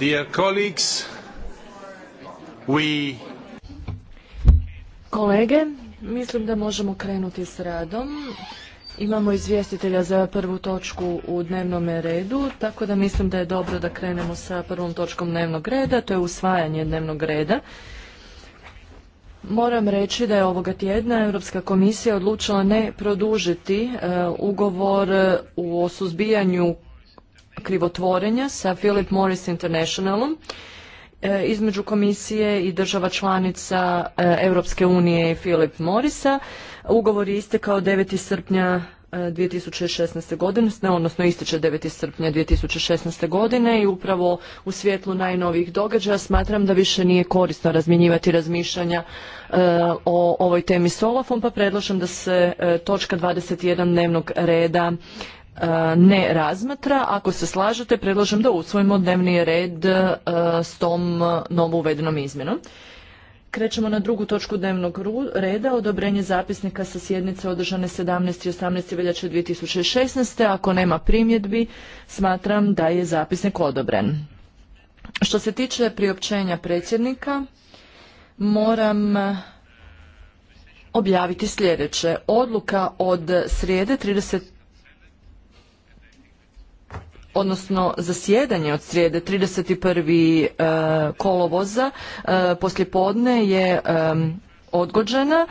Dear colleagues, Kolege, mislim da možemo krenuti s radom. Imamo izvjestitelja za prvu točku u dnevnom redu, tako da mislim da je dobro da krenemo sa prvom točkom dnevnog reda, to je usvajanje dnevnog reda. Moram reći da je ovoga tjedna Europska komisija odlučila ne produžiti e, ugovor e, u, o suzbijanju krivotvorenja sa Philip Morris Internationalom e, između komisije i država članica e, Europske unije i Philip Morrisa. Ugovor je istekao 9. srpnja 2016. E, godine, odnosno ističe 9. srpnja 2016. godine i upravo u svjetlu najnovijih događaja smatram da više nije korisno razmjenjivati razmišljanja o ovoj temi s Olafom, pa predlažem da se točka 21 dnevnog reda E, ne razmatra. Ako se slažete, predlažem da usvojimo dnevni red e, s tom novu uvedenom izmjenom. Krećemo na drugu točku dnevnog reda, odobrenje zapisnika sa sjednice održane 17. i 18. veljače 2016. Ako nema primjedbi, smatram da je zapisnik odobren. Što se tiče priopćenja predsjednika, moram e, objaviti sljedeće. Odluka od srijede 30 odnosno zasjedanje od srijede 31. E, kolovoza e, poslijepodne je e, odgođena.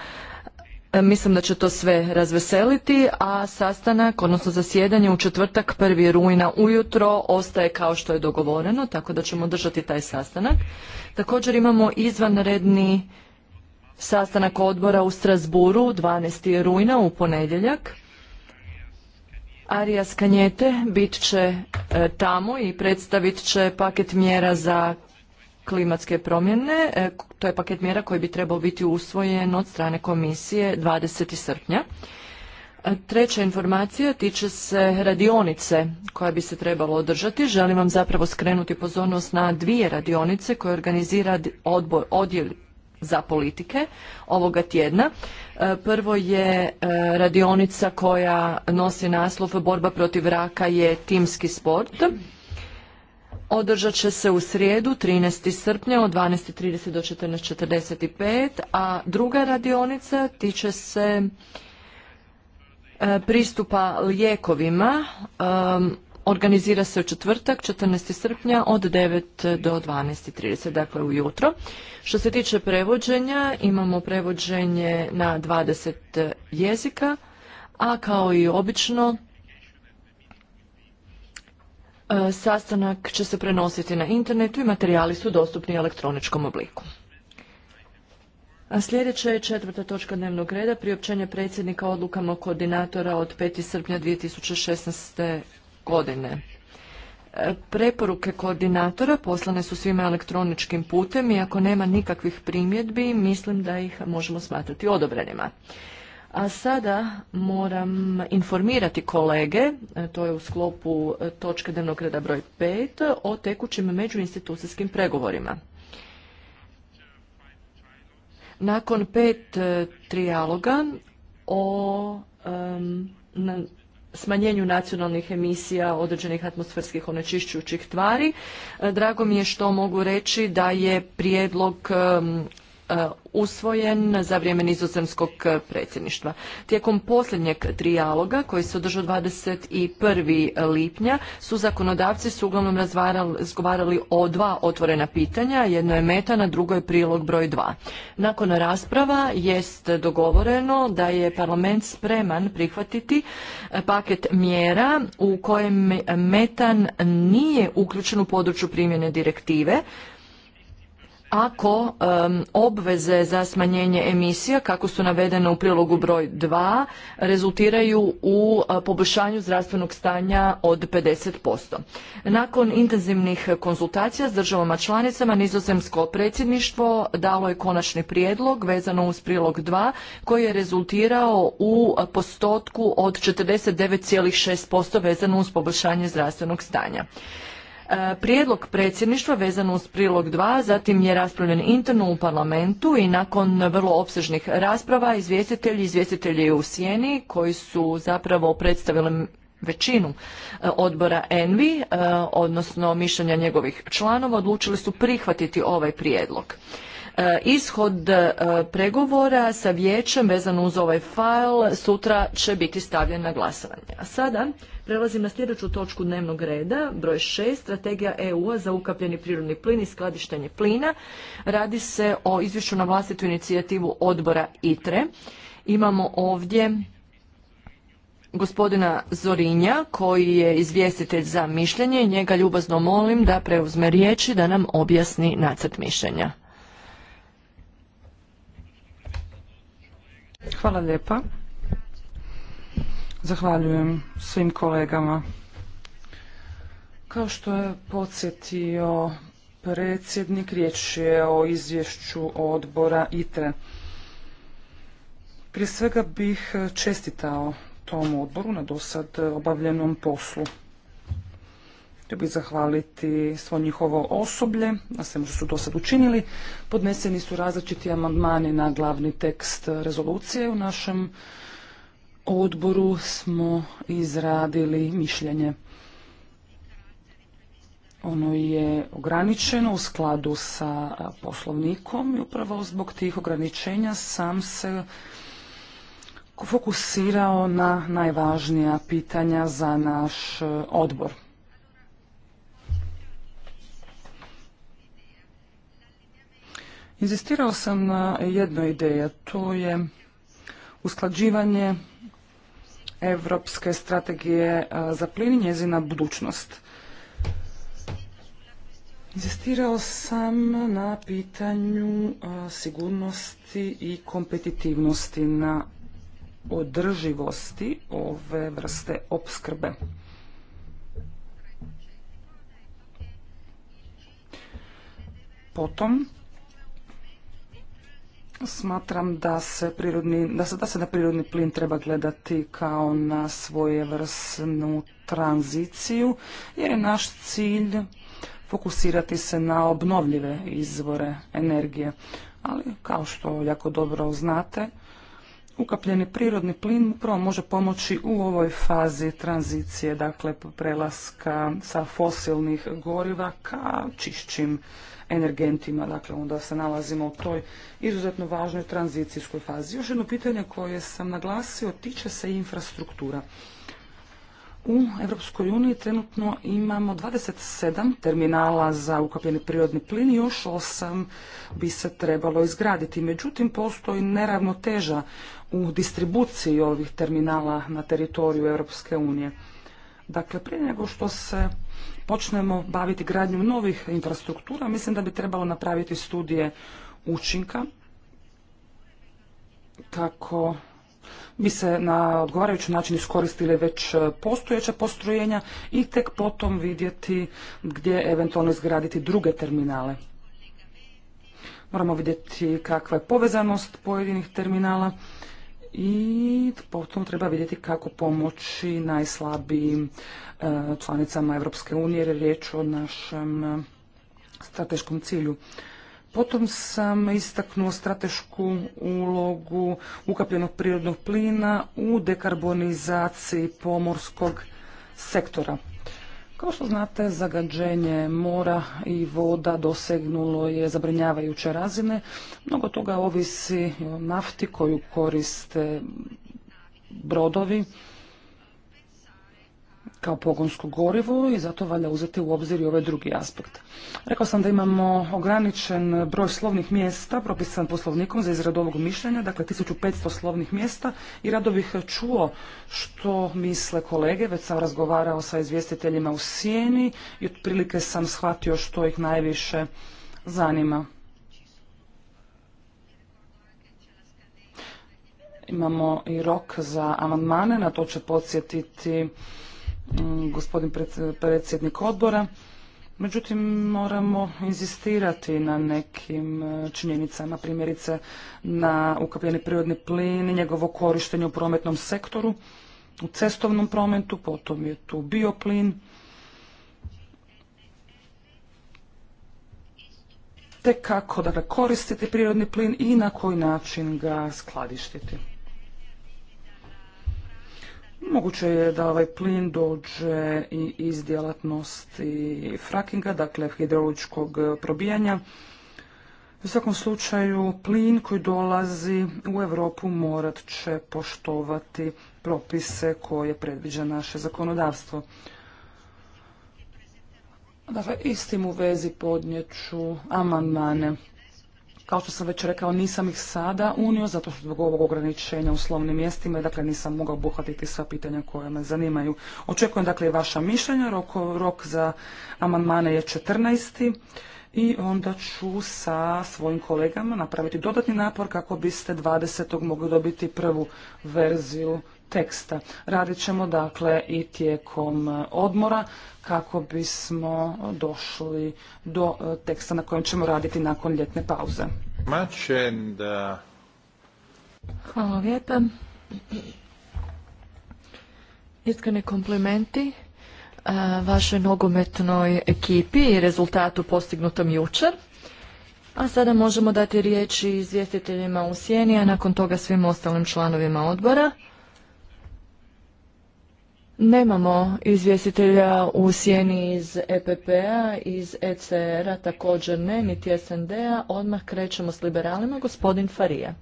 Mislim da će to sve razveseliti, a sastanak, odnosno zasjedanje u četvrtak 1. rujna ujutro ostaje kao što je dogovoreno, tako da ćemo držati taj sastanak. Također imamo izvanredni sastanak odbora u Strasburu 12. rujna u ponedjeljak Arias Skanjete bit će e, tamo i predstavit će paket mjera za klimatske promjene. E, to je paket mjera koji bi trebao biti usvojen od strane komisije 20. srpnja. E, treća informacija tiče se radionice koja bi se trebalo održati. Želim vam zapravo skrenuti pozornost na dvije radionice koje organizira odjel za politike ovoga tjedna. E, prvo je e, radionica koja nosi naslov Borba protiv raka je timski sport. Održat će se u srijedu 13. srpnja od 12.30 do 14.45, a druga radionica tiče se e, pristupa lijekovima Organizira se u četvrtak, 14. srpnja od 9 do 12.30, dakle ujutro. Što se tiče prevođenja, imamo prevođenje na 20 jezika, a kao i obično e, sastanak će se prenositi na internetu i materijali su dostupni u elektroničkom obliku. A sljedeća je četvrta točka dnevnog reda, priopćenje predsjednika odlukama koordinatora od 5. srpnja 2016 godine. E, preporuke koordinatora poslane su svima elektroničkim putem i ako nema nikakvih primjedbi, mislim da ih možemo smatrati odobrenima. A sada moram informirati kolege, e, to je u sklopu e, točke dnevnog reda broj 5, o tekućim međuinstitucijskim pregovorima. Nakon pet trijaloga o smanjenju nacionalnih emisija određenih atmosferskih onečišćujućih tvari. E, drago mi je što mogu reći da je prijedlog E, usvojen za vrijeme nizozemskog predsjedništva. Tijekom posljednjeg trijaloga koji se održao 21. lipnja su zakonodavci su uglavnom razgovarali o dva otvorena pitanja, jedno je a drugo je prilog broj 2. Nakon rasprava jest dogovoreno da je parlament spreman prihvatiti e, paket mjera u kojem metan nije uključen u području primjene direktive, ako obveze za smanjenje emisija, kako su navedene u prilogu broj 2, rezultiraju u e, poboljšanju zdravstvenog stanja od 50%. Nakon intenzivnih konzultacija s državama članicama, nizozemsko predsjedništvo dalo je konačni prijedlog vezano uz prilog 2, koji je rezultirao u postotku od 49,6% vezano uz poboljšanje zdravstvenog stanja. E, prijedlog predsjedništva vezano uz prilog 2, zatim je raspravljen interno u parlamentu i nakon vrlo opsežnih rasprava izvjestitelji i izvjestitelji u sjeni koji su zapravo predstavili većinu e, odbora Envi, e, odnosno mišljenja njegovih članova, odlučili su prihvatiti ovaj prijedlog. E, ishod e, pregovora sa vijećem vezano uz ovaj fail sutra će biti stavljen na glasovanje. A sada prelazim na sljedeću točku dnevnog reda, broj 6, strategija EU-a za ukapljeni prirodni plin i skladištenje plina. Radi se o izvješću na vlastitu inicijativu odbora ITRE. Imamo ovdje gospodina Zorinja koji je izvjestitelj za mišljenje i njega ljubazno molim da preuzme riječi da nam objasni nacrt mišljenja. Hvala lijepa. Zahvaljujem svim kolegama. Kao što je podsjetio predsjednik, riječ je o izvješću odbora ITRE. Prije svega bih čestitao tom odboru na dosad obavljenom poslu. Htio bih zahvaliti svo njihovo osoblje, na svemu što su do sad učinili. Podneseni su različiti amandmani na glavni tekst rezolucije. U našem odboru smo izradili mišljenje. Ono je ograničeno u skladu sa poslovnikom i upravo zbog tih ograničenja sam se fokusirao na najvažnija pitanja za naš odbor. Inzistirao sam na jednoj ideji, a to je usklađivanje evropske strategije e, za plin i njezina budućnost. Inzistirao sam na pitanju e, sigurnosti i kompetitivnosti na održivosti ove vrste opskrbe. Potom Smatram da se, prirodni, da, se, da se na prirodni plin treba gledati kao na svojevrsnu tranziciju, jer je naš cilj fokusirati se na obnovljive izvore energije. Ali, kao što jako dobro znate, ukapljeni prirodni plin upravo može pomoći u ovoj fazi tranzicije, dakle prelaska sa fosilnih goriva ka čišćim energentima, dakle onda se nalazimo u toj izuzetno važnoj tranzicijskoj fazi. Još jedno pitanje koje sam naglasio tiče se infrastruktura. U Europskoj uniji trenutno imamo 27 terminala za ukapljeni prirodni plin i još 8 bi se trebalo izgraditi. Međutim, postoji neravnoteža u distribuciji ovih terminala na teritoriju Europske unije. Dakle, prije nego što se počnemo baviti gradnjom novih infrastruktura, mislim da bi trebalo napraviti studije učinka kako bi se na odgovarajući način iskoristile već postojeća postrojenja i tek potom vidjeti gdje eventualno izgraditi druge terminale. Moramo vidjeti kakva je povezanost pojedinih terminala i potom treba vidjeti kako pomoći najslabijim e, članicama Evropske unije jer je riječ o našem e, strateškom cilju. Potom sam istaknuo stratešku ulogu ukapljenog prirodnog plina u dekarbonizaciji pomorskog sektora. Kao što znate, zagađenje mora i voda dosegnulo je zabrinjavajuće razine. Mnogo toga ovisi o nafti koju koriste brodovi kao pogonsku gorivo i zato valja uzeti u obzir i ovaj drugi aspekt. Rekao sam da imamo ograničen broj slovnih mjesta propisan poslovnikom za izradu ovog mišljenja, dakle 1500 slovnih mjesta i rado bih čuo što misle kolege, već sam razgovarao sa izvjestiteljima u sjeni i otprilike sam shvatio što ih najviše zanima. Imamo i rok za amandmane, na to će podsjetiti Mm, gospodin predsjednik odbora. Međutim, moramo inzistirati na nekim e, činjenicama, primjerice na ukapljeni prirodni plin i njegovo korištenje u prometnom sektoru, u cestovnom prometu, potom je tu bioplin. Te kako dakle, koristiti prirodni plin i na koji način ga skladištiti. Moguće je da ovaj plin dođe i iz djelatnosti frakinga, dakle hidroločkog probijanja. U svakom slučaju, plin koji dolazi u Europu morat će poštovati propise koje predviđa naše zakonodavstvo. Dakle, istim u vezi podnjeću ću amandmane. Kao što sam već rekao, nisam ih sada unio, zato što zbog ovog ograničenja u slovnim mjestima, dakle nisam mogao obuhvatiti sva pitanja koja me zanimaju. Očekujem dakle i vaša mišljenja, rok, za amandmane je 14. I onda ću sa svojim kolegama napraviti dodatni napor kako biste 20. mogli dobiti prvu verziju teksta. Radit ćemo dakle i tijekom e, odmora kako bismo došli do e, teksta na kojem ćemo raditi nakon ljetne pauze. Uh, Hvala lijepa. Iskreni komplimenti e, vašoj nogometnoj ekipi i rezultatu postignutom jučer. A sada možemo dati riječ izvjestiteljima u sjeni, a nakon toga svim ostalim članovima odbora. Nemamo izvjestitelja u sjeni iz EPP-a, iz ECR-a također ne, niti SND-a. Odmah krećemo s liberalima, gospodin Farija.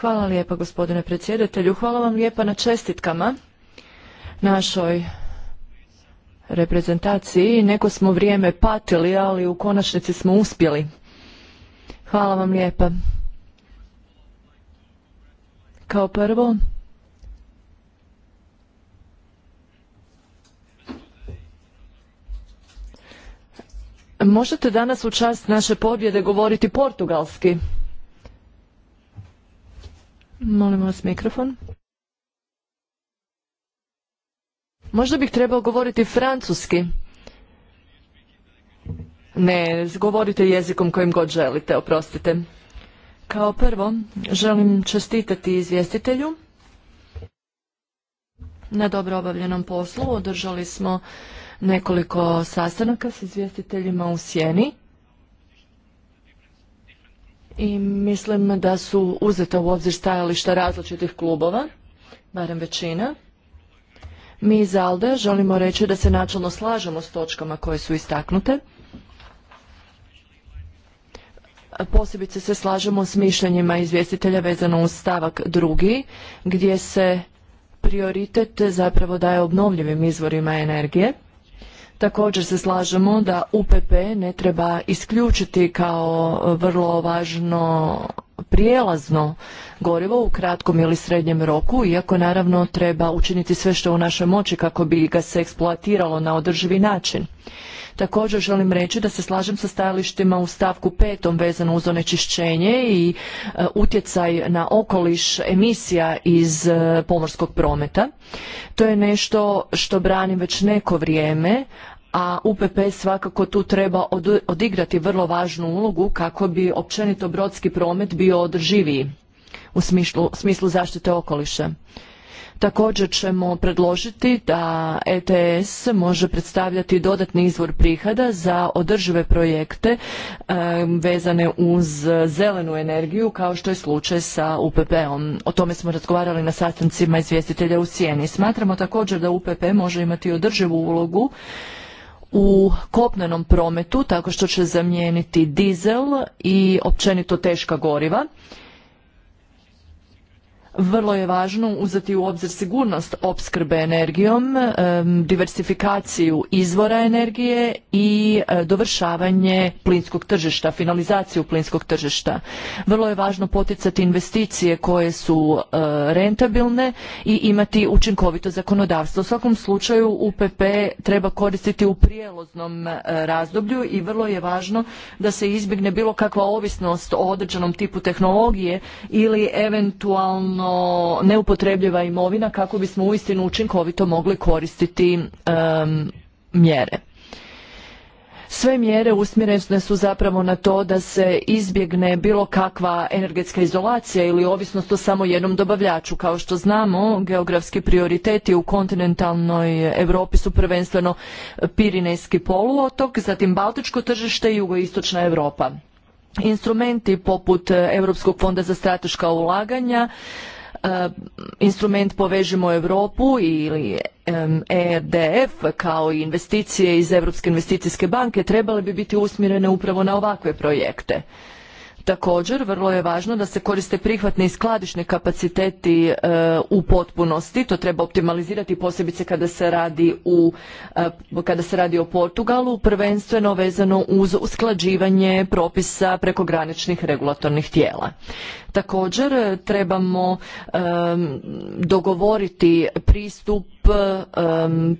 Hvala lijepa gospodine predsjedatelju, hvala vam lijepa na čestitkama našoj reprezentaciji. Neko smo vrijeme patili, ali u konačnici smo uspjeli. Hvala vam lijepa. Kao prvo, Možete danas u čast naše pobjede govoriti portugalski? Molim vas mikrofon. Možda bih trebao govoriti francuski. Ne, govorite jezikom kojim god želite, oprostite. Kao prvo, želim čestitati izvjestitelju na dobro obavljenom poslu. Održali smo nekoliko sastanaka s izvjestiteljima u Sjeni i mislim da su uzeta u obzir stajališta različitih klubova, barem većina. Mi iz ALDE želimo reći da se načelno slažemo s točkama koje su istaknute. Posebice se slažemo s mišljenjima izvjestitelja vezano uz stavak drugi, gdje se prioritet zapravo daje obnovljivim izvorima energije. Također se slažemo da UPP ne treba isključiti kao vrlo važno prijelazno gorivo u kratkom ili srednjem roku, iako naravno treba učiniti sve što je u našoj moći kako bi ga se eksploatiralo na održivi način. Također želim reći da se slažem sa stajalištima u stavku petom vezano uz onečišćenje i e, utjecaj na okoliš emisija iz e, pomorskog prometa. To je nešto što branim već neko vrijeme, a UPP svakako tu treba odigrati vrlo važnu ulogu kako bi općenito brodski promet bio održiviji u smislu, zaštite okoliša. Također ćemo predložiti da ETS može predstavljati dodatni izvor prihada za održive projekte vezane uz zelenu energiju kao što je slučaj sa UPP-om. O tome smo razgovarali na sastancima izvjestitelja u Sijeni. Smatramo također da UPP može imati održivu ulogu u kopnenom prometu tako što će zamijeniti dizel i općenito teška goriva vrlo je važno uzeti u obzir sigurnost opskrbe energijom, diversifikaciju izvora energije i e, dovršavanje plinskog tržišta, finalizaciju plinskog tržišta. Vrlo je važno poticati investicije koje su e, rentabilne i imati učinkovito zakonodavstvo. U svakom slučaju UPP treba koristiti u prijeloznom e, razdoblju i vrlo je važno da se izbjegne bilo kakva ovisnost o određenom tipu tehnologije ili eventualno neupotrebljiva imovina kako bismo uistinu učinkovito mogli koristiti mjere. Sve mjere usmjerene su zapravo na to da se izbjegne bilo kakva energetska izolacija ili ovisnost o samo jednom dobavljaču. Kao što znamo, geografski prioriteti u kontinentalnoj Europi su prvenstveno Pirinejski poluotok, zatim Baltičko tržište i jugoistočna Europa instrumenti poput Europskog fonda za strateška ulaganja E, instrument Povežimo Europu ili ERDF e kao i investicije iz Europske investicijske banke trebale bi biti usmjerene upravo na ovakve projekte. Također, vrlo je važno da se koriste prihvatni i skladišni kapaciteti e, u potpunosti, to treba optimalizirati posebice kada se radi u e, kada se radi o Portugalu, prvenstveno vezano uz usklađivanje propisa prekograničnih regulatornih tijela. Također e, trebamo dogovoriti pristup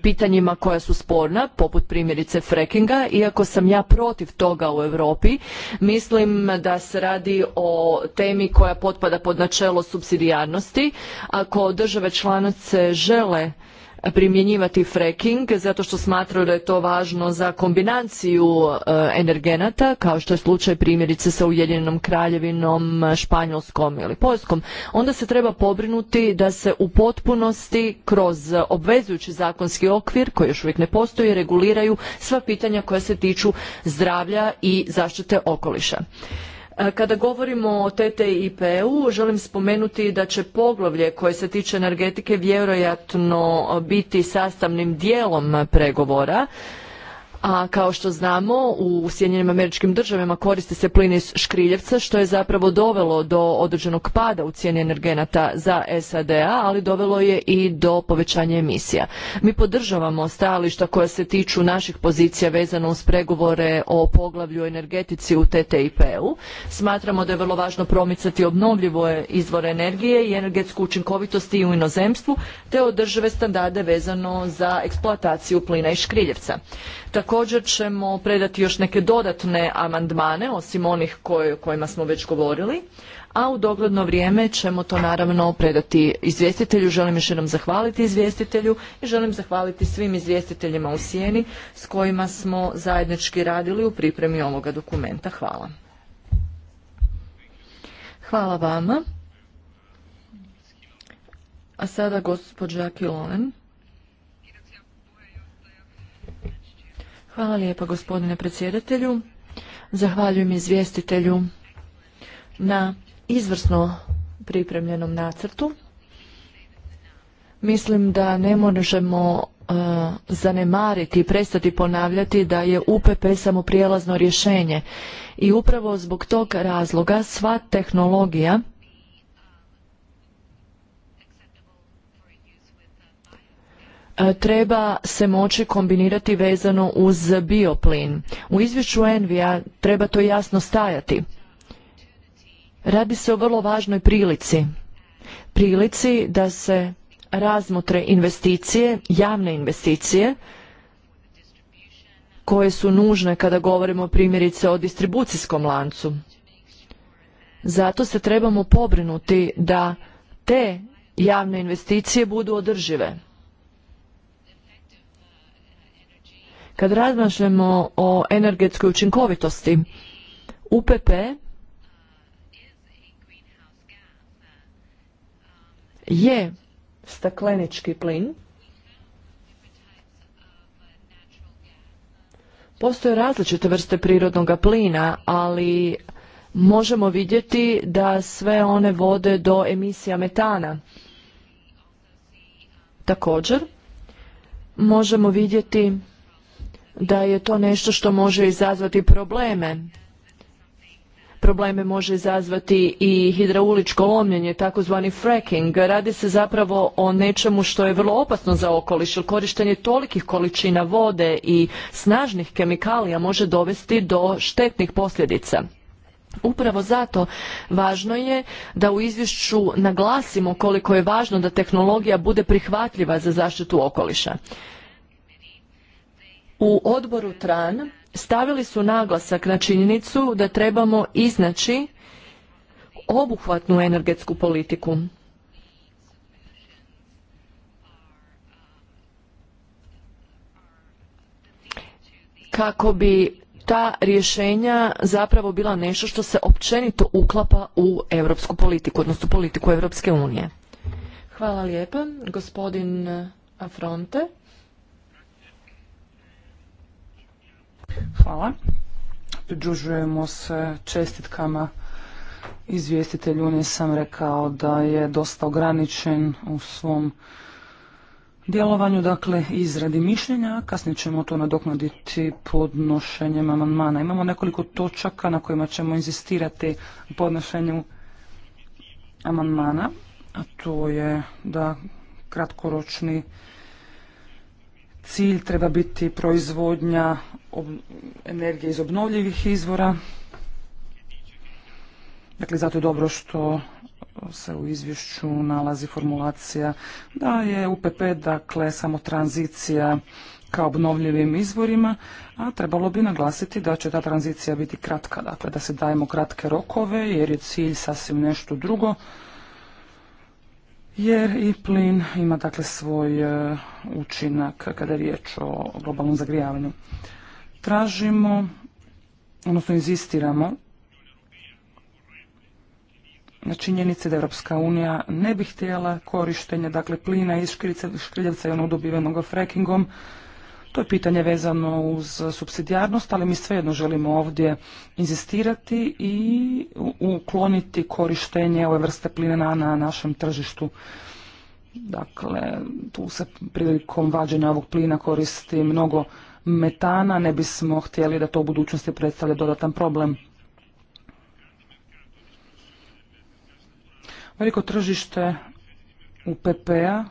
pitanjima koja su sporna, poput primjerice frekinga, iako sam ja protiv toga u Europi, mislim da se radi o temi koja potpada pod načelo subsidijarnosti. Ako države članice žele primjenjivati fracking zato što smatraju da je to važno za kombinaciju e, energenata kao što je slučaj primjerice sa Ujedinjenom kraljevinom, Španjolskom ili Poljskom, onda se treba pobrinuti da se u potpunosti kroz obvezujući zakonski okvir koji još uvijek ne postoji reguliraju sva pitanja koja se tiču zdravlja i zaštite okoliša. E, kada govorimo o TTIP-u, želim spomenuti da će poglavlje koje se tiče energetike vjerojatno biti sastavnim dijelom pregovora a kao što znamo u Sjedinjenim američkim državama koristi se plin iz škriljevca što je zapravo dovelo do određenog pada u cijeni energenata za SAD-a, ali dovelo je i do povećanja emisija. Mi podržavamo stajališta koja se tiču naših pozicija vezano uz pregovore o poglavlju energetici u TTIP-u. Smatramo da je vrlo važno promicati obnovljivo izvore energije i energetsku učinkovitost i u inozemstvu, te održave standarde vezano za eksploataciju plina iz škriljevca. Također ćemo predati još neke dodatne amandmane, osim onih o kojima smo već govorili, a u dogledno vrijeme ćemo to naravno predati izvjestitelju. Želim još jednom zahvaliti izvjestitelju i želim zahvaliti svim izvjestiteljima u Sjeni s kojima smo zajednički radili u pripremi ovoga dokumenta. Hvala. Hvala vama. A sada gospođa Kilonen. Hvala lijepa gospodine predsjedatelju. Zahvaljujem izvjestitelju na izvrsno pripremljenom nacrtu. Mislim da ne možemo e, zanemariti i prestati ponavljati da je UPP samo prijelazno rješenje i upravo zbog tog razloga sva tehnologija E, treba se moći kombinirati vezano uz bioplin. U izvješću Envija treba to jasno stajati. Radi se o vrlo važnoj prilici. Prilici da se razmotre investicije, javne investicije, koje su nužne kada govorimo primjerice o distribucijskom lancu. Zato se trebamo pobrinuti da te javne investicije budu održive Kad razmažemo o energetskoj učinkovitosti, UPP je staklenički plin. Postoje različite vrste prirodnog plina, ali možemo vidjeti da sve one vode do emisija metana. Također, možemo vidjeti da je to nešto što može izazvati probleme. Probleme može izazvati i hidrauličko lomljenje, takozvani fracking. Radi se zapravo o nečemu što je vrlo opasno za okoliš. Korištenje tolikih količina vode i snažnih kemikalija može dovesti do štetnih posljedica. Upravo zato važno je da u izvješću naglasimo koliko je važno da tehnologija bude prihvatljiva za zaštitu okoliša u odboru TRAN stavili su naglasak na činjenicu da trebamo iznaći obuhvatnu energetsku politiku. Kako bi ta rješenja zapravo bila nešto što se općenito uklapa u europsku politiku, odnosno politiku Europske unije. Hvala lijepa, gospodin Afronte. Hvala. Pridružujemo se čestitkama izvjestitelju. sam rekao da je dosta ograničen u svom djelovanju, dakle izradi mišljenja, kasnije ćemo to nadoknaditi podnošenjem amandmana. Imamo nekoliko točaka na kojima ćemo inzistirati podnošenju amandmana, a to je da kratkoročni Cilj treba biti proizvodnja energije iz obnovljivih izvora. Dakle, zato je dobro što se u izvješću nalazi formulacija da je UPP dakle samo tranzicija ka obnovljivim izvorima, a trebalo bi naglasiti da će ta tranzicija biti kratka, dakle da se dajemo kratke rokove jer je cilj sasvim nešto drugo jer i plin ima dakle svoj e, učinak kada je riječ o globalnom zagrijavanju. Tražimo, odnosno inzistiramo na činjenici da Europska unija ne bi htjela korištenje dakle plina iz škriljevca i onog dobivenog frackingom to je pitanje vezano uz subsidijarnost, ali mi svejedno želimo ovdje inzistirati i ukloniti korištenje ove vrste plina na našem tržištu. Dakle, tu se prilikom vađenja ovog plina koristi mnogo metana, ne bismo htjeli da to u budućnosti predstavlja dodatan problem. Veliko tržište u PPA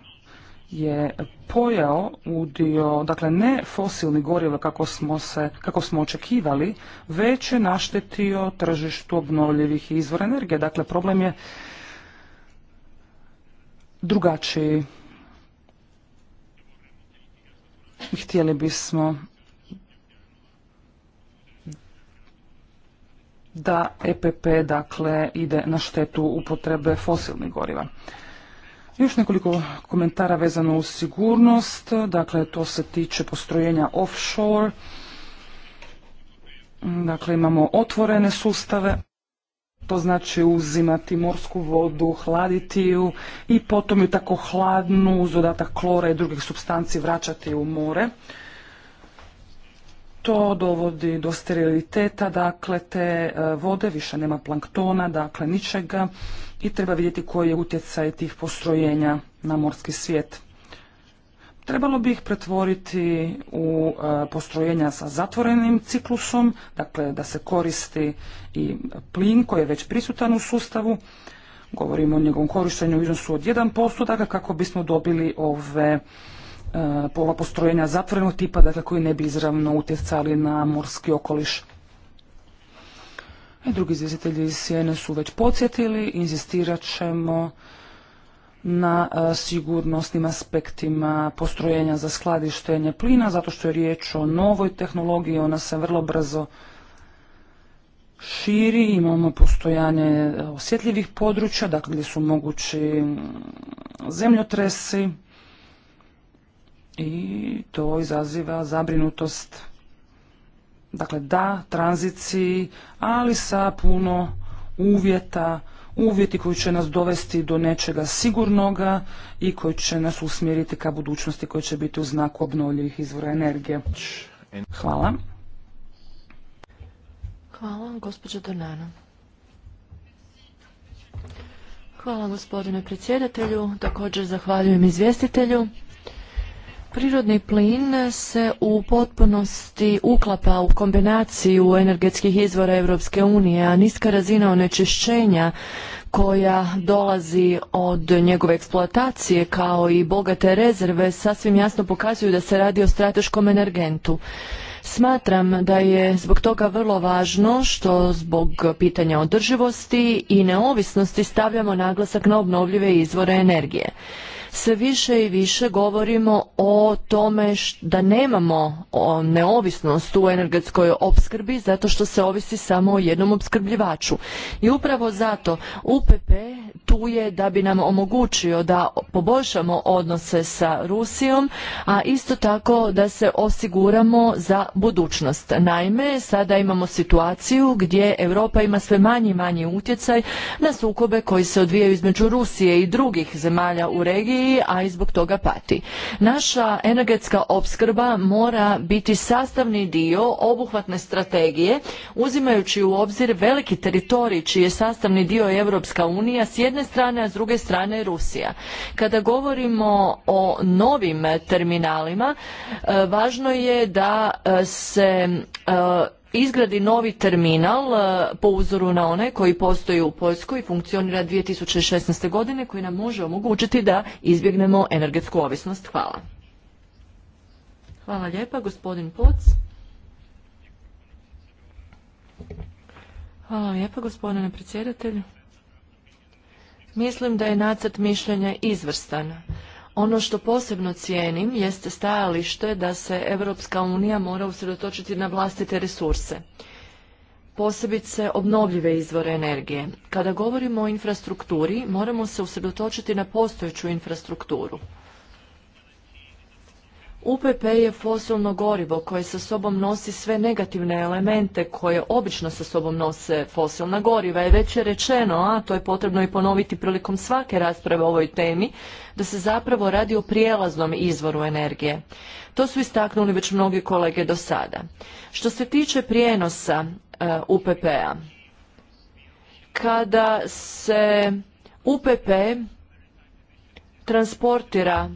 je pojao udio, dakle ne fosilni goriva kako smo, se, kako smo očekivali, već je naštetio tržištu obnovljivih izvora energije. Dakle, problem je drugačiji. Htjeli bismo da EPP dakle ide na štetu upotrebe fosilnih goriva. Još nekoliko komentara vezano uz sigurnost, dakle to se tiče postrojenja offshore, dakle imamo otvorene sustave, to znači uzimati morsku vodu, hladiti ju i potom ju tako hladnu uz dodatak klora i drugih substanci vraćati u more. To dovodi do steriliteta, dakle te e, vode, više nema planktona, dakle ničega i treba vidjeti koji je utjecaj tih postrojenja na morski svijet. Trebalo bi ih pretvoriti u e, postrojenja sa zatvorenim ciklusom, dakle da se koristi i plin koji je već prisutan u sustavu. Govorimo o njegovom korištenju u iznosu od 1%, dakle kako bismo dobili ove e, ova postrojenja zatvorenog tipa, dakle koji ne bi izravno utjecali na morski okoliš. Drugi izvjestitelji iz Sjene su već podsjetili, inzistirat ćemo na e, sigurnosnim aspektima postrojenja za skladištenje plina, zato što je riječ o novoj tehnologiji, ona se vrlo brzo širi, imamo postojanje osjetljivih područja, dakle gdje su mogući zemljotresi i to izaziva zabrinutost dakle da tranziciji, ali sa puno uvjeta, uvjeti koji će nas dovesti do nečega sigurnoga i koji će nas usmjeriti ka budućnosti koji će biti u znaku obnovljivih izvora energije. Hvala. Hvala, gospođa Donana. Hvala gospodine predsjedatelju, također zahvaljujem izvjestitelju. Prirodni plin se u potpunosti uklapa u kombinaciju energetskih izvora Europske unije, a niska razina onečišćenja koja dolazi od njegove eksploatacije kao i bogate rezerve sasvim jasno pokazuju da se radi o strateškom energentu. Smatram da je zbog toga vrlo važno što zbog pitanja održivosti i neovisnosti stavljamo naglasak na obnovljive izvore energije sve više i više govorimo o tome da nemamo neovisnost u energetskoj opskrbi zato što se ovisi samo o jednom opskrbljivaču. I upravo zato UPP tu je da bi nam omogućio da poboljšamo odnose sa Rusijom, a isto tako da se osiguramo za budućnost. Naime, sada imamo situaciju gdje Europa ima sve manji i manji utjecaj na sukobe koji se odvijaju između Rusije i drugih zemalja u regiji a i zbog toga pati. Naša energetska opskrba mora biti sastavni dio obuhvatne strategije, uzimajući u obzir veliki teritorij čiji je sastavni dio Europska unija s jedne strane, a s druge strane Rusija. Kada govorimo o novim terminalima, e, važno je da e, se e, izgradi novi terminal e, po uzoru na one koji postoji u Poljskoj i funkcionira 2016. godine koji nam može omogućiti da izbjegnemo energetsku ovisnost. Hvala. Hvala lijepa, gospodin Poc. Hvala lijepa, gospodine predsjedatelju. Mislim da je nacrt mišljenja izvrstan. Ono što posebno cijenim jeste stajalište da se Europska unija mora usredotočiti na vlastite resurse, posebice obnovljive izvore energije. Kada govorimo o infrastrukturi, moramo se usredotočiti na postojeću infrastrukturu. UPP je fosilno gorivo koje sa sobom nosi sve negativne elemente koje obično sa sobom nose fosilna goriva. I već je rečeno, a to je potrebno i ponoviti prilikom svake rasprave o ovoj temi, da se zapravo radi o prijelaznom izvoru energije. To su istaknuli već mnogi kolege do sada. Što se tiče prijenosa eh, UPP-a, kada se UPP transportira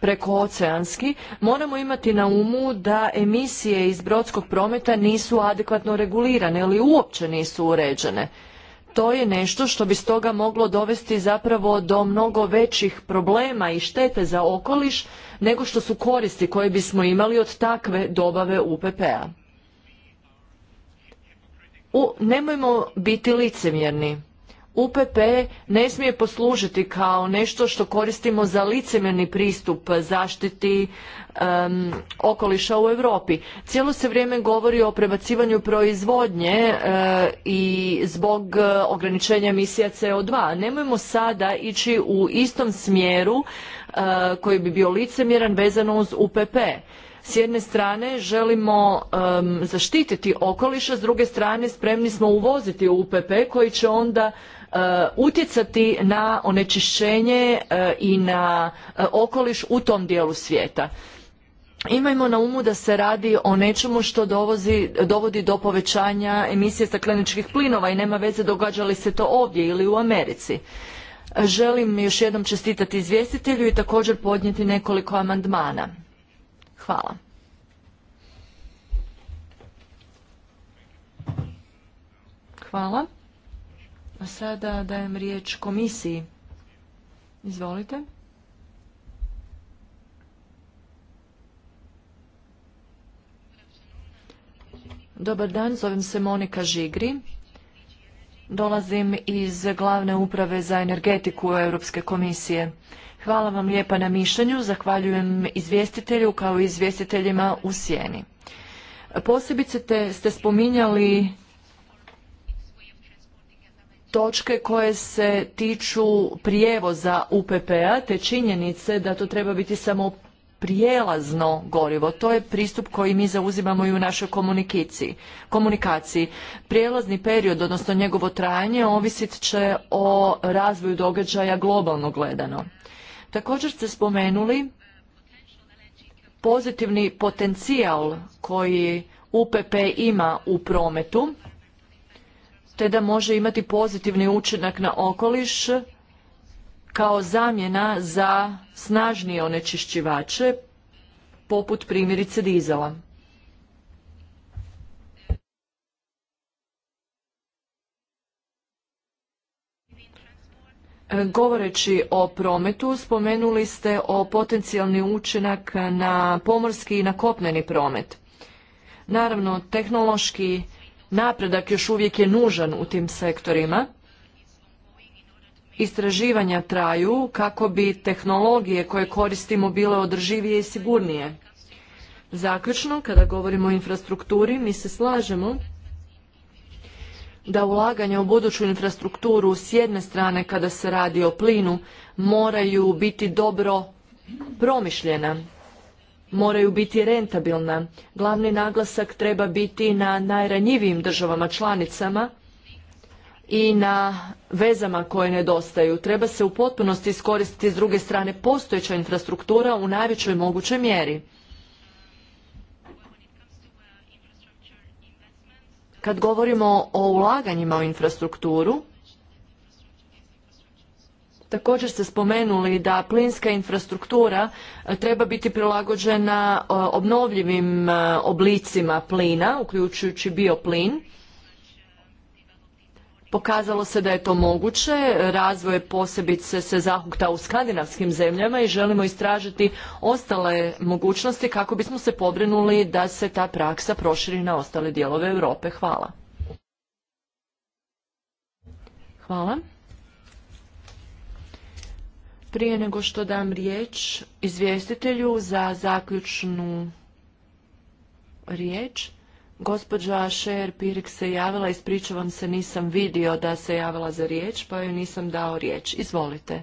prekooceanski, moramo imati na umu da emisije iz brodskog prometa nisu adekvatno regulirane ili uopće nisu uređene. To je nešto što bi stoga moglo dovesti zapravo do mnogo većih problema i štete za okoliš nego što su koristi koje bismo imali od takve dobave UPP-a. Nemojmo biti licemjerni. UPP ne smije poslužiti kao nešto što koristimo za licemjerni pristup zaštiti okoliša u Europi. Cijelo se vrijeme govori o prebacivanju proizvodnje eh, i zbog eh, ograničenja emisija CO2. Nemojmo sada ići u istom smjeru eh, koji bi bio licemjeran vezano uz UPP. S jedne strane želimo um, zaštititi okoliš, s druge strane spremni smo uvoziti UPP koji će onda E, utjecati na onečišćenje e, i na e, okoliš u tom dijelu svijeta. Imajmo na umu da se radi o nečemu što dovodi do povećanja emisije stakleničkih plinova i nema veze događa li se to ovdje ili u Americi. Želim još jednom čestitati izvjestitelju i također podnijeti nekoliko amandmana. Hvala. Hvala. A sada dajem riječ komisiji. Izvolite. Dobar dan, zovem se Monika Žigri. Dolazim iz glavne uprave za energetiku Europske komisije. Hvala vam lijepa na mišljenju, zahvaljujem izvjestitelju kao i izvjestiteljima u sjeni. Posebice ste spominjali točke koje se tiču prijevoza UPP-a te činjenice da to treba biti samo prijelazno gorivo. To je pristup koji mi zauzimamo i u našoj komunikaciji. Prijelazni period, odnosno njegovo trajanje, ovisit će o razvoju događaja globalno gledano. Također ste spomenuli pozitivni potencijal koji UPP ima u prometu te da može imati pozitivni učinak na okoliš kao zamjena za snažnije onečišćivače, poput primjerice dizela. Govoreći o prometu, spomenuli ste o potencijalni učinak na pomorski i na kopneni promet. Naravno, tehnološki Napredak još uvijek je nužan u tim sektorima. Istraživanja traju kako bi tehnologije koje koristimo bile održivije i sigurnije. Zaključno, kada govorimo o infrastrukturi, mi se slažemo da ulaganja u buduću infrastrukturu s jedne strane kada se radi o plinu moraju biti dobro promišljena moraju biti rentabilna. Glavni naglasak treba biti na najranjivijim državama članicama i na vezama koje nedostaju. Treba se u potpunosti iskoristiti s druge strane postojeća infrastruktura u najvećoj mogućoj mjeri. Kad govorimo o ulaganjima u infrastrukturu, Također ste spomenuli da plinska infrastruktura e, treba biti prilagođena e, obnovljivim e, oblicima plina, uključujući bioplin. Pokazalo se da je to moguće, razvoj posebice se zahukta u skandinavskim zemljama i želimo istražiti ostale mogućnosti kako bismo se pobrinuli da se ta praksa proširi na ostale dijelove Europe. Hvala. Hvala. Prije nego što dam riječ izvjestitelju za zaključnu riječ, gospođa Šer Pirik se javila, ispričavam se, nisam vidio da se javila za riječ, pa joj nisam dao riječ. Izvolite.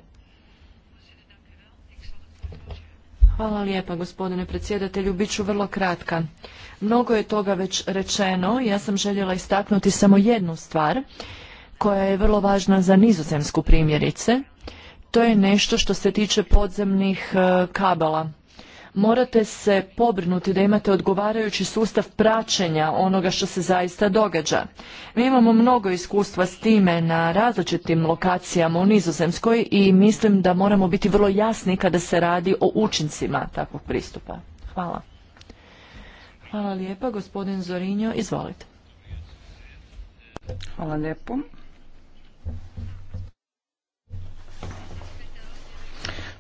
Hvala lijepa gospodine predsjedatelju, Biću vrlo kratka. Mnogo je toga već rečeno, ja sam željela istaknuti samo jednu stvar koja je vrlo važna za nizozemsku primjerice to je nešto što se tiče podzemnih e, kabala morate se pobrinuti da imate odgovarajući sustav praćenja onoga što se zaista događa. Mi imamo mnogo iskustva s time na različitim lokacijama u Nizozemskoj i mislim da moramo biti vrlo jasni kada se radi o učincima takvog pristupa. Hvala. Hvala lijepa. Gospodin Zorinjo, izvolite. Hvala lijepo.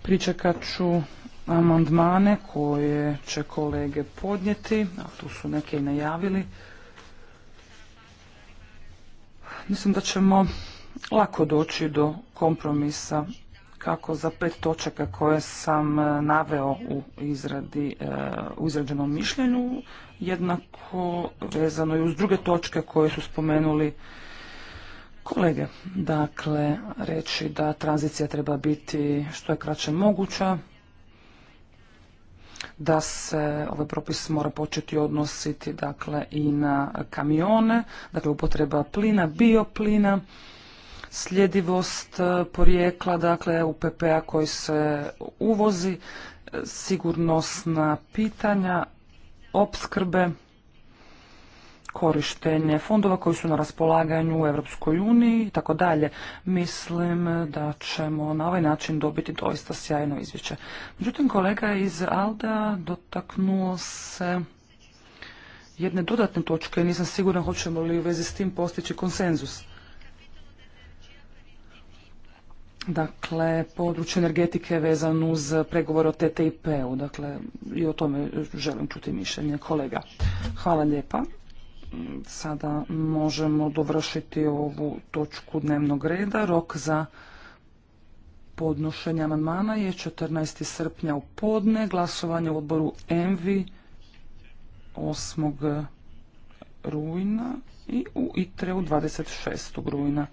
Pričekat ću amandmane koje će kolege podnijeti, a tu su neke i najavili. Mislim da ćemo lako doći do kompromisa kako za pet točaka koje sam e, naveo u, izradi, e, u izrađenom mišljenju, jednako vezano i uz druge točke koje su spomenuli Kolege, dakle, reći da tranzicija treba biti što je kraće moguća, da se ovaj propis mora početi odnositi dakle i na kamione, dakle upotreba plina, bioplina, sljedivost e, porijekla, dakle UPP-a koji se uvozi, e, sigurnosna pitanja, opskrbe, korištenje fondova koji su na raspolaganju u Europskoj uniji i tako dalje. Mislim da ćemo na ovaj način dobiti doista sjajno izvješće. Međutim, kolega iz Alda dotaknuo se jedne dodatne točke. Nisam siguran hoćemo li u vezi s tim postići konsenzus. Dakle, područje energetike vezan uz pregovor o TTIP-u. Dakle, i o tome želim čuti mišljenje kolega. Hvala lijepa. Sada možemo dovršiti ovu točku dnevnog reda. Rok za podnošenje amandmana je 14. srpnja u podne. Glasovanje u odboru ENVI 8. rujna i u ITRE-u 26. rujna.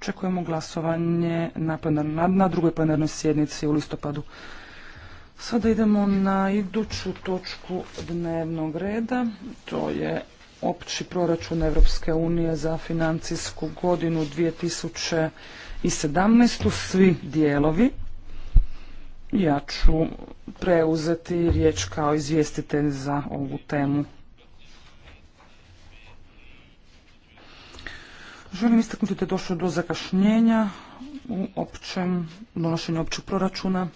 Očekujemo glasovanje na, na drugoj plenarnoj sjednici u listopadu. Sada idemo na iduću točku dnevnog reda. To je opći proračun Europske unije za financijsku godinu 2017. Svi dijelovi. Ja ću preuzeti riječ kao izvjestitelj za ovu temu. Želim istaknuti da je došlo do zakašnjenja u općem donošenju općeg proračuna.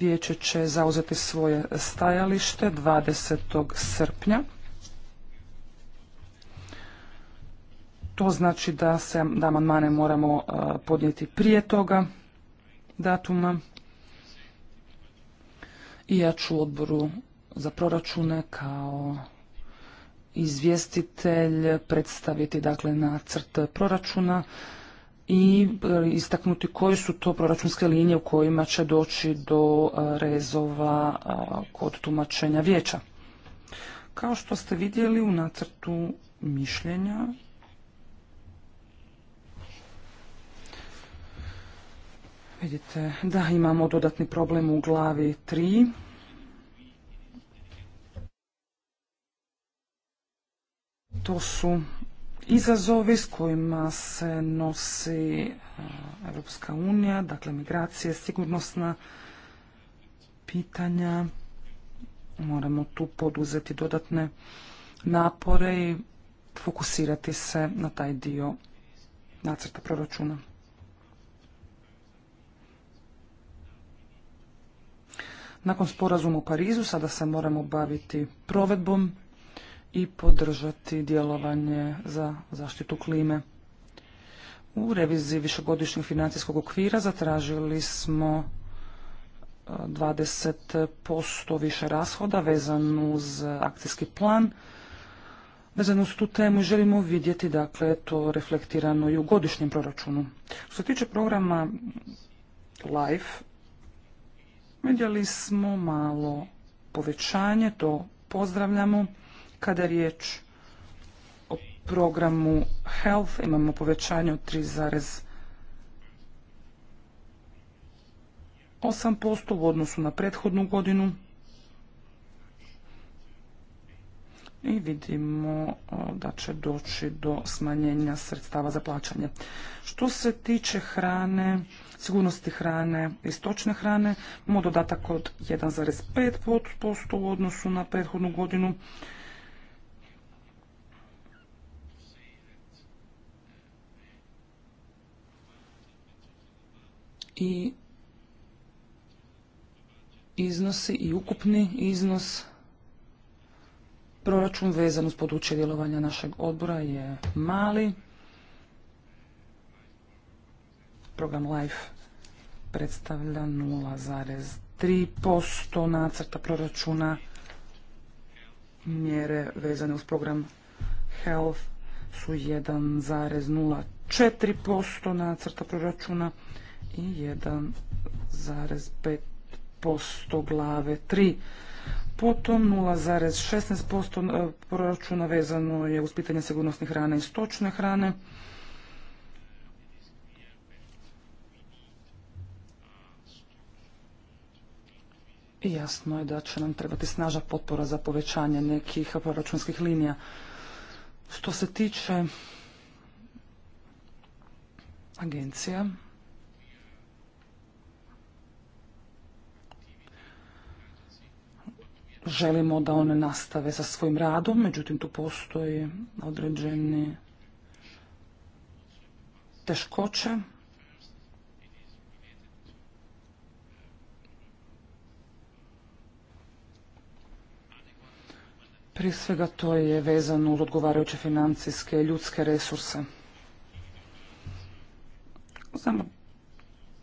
Vijeće će zauzeti svoje stajalište 20. srpnja. To znači da se da amandmane moramo e, podnijeti prije toga datuma. I ja ću odboru za proračune kao izvjestitelj predstaviti dakle nacrt proračuna i e, istaknuti koje su to proračunske linije u kojima će doći do e, rezova e, kod tumačenja vijeća. Kao što ste vidjeli u nacrtu mišljenja, vidite da imamo dodatni problem u glavi 3. To su izazovi s kojima se nosi Europska unija, dakle migracije, sigurnosna pitanja. Moramo tu poduzeti dodatne napore i fokusirati se na taj dio nacrta proračuna. Nakon sporazuma u Parizu sada se moramo baviti provedbom i podržati djelovanje za zaštitu klime. U reviziji višegodišnjeg financijskog okvira zatražili smo 20% e, više rashoda vezan uz akcijski plan. Vezano uz tu temu želimo vidjeti dakle to reflektirano i u godišnjem proračunu. Što se tiče programa LIFE, vidjeli smo malo povećanje, to pozdravljamo. Kada je riječ o programu Health, imamo povećanje od 3,8% u odnosu na prethodnu godinu. i vidimo da će doći do smanjenja sredstava za plaćanje. Što se tiče hrane, sigurnosti hrane i stočne hrane, imamo dodatak od 1,5% u odnosu na prethodnu godinu i iznosi i ukupni iznos proračun vezan uz područje djelovanja našeg odbora je mali. Program LIFE predstavlja 0,3% nacrta proračuna mjere vezane uz program Health su 1,04% nacrta proračuna i 1,5% glave 3. Potom 0,16% e, proračuna vezano je uz pitanje sigurnosnih hrane i stočne hrane. I jasno je da će nam trebati snaža potpora za povećanje nekih proračunskih linija. Što se tiče agencija, želimo da one nastave sa svojim radom, međutim tu postoji određeni teškoće. Prije svega to je vezano uz odgovarajuće financijske i ljudske resurse. Znamo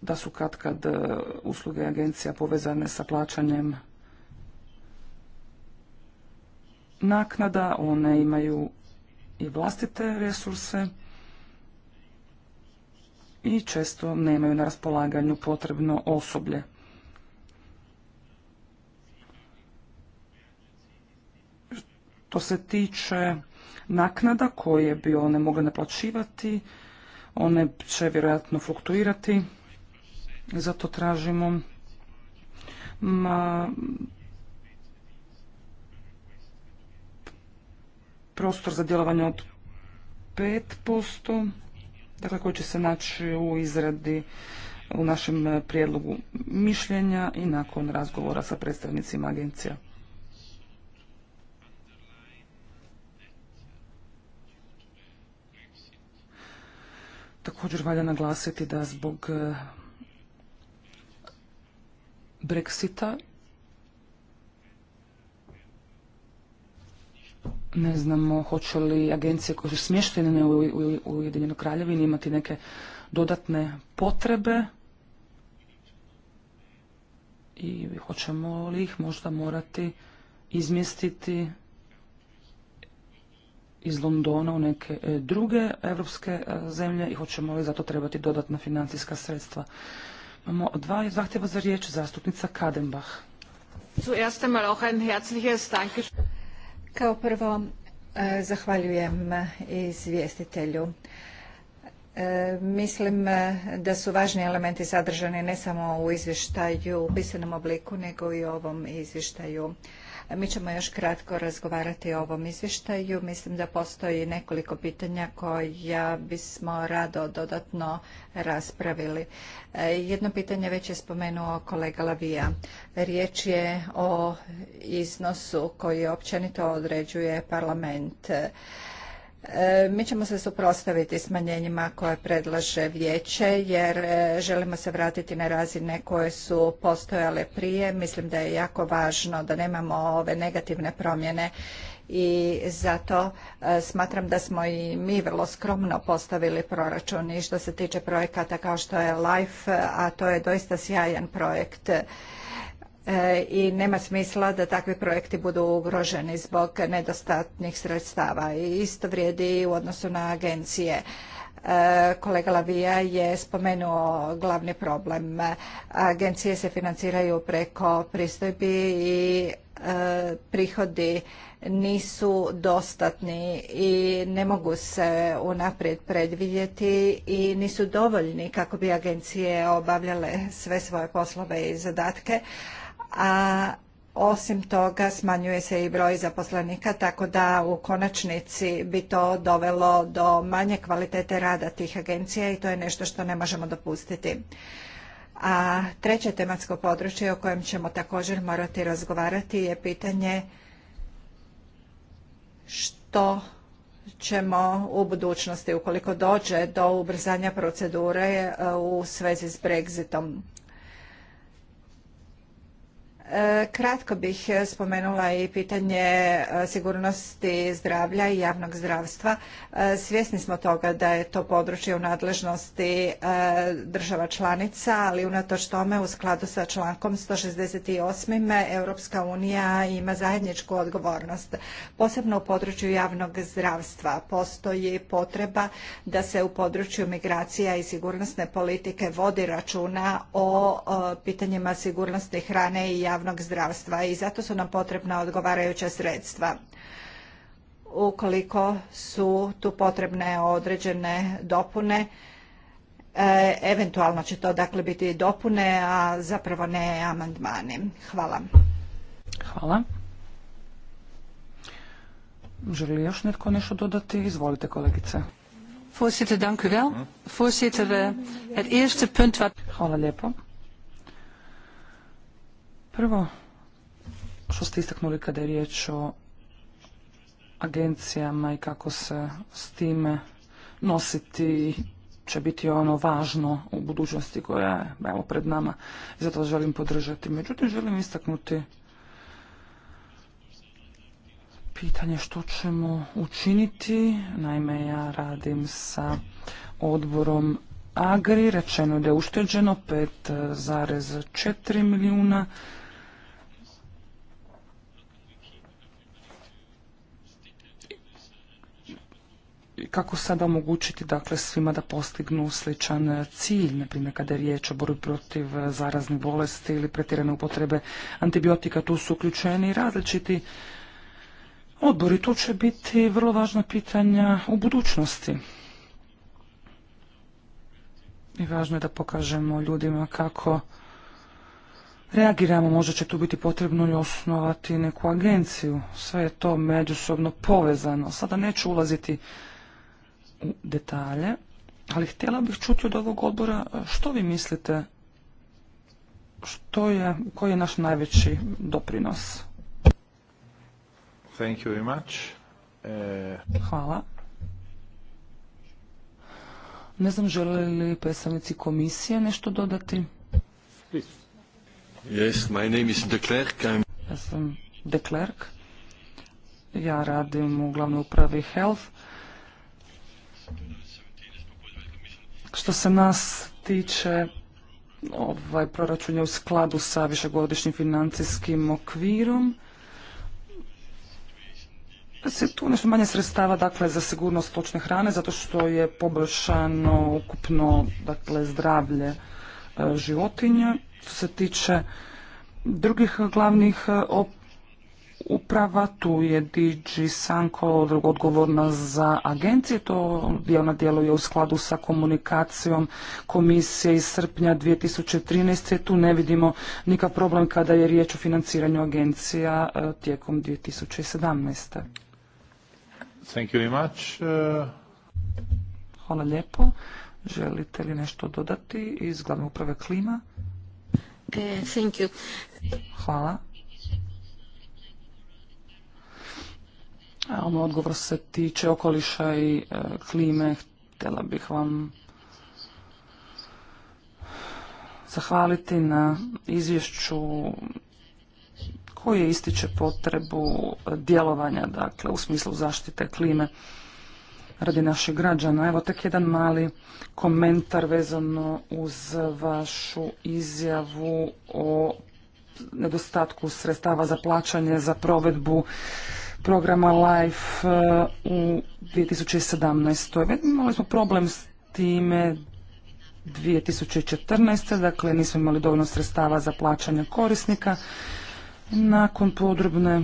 da su katkad e, usluge agencija povezane sa plaćanjem naknada, one imaju i vlastite resurse i često nemaju na raspolaganju potrebno osoblje. Što se tiče naknada koje bi one mogle naplaćivati, one će vjerojatno fluktuirati, zato tražimo prostor za djelovanje od 5%, dakle koji će se naći u izradi u našem prijedlogu mišljenja i nakon razgovora sa predstavnicima agencija. Također valja naglasiti da zbog eh, Brexita Ne znamo hoće li agencije koje su smještene u Ujedinjenoj kraljevini imati neke dodatne potrebe i hoćemo li ih možda morati izmjestiti iz Londona u neke e, druge evropske e, zemlje i hoćemo li zato trebati dodatna financijska sredstva. Imamo dva zahtjeva za riječ, zastupnica Kadenbach. Kao prvo, e, zahvaljujem izvjestitelju. E, mislim da su važni elementi sadržani ne samo u izvještaju u pisanom obliku, nego i u ovom izvještaju mi ćemo još kratko razgovarati o ovom izvještaju. Mislim da postoji nekoliko pitanja koja bismo rado dodatno raspravili. E, jedno pitanje već je spomenuo kolega Lavija. Riječ je o iznosu koji općenito određuje parlament. E, mi ćemo se suprotstaviti smanjenjima koje predlaže vijeće jer e, želimo se vratiti na razine koje su postojale prije. Mislim da je jako važno da nemamo ove negativne promjene i zato e, smatram da smo i mi vrlo skromno postavili proračun i što se tiče projekata kao što je LIFE, a to je doista sjajan projekt E, i nema smisla da takvi projekti budu ugroženi zbog nedostatnih sredstava. I isto vrijedi i u odnosu na agencije. E, kolega Lavija je spomenuo glavni problem. Agencije se financiraju preko pristojbi i e, prihodi nisu dostatni i ne mogu se unaprijed predvidjeti i nisu dovoljni kako bi agencije obavljale sve svoje poslove i zadatke a osim toga smanjuje se i broj zaposlenika tako da u konačnici bi to dovelo do manje kvalitete rada tih agencija i to je nešto što ne možemo dopustiti. A treće tematsko područje o kojem ćemo također morati razgovarati je pitanje što ćemo u budućnosti ukoliko dođe do ubrzanja procedure e, u svezi s Brexitom Kratko bih spomenula i pitanje e, sigurnosti zdravlja i javnog zdravstva. E, svjesni smo toga da je to područje u nadležnosti e, država članica, ali unatoč tome u skladu sa člankom 168. Europska unija ima zajedničku odgovornost. Posebno u području javnog zdravstva postoji potreba da se u području migracija i sigurnosne politike vodi računa o pitanjima sigurnosti hrane i javnog zdravstva i zato su nam potrebna odgovarajuća sredstva. Ukoliko su tu potrebne određene dopune, e, eventualno će to dakle biti dopune, a zapravo ne amandmani. Hvala. Hvala. Želi još netko nešto dodati? Izvolite kolegice. Voorzitter, dank u eh, Hvala lijepo. Prvo, što ste istaknuli kada je riječ o agencijama i kako se s time nositi će biti ono važno u budućnosti koja je evo, pred nama i zato želim podržati. Međutim, želim istaknuti pitanje što ćemo učiniti. Naime, ja radim sa odborom Agri. Rečeno je da je ušteđeno 5,4 milijuna kako sada omogućiti dakle svima da postignu sličan cilj, na primjer kada je riječ o borbi protiv zaraznih bolesti ili pretjerane upotrebe antibiotika, tu su uključeni različiti odbori. Tu će biti vrlo važna pitanja u budućnosti. I važno je da pokažemo ljudima kako reagiramo, možda će tu biti potrebno i osnovati neku agenciju. Sve je to međusobno povezano. Sada neću ulaziti detalje, ali htjela bih čuti od ovog odbora e, što vi mislite što je, koji je naš najveći doprinos. Thank you very much. E, Hvala. Ne znam, žele li predstavnici komisije nešto dodati? Yes, my name is de Klerk. I'm... Ja sam de Klerk. Ja radim u glavnoj upravi Health. Što se nas tiče, ovaj proračun je u skladu sa višegodišnjim financijskim okvirom. Se tu nešto manje sredstava dakle, za sigurnost točne hrane, zato što je poboljšano ukupno dakle, zdravlje e, životinja. Što se tiče drugih glavnih e, op uprava, tu je DG Sanko odgovorna za agencije, to ona djeluje u skladu sa komunikacijom komisije iz srpnja 2013. Tu ne vidimo nikakav problem kada je riječ o financiranju agencija e, tijekom 2017. Thank you very much. E. Hvala lijepo. Želite li nešto dodati iz glavne uprave klima? E, thank you. Hvala. A odgovor se tiče okoliša i e, klime. Htjela bih vam zahvaliti na izvješću koje ističe potrebu djelovanja, dakle, u smislu zaštite klime radi naših građana. Evo tek jedan mali komentar vezano uz vašu izjavu o nedostatku sredstava za plaćanje za provedbu programa LIFE uh, u 2017. Imali smo problem s time 2014. Dakle, nismo imali dovoljno sredstava za plaćanje korisnika. Nakon podrobne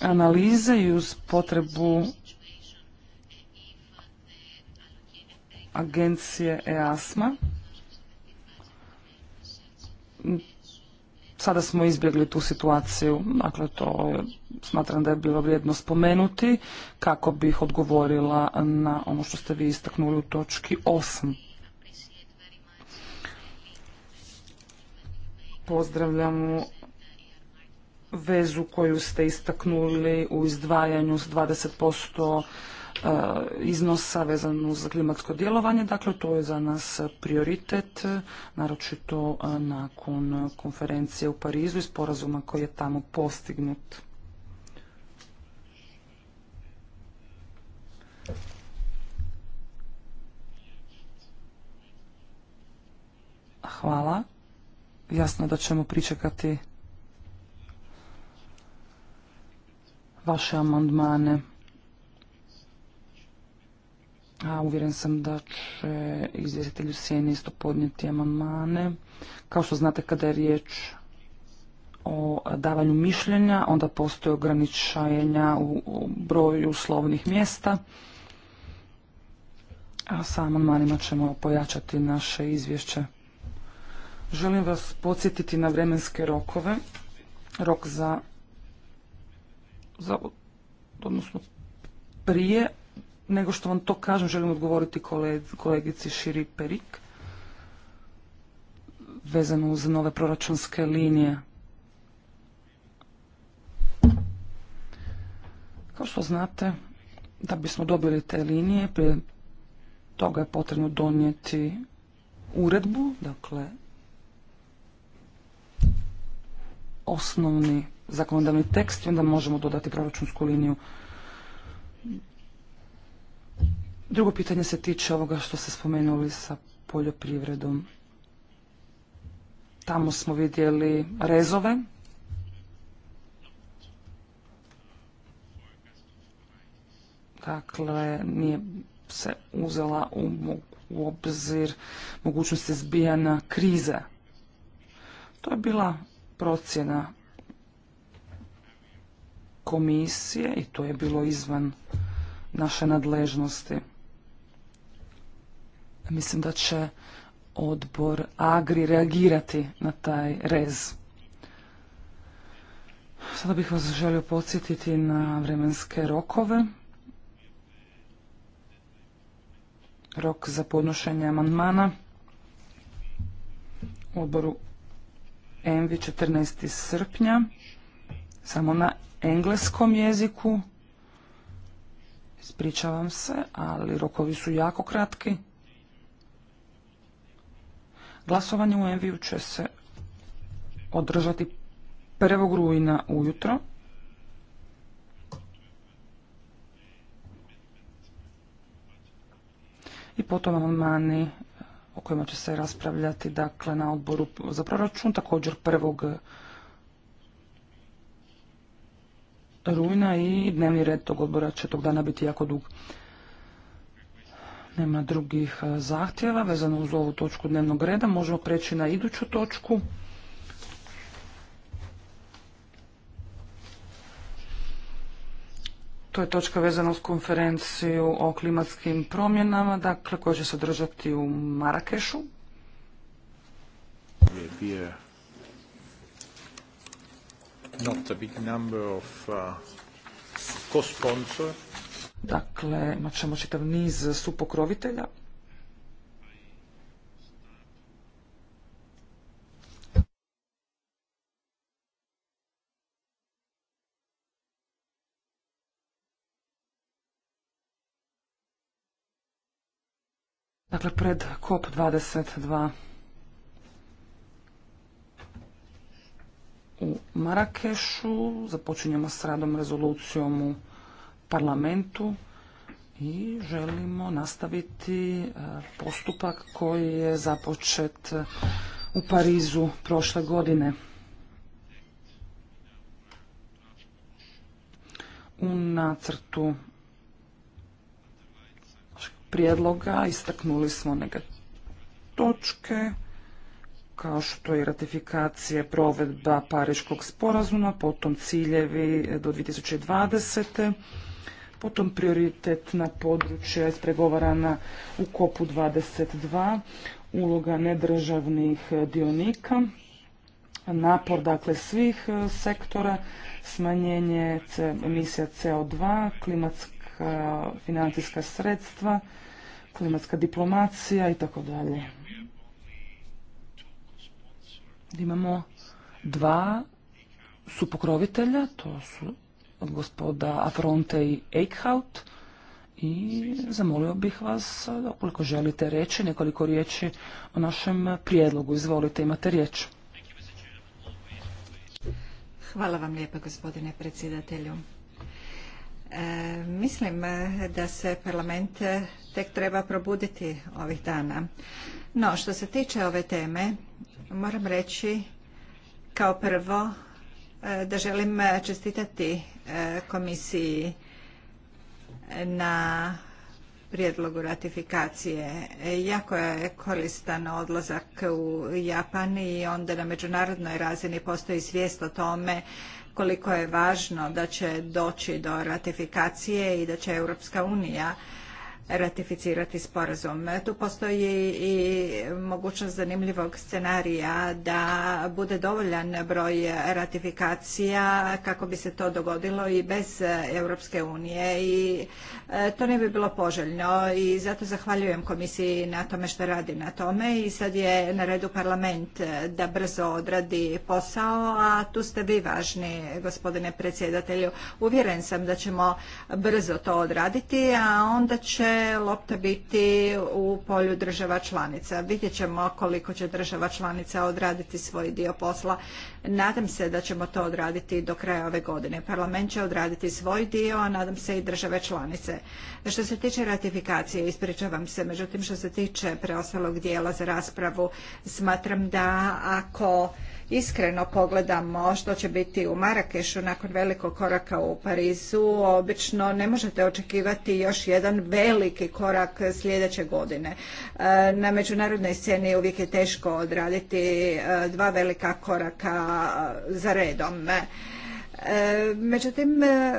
analize i uz potrebu agencije EASMA Sada smo izbjegli tu situaciju, dakle to smatram da je bilo vrijedno spomenuti kako bih odgovorila na ono što ste vi istaknuli u točki 8. pozdravljam vezu koju ste istaknuli u izdvajanju s 20% E, iznosa vezano uz klimatsko djelovanje. Dakle, to je za nas prioritet, naročito e, nakon konferencije u Parizu i sporazuma koji je tamo postignut. Hvala. Jasno da ćemo pričekati vaše amandmane. A uvjeren sam da će izvjestitelj u sjeni isto podnijeti amandmane. Kao što znate kada je riječ o davanju mišljenja, onda postoje ograničajenja u broju slovnih mjesta. A sa amandmanima ćemo pojačati naše izvješće. Želim vas podsjetiti na vremenske rokove. Rok za, za odnosno prije nego što vam to kažem, želim odgovoriti kolegici Širi Perik vezano uz nove proračunske linije. Kao što znate, da bismo dobili te linije, prije toga je potrebno donijeti uredbu, dakle osnovni zakonodavni tekst i onda možemo dodati proračunsku liniju. Drugo pitanje se tiče ovoga što ste spomenuli sa poljoprivredom. Tamo smo vidjeli rezove. Dakle, nije se uzela u, obzir mogućnosti zbijana krize. To je bila procjena komisije i to je bilo izvan naše nadležnosti. Mislim da će odbor Agri reagirati na taj rez. Sada bih vas želio podsjetiti na vremenske rokove. Rok za podnošenje amandmana u odboru ENVI 14. srpnja, samo na engleskom jeziku. Ispričavam se, ali rokovi su jako kratki. Glasovanje u Enviju će se održati 1. rujna ujutro. I potom amandmani o kojima će se raspravljati dakle, na odboru za proračun, također 1. rujna i dnevni red tog odbora će tog dana biti jako dug. Nema drugih e, zahtjeva vezano uz ovu točku dnevnog reda. Možemo preći na iduću točku. To je točka vezana uz konferenciju o klimatskim promjenama, dakle, koja će se održati u Marakešu. Not a big number of uh, Dakle, imat ćemo čitav niz supokrovitelja. Dakle, pred COP22 u Marakešu započinjemo s radom rezolucijom u parlamentu i želimo nastaviti e, postupak koji je započet e, u Parizu prošle godine. U nacrtu prijedloga istaknuli smo neke točke kao što je ratifikacije provedba Pariškog sporazuma, potom ciljevi do 2020 potom prioritetna područja ispregovarana u kopu 22, uloga nedržavnih dionika, napor dakle svih e, sektora, smanjenje emisija CO2, klimatska financijska sredstva, klimatska diplomacija i tako dalje. Imamo dva supokrovitelja, to su gospoda Afronte i i zamolio bih vas, ukoliko želite reći, nekoliko riječi o našem prijedlogu. Izvolite, imate riječ. Hvala vam lijepa gospodine predsjedatelju. E, mislim da se parlament tek treba probuditi ovih dana. No, što se tiče ove teme, moram reći kao prvo e, da želim čestitati E, komisiji na prijedlogu ratifikacije. E, jako je koristan odlazak u Japan i onda na međunarodnoj razini postoji svijest o tome koliko je važno da će doći do ratifikacije i da će Europska unija ratificirati sporazum. Tu postoji i mogućnost zanimljivog scenarija da bude dovoljan broj ratifikacija kako bi se to dogodilo i bez Europske unije i e, to ne bi bilo poželjno i zato zahvaljujem komisiji na tome što radi na tome i sad je na redu parlament da brzo odradi posao, a tu ste vi važni gospodine predsjedatelju. Uvjeren sam da ćemo brzo to odraditi, a onda će lopta biti u polju država članica. Vidjet ćemo koliko će država članica odraditi svoj dio posla. Nadam se da ćemo to odraditi do kraja ove godine. Parlament će odraditi svoj dio, a nadam se i države članice. Što se tiče ratifikacije, ispričavam se, međutim što se tiče preostalog dijela za raspravu, smatram da ako iskreno pogledamo što će biti u Marakešu nakon velikog koraka u Parizu, obično ne možete očekivati još jedan veliki korak sljedeće godine. E, na međunarodnoj sceni uvijek je teško odraditi e, dva velika koraka e, za redom. E, međutim, e,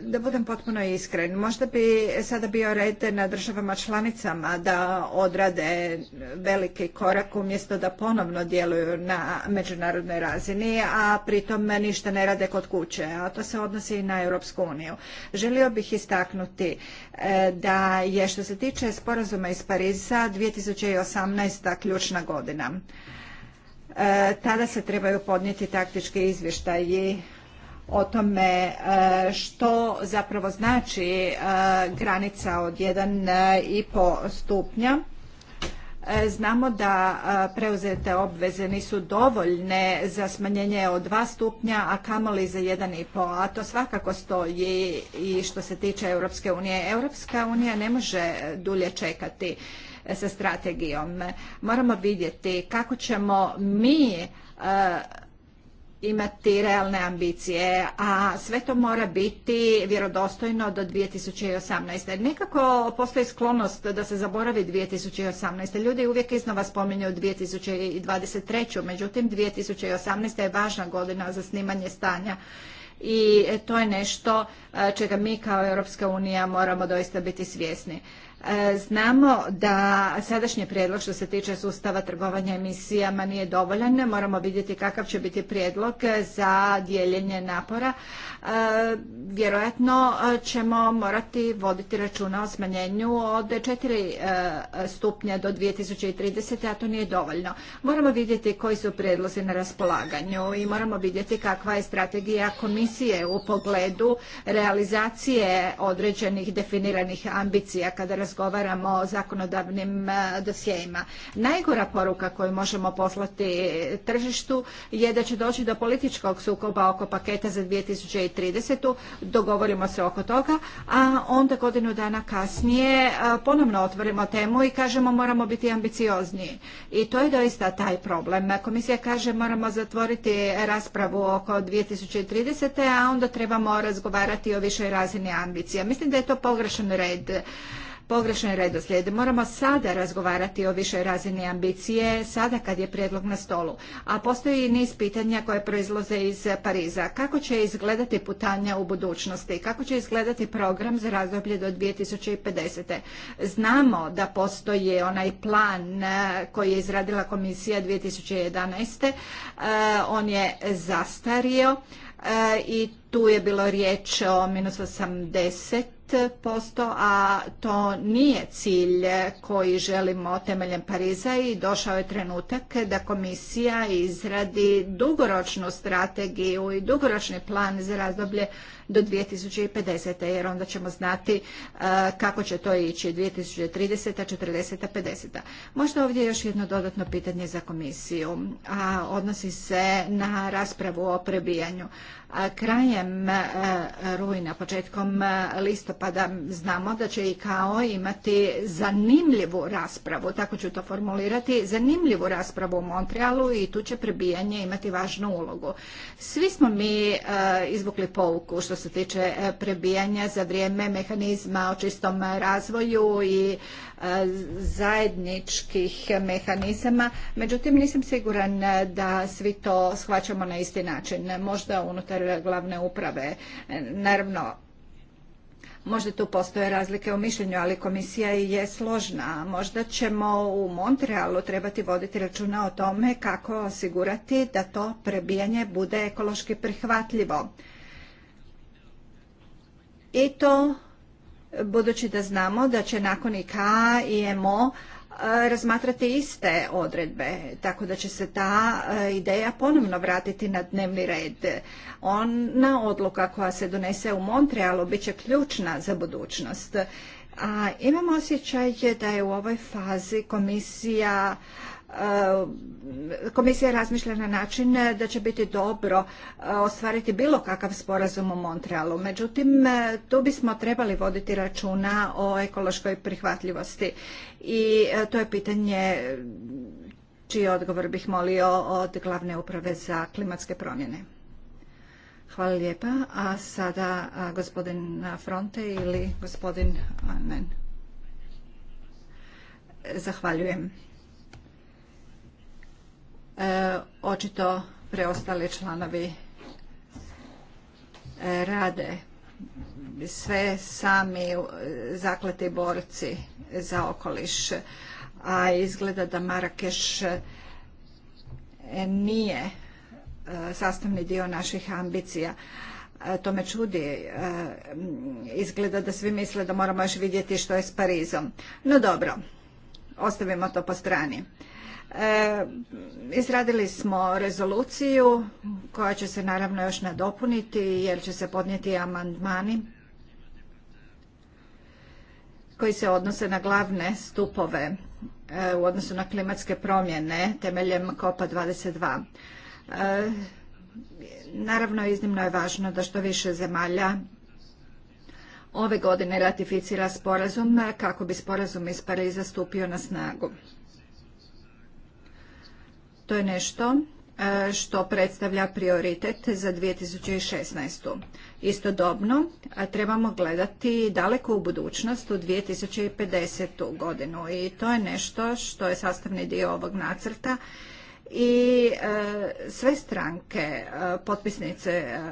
da budem potpuno iskren, možda bi sada bio red na državama članicama da odrade veliki korak umjesto da ponovno djeluju na međunarodnoj razini, a pritom ništa ne rade kod kuće, a to se odnosi i na Europsku uniju. Želio bih istaknuti e, da je što se tiče sporazuma iz Pariza 2018. ključna godina. Tada se trebaju podnijeti taktički izvještaji o tome e, što zapravo znači e, granica od 1,5 e, stupnja. Znamo da preuzete obveze nisu dovoljne za smanjenje od 2 stupnja, a kamoli za 1,5, a to svakako stoji i što se tiče Europske unije. Europska unija ne može dulje čekati sa strategijom. Moramo vidjeti kako ćemo mi imati realne ambicije, a sve to mora biti vjerodostojno do 2018. Nekako postoji sklonost da se zaboravi 2018. Ljudi uvijek iznova spominju 2023. Međutim, 2018. je važna godina za snimanje stanja i to je nešto e, čega mi kao Europska unija moramo doista biti svjesni. E, znamo da sadašnji prijedlog što se tiče sustava trgovanja emisijama nije dovoljan. Moramo vidjeti kakav će biti prijedlog za dijeljenje napora. E, vjerojatno e, ćemo morati voditi računa o smanjenju od 4 stupnja do 2030. a to nije dovoljno. Moramo vidjeti koji su prijedlozi na raspolaganju i moramo vidjeti kakva je strategija komisije u pogledu realizacije određenih definiranih ambicija kada razgovaramo o zakonodavnim e, dosjejima. Najgora poruka koju možemo poslati tržištu je da će doći do političkog sukoba oko paketa za 2030. Dogovorimo se oko toga, a onda godinu dana kasnije e, ponovno otvorimo temu i kažemo moramo biti ambiciozniji. I to je doista taj problem. Komisija kaže moramo zatvoriti raspravu oko 2030. a onda trebamo razgovarati o višoj razini ambicija. Mislim da je to pogrešan red pogrešan redoslijed. Moramo sada razgovarati o višoj razini ambicije, sada kad je prijedlog na stolu. A postoji i niz pitanja koje proizlaze iz Pariza. Kako će izgledati putanja u budućnosti? Kako će izgledati program za razdoblje do 2050. Znamo da postoji onaj plan eh, koji je izradila komisija 2011. Eh, on je zastario eh, i tu je bilo riječ o minus 80 posto a to nije cilj koji želimo temeljem Pariza i došao je trenutak da komisija izradi dugoročnu strategiju i dugoročni plan za razdoblje do 2050. jer onda ćemo znati e, kako će to ići 2030. 40. 50. Možda ovdje još jedno dodatno pitanje za komisiju, a odnosi se na raspravu o prebijanju. Krajem e, rujna, početkom e, listopada znamo da će i kao imati zanimljivu raspravu, tako ću to formulirati, zanimljivu raspravu u Montrealu i tu će prebijanje imati važnu ulogu. Svi smo mi izvukli pouku što se tiče e, prebijanja za vrijeme mehanizma o čistom razvoju i e, zajedničkih mehanizama. Međutim, nisam siguran e, da svi to shvaćamo na isti način. Možda unutar glavne uprave. Naravno, Možda tu postoje razlike u mišljenju, ali komisija je složna. Možda ćemo u Montrealu trebati voditi računa o tome kako osigurati da to prebijanje bude ekološki prihvatljivo. I to budući da znamo da će nakon K i MO e, razmatrati iste odredbe, tako da će se ta e, ideja ponovno vratiti na dnevni red. Ona odluka koja se donese u Montrealu bit će ključna za budućnost. A imam osjećaj da je u ovoj fazi komisija E, komisija razmišlja na način e, da će biti dobro e, ostvariti bilo kakav sporazum u Montrealu. Međutim, tu bismo trebali voditi računa o ekološkoj prihvatljivosti i to je pitanje čiji odgovor bih molio od glavne uprave za klimatske promjene. Hvala lijepa. A sada gospodin Fronte ili gospodin Amen. Zahvaljujem. E, očito preostali članovi e, rade sve sami e, zakleti borci za okoliš, a izgleda da Marakeš nije sastavni dio naših ambicija. To me čudi. Izgleda da svi misle da moramo još vidjeti što je s Parizom. No dobro, ostavimo to po strani. E, izradili smo rezoluciju koja će se naravno još nadopuniti jer će se podnijeti amandmani koji se odnose na glavne stupove e, u odnosu na klimatske promjene temeljem COPA 22. E, naravno, iznimno je važno da što više zemalja ove godine ratificira sporazum kako bi sporazum iz Pariza stupio na snagu. To je nešto e, što predstavlja prioritet za 2016. Istodobno trebamo gledati daleko u budućnost u 2050. godinu i to je nešto što je sastavni dio ovog nacrta i e, sve stranke e, potpisnice e,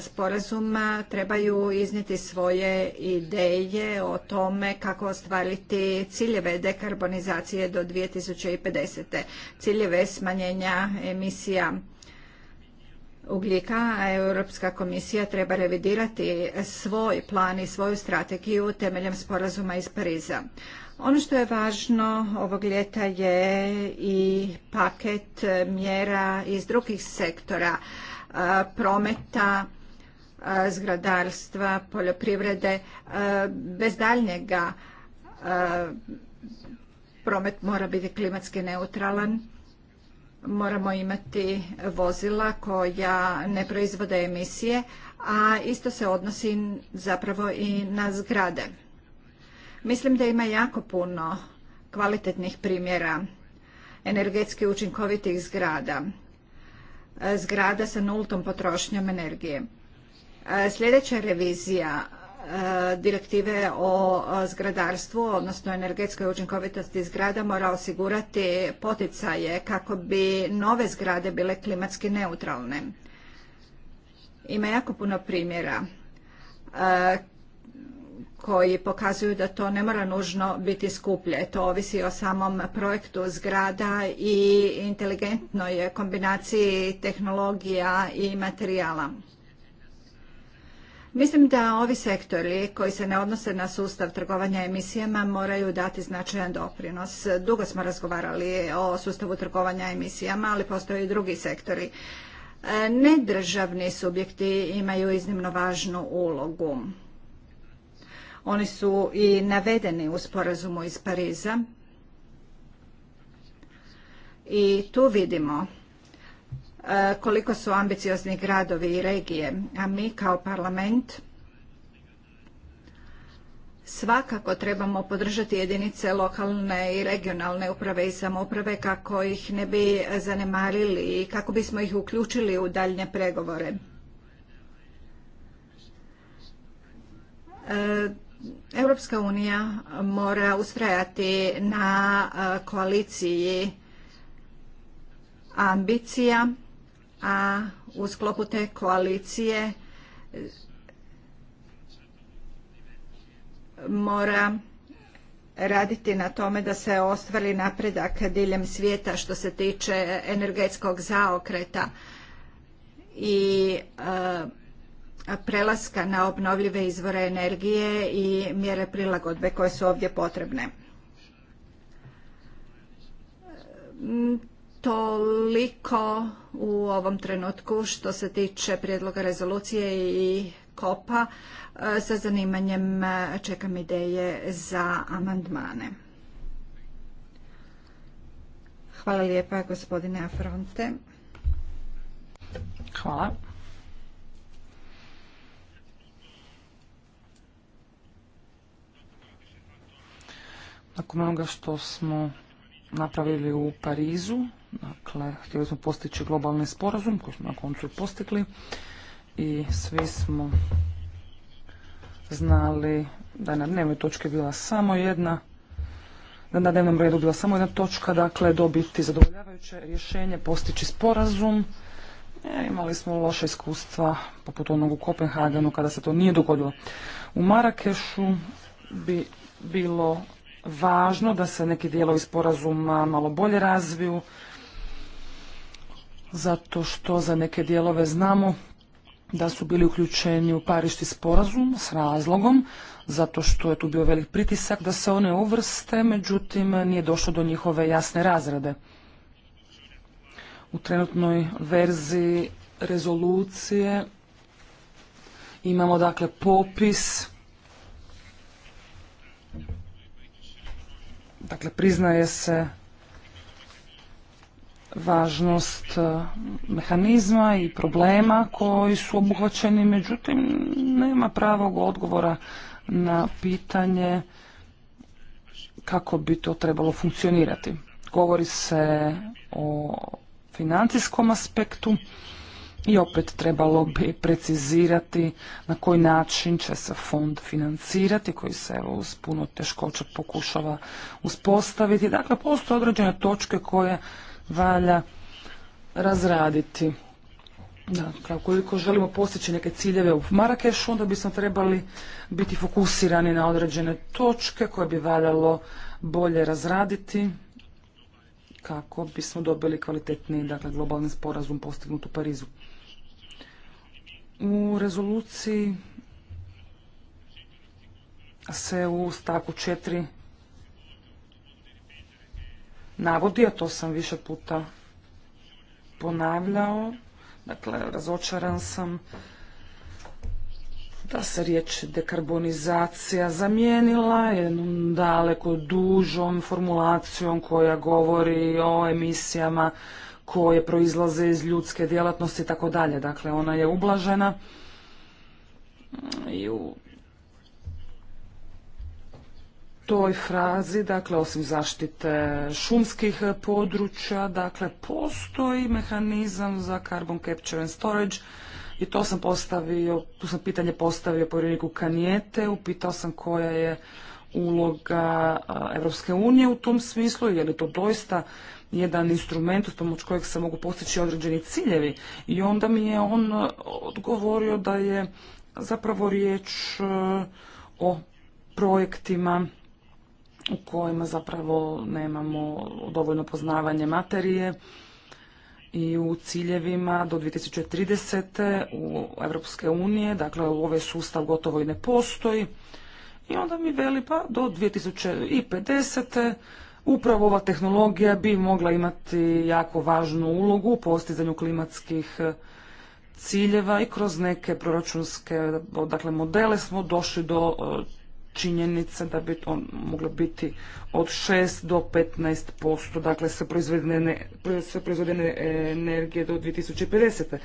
sporazuma trebaju izniti svoje ideje o tome kako ostvariti ciljeve dekarbonizacije do 2050. ciljeve smanjenja emisija ugljika, a Europska komisija treba revidirati svoj plan i svoju strategiju temeljem sporazuma iz Pariza. Ono što je važno ovog ljeta je i paket mjera iz drugih sektora prometa, zgradarstva, poljoprivrede. Bez daljnjega promet mora biti klimatski neutralan. Moramo imati vozila koja ne proizvode emisije, a isto se odnosi zapravo i na zgrade. Mislim da ima jako puno kvalitetnih primjera energetski učinkovitih zgrada, e, zgrada sa nultom potrošnjom energije. E, sljedeća revizija e, direktive o zgradarstvu, odnosno energetskoj učinkovitosti zgrada, mora osigurati poticaje kako bi nove zgrade bile klimatski neutralne. Ima jako puno primjera koji pokazuju da to ne mora nužno biti skuplje. To ovisi o samom projektu zgrada i inteligentnoj kombinaciji tehnologija i materijala. Mislim da ovi sektori koji se ne odnose na sustav trgovanja emisijama moraju dati značajan doprinos. Dugo smo razgovarali o sustavu trgovanja emisijama, ali postoje i drugi sektori. E, nedržavni subjekti imaju iznimno važnu ulogu. Oni su i navedeni u sporazumu iz Pariza. I tu vidimo e, koliko su ambiciozni gradovi i regije, a mi kao parlament svakako trebamo podržati jedinice lokalne i regionalne uprave i samouprave kako ih ne bi zanemarili i kako bismo ih uključili u daljnje pregovore. E, Europska unija mora ustrajati na e, koaliciji ambicija, a u sklopu te koalicije mora raditi na tome da se ostvari napredak diljem svijeta što se tiče energetskog zaokreta i e, prelaska na obnovljive izvore energije i mjere prilagodbe koje su ovdje potrebne. Mm, toliko u ovom trenutku što se tiče prijedloga rezolucije i kopa. E, sa zanimanjem e, čekam ideje za amandmane. Hvala lijepa gospodine Afronte. Hvala. nakon onoga što smo napravili u Parizu, dakle, htjeli smo postići globalni sporazum koji smo na koncu postigli i svi smo znali da je na dnevnoj točki bila samo jedna da je na dnevnom redu bila samo jedna točka, dakle dobiti zadovoljavajuće rješenje, postići sporazum. E, imali smo loše iskustva, poput onog u Kopenhagenu, kada se to nije dogodilo. U Marakešu bi bilo važno da se neki dijelovi sporazuma malo bolje razviju, zato što za neke dijelove znamo da su bili uključeni u Pariški sporazum s razlogom, zato što je tu bio velik pritisak da se one uvrste, međutim nije došlo do njihove jasne razrade. U trenutnoj verziji rezolucije imamo dakle popis dakle priznaje se važnost e, mehanizma i problema koji su obuhvaćeni, međutim nema pravog odgovora na pitanje kako bi to trebalo funkcionirati. Govori se o financijskom aspektu, i opet trebalo bi precizirati na koji način će se fond financirati, koji se evo, uz puno teškoća pokušava uspostaviti. Dakle, postoje određene točke koje valja razraditi. Dakle, ukoliko želimo postići neke ciljeve u Marakešu, onda bismo trebali biti fokusirani na određene točke koje bi valjalo bolje razraditi kako bismo dobili kvalitetni dakle, globalni sporazum postignut u Parizu. U rezoluciji se u stavku 4 navodi, a to sam više puta ponavljao, dakle razočaran sam da se riječ dekarbonizacija zamijenila jednom daleko dužom formulacijom koja govori o emisijama koje proizlaze iz ljudske djelatnosti i tako dalje. Dakle, ona je ublažena i u toj frazi, dakle, osim zaštite šumskih područja, dakle, postoji mehanizam za carbon capture and storage i to sam postavio, tu sam pitanje postavio povjereniku Kanijete, upitao sam koja je uloga Europske unije u tom smislu, je li to doista jedan instrument uz pomoć kojeg se mogu postići određeni ciljevi i onda mi je on e, odgovorio da je zapravo riječ e, o projektima u kojima zapravo nemamo dovoljno poznavanje materije i u ciljevima do 2030. u Evropske unije, dakle u ovaj sustav gotovo i ne postoji. I onda mi veli pa do 2050. Upravo ova tehnologija bi mogla imati jako važnu ulogu u postizanju klimatskih eh, ciljeva i kroz neke proračunske dakle, modele smo došli do eh, činjenica da bi on moglo biti od 6 do 15%, dakle sve proizvedene, proizvedene e, energije do 2050.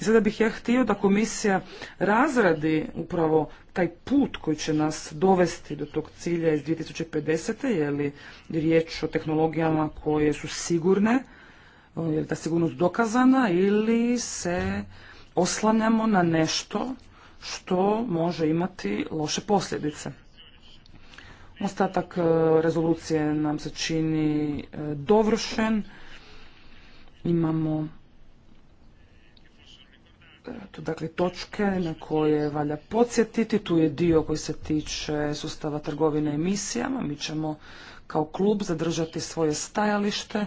I sada bih ja htio da komisija razradi upravo taj put koji će nas dovesti do tog cilja iz 2050. je li riječ o tehnologijama koje su sigurne, e, je li ta sigurnost dokazana ili se oslanjamo na nešto što može imati loše posljedice. Ostatak e, rezolucije nam se čini e, dovršen. Imamo to dakle točke na koje valja podsjetiti. Tu je dio koji se tiče sustava trgovine emisijama. Mi ćemo kao klub zadržati svoje stajalište.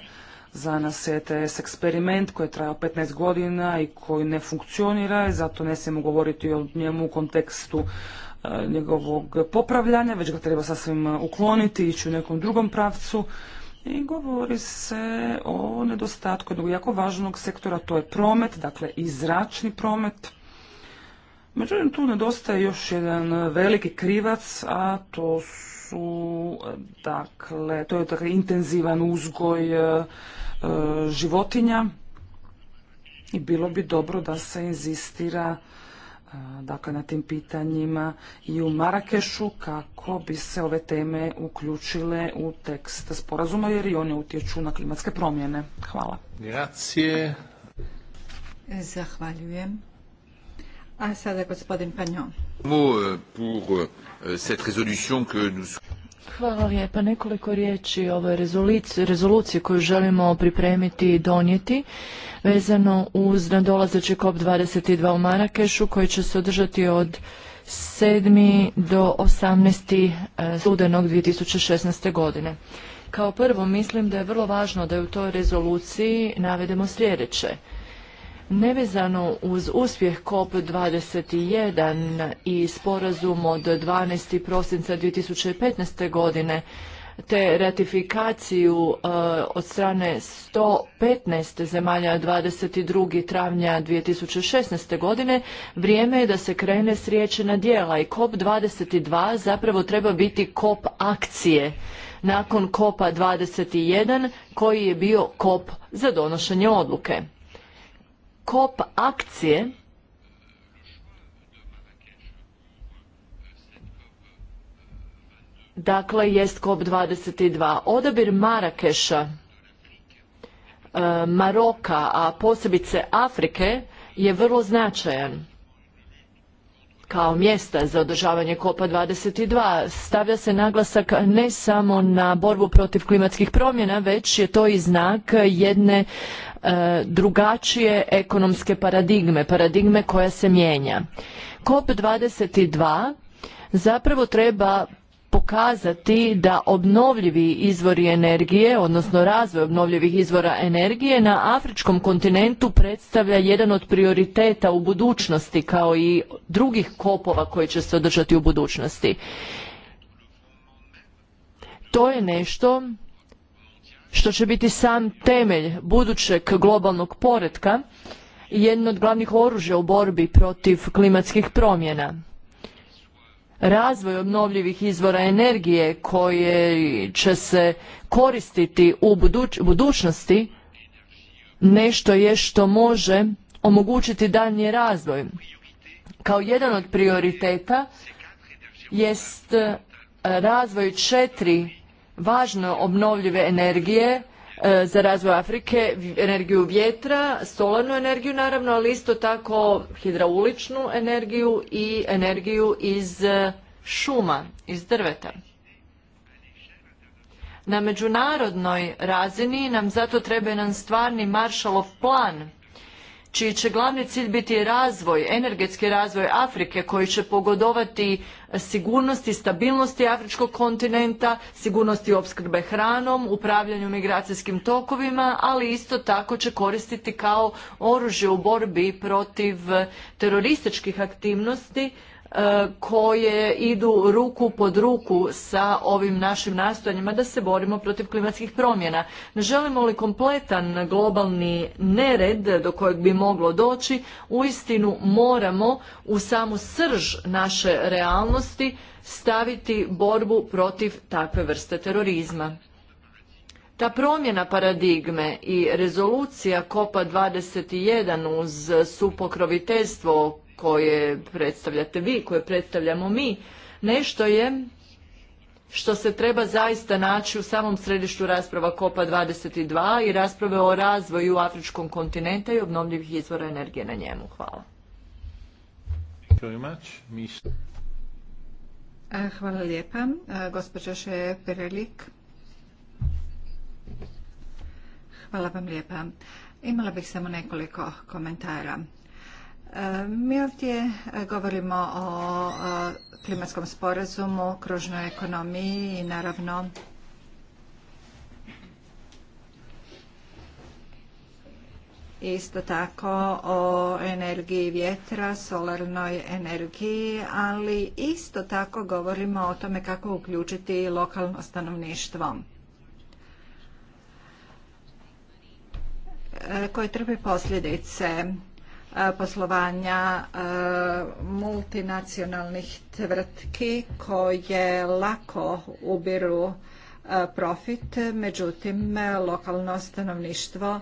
Za nas je ETS eksperiment koji je trajao 15 godina i koji ne funkcionira i zato ne smijemo govoriti o njemu u kontekstu E, njegovog popravljanja, već ga treba sasvim ukloniti, ići u nekom drugom pravcu. I govori se o nedostatku jednog jako važnog sektora, to je promet, dakle i zračni promet. Međutim, tu nedostaje još jedan veliki krivac, a to su, dakle, to je dakle, intenzivan uzgoj e, e, životinja i bilo bi dobro da se inzistira dakle na tim pitanjima i u Marakešu kako bi se ove teme uključile u tekst sporazuma jer i one utječu na klimatske promjene. Hvala. Grazie. Zahvaljujem. A sada gospodin Pour euh, euh, cette résolution que nous... Hvala lijepa. Nekoliko riječi o ovoj rezoluciji koju želimo pripremiti i donijeti vezano uz nadolazeći COP22 u Marakešu koji će se održati od 7. do 18. E, studenog 2016. godine. Kao prvo mislim da je vrlo važno da u toj rezoluciji navedemo sljedeće. Nevezano uz uspjeh COP21 i sporazum od 12. prosinca 2015. godine, te ratifikaciju e, od strane 115 zemalja 22. travnja 2016. godine, vrijeme je da se krene s riječi na dijela i COP22 zapravo treba biti COP akcije nakon cop 21 koji je bio COP za donošenje odluke kop akcije dakle jest KOP 22 Odabir Marakeša, e, Maroka, a posebice Afrike je vrlo značajan kao mjesta za održavanje kopa 22 stavlja se naglasak ne samo na borbu protiv klimatskih promjena, već je to i znak jedne E, drugačije ekonomske paradigme, paradigme koja se mijenja. COP22 zapravo treba pokazati da obnovljivi izvori energije, odnosno razvoj obnovljivih izvora energije na afričkom kontinentu predstavlja jedan od prioriteta u budućnosti kao i drugih kopova koji će se održati u budućnosti. To je nešto što će biti sam temelj budućeg globalnog poretka i jedno od glavnih oružja u borbi protiv klimatskih promjena. Razvoj obnovljivih izvora energije koje će se koristiti u budućnosti nešto je što može omogućiti daljnji razvoj. Kao jedan od prioriteta jest e, razvoj četiri važno obnovljive energije e, za razvoj Afrike, energiju vjetra, solarnu energiju naravno, ali isto tako hidrauličnu energiju i energiju iz e, šuma, iz drveta. Na međunarodnoj razini nam zato treba jedan stvarni maršalov plan čiji će glavni cilj biti razvoj, energetski razvoj Afrike koji će pogodovati sigurnosti, stabilnosti afričkog kontinenta, sigurnosti opskrbe hranom, upravljanju migracijskim tokovima, ali isto tako će koristiti kao oružje u borbi protiv terorističkih aktivnosti E, koje idu ruku pod ruku sa ovim našim nastojanjima da se borimo protiv klimatskih promjena. Ne želimo li kompletan globalni nered do kojeg bi moglo doći, istinu moramo u samu srž naše realnosti staviti borbu protiv takve vrste terorizma. Ta promjena paradigme i rezolucija COP21 uz supokroviteljstvo koje predstavljate vi, koje predstavljamo mi, nešto je što se treba zaista naći u samom središtu rasprava COPA 22 i rasprave o razvoju afričkog kontinenta i obnovljivih izvora energije na njemu. Hvala. Hvala lijepa. Gospođa Šeperelik. Hvala vam lijepa. Imala bih samo nekoliko komentara. Mi ovdje e, govorimo o e, klimatskom sporazumu, kružnoj ekonomiji i naravno isto tako o energiji vjetra, solarnoj energiji, ali isto tako govorimo o tome kako uključiti lokalno stanovništvo. E, koje trpi posljedice E, poslovanja e, multinacionalnih tvrtki koje lako ubiru e, profit, međutim lokalno stanovništvo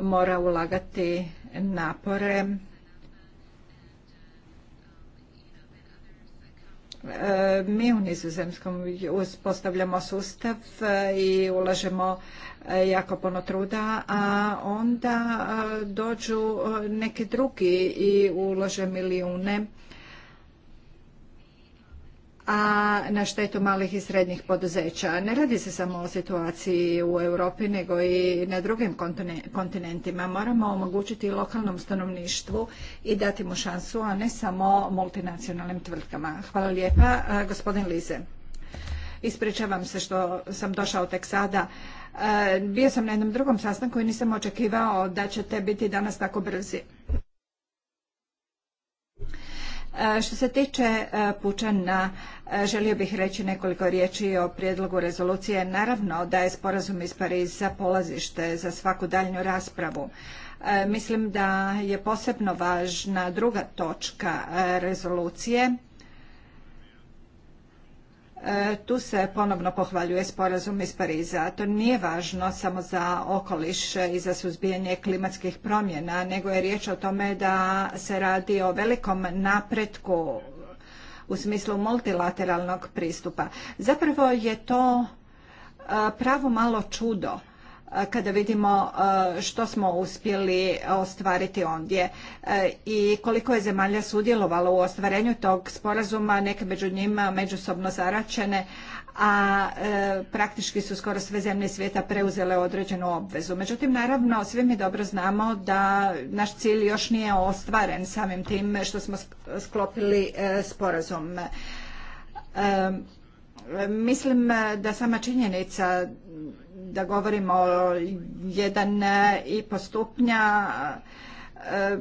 mora ulagati napore Mi u Nizozemskom uspostavljamo sustav i ulažemo E, jako puno truda, a onda e, dođu e, neki drugi i ulože milijune a na štetu malih i srednjih poduzeća. Ne radi se samo o situaciji u Europi, nego i na drugim kontinentima. Moramo omogućiti lokalnom stanovništvu i dati mu šansu, a ne samo multinacionalnim tvrtkama. Hvala lijepa, gospodin Lize. Ispričavam se što sam došao tek sada. E, bio sam na jednom drugom sastanku i nisam očekivao da ćete biti danas tako brzi. E, što se tiče e, Pučana, želio bih reći nekoliko riječi o prijedlogu rezolucije. Naravno da je sporazum iz Pariza polazište za svaku daljnju raspravu. Mislim da je posebno važna druga točka rezolucije, E, tu se ponovno pohvaljuje sporazum iz Pariza. To nije važno samo za okoliš i za suzbijanje klimatskih promjena, nego je riječ o tome da se radi o velikom napretku u smislu multilateralnog pristupa. Zapravo je to e, pravo malo čudo kada vidimo što smo uspjeli ostvariti ondje e, i koliko je zemalja sudjelovalo u ostvarenju tog sporazuma, neke među njima međusobno zaračene, a e, praktički su skoro sve zemlje svijeta preuzele određenu obvezu. Međutim, naravno, svi mi dobro znamo da naš cilj još nije ostvaren samim tim što smo sklopili e, sporazum. Mislim da sama činjenica da govorimo o jedan i stupnja, eh,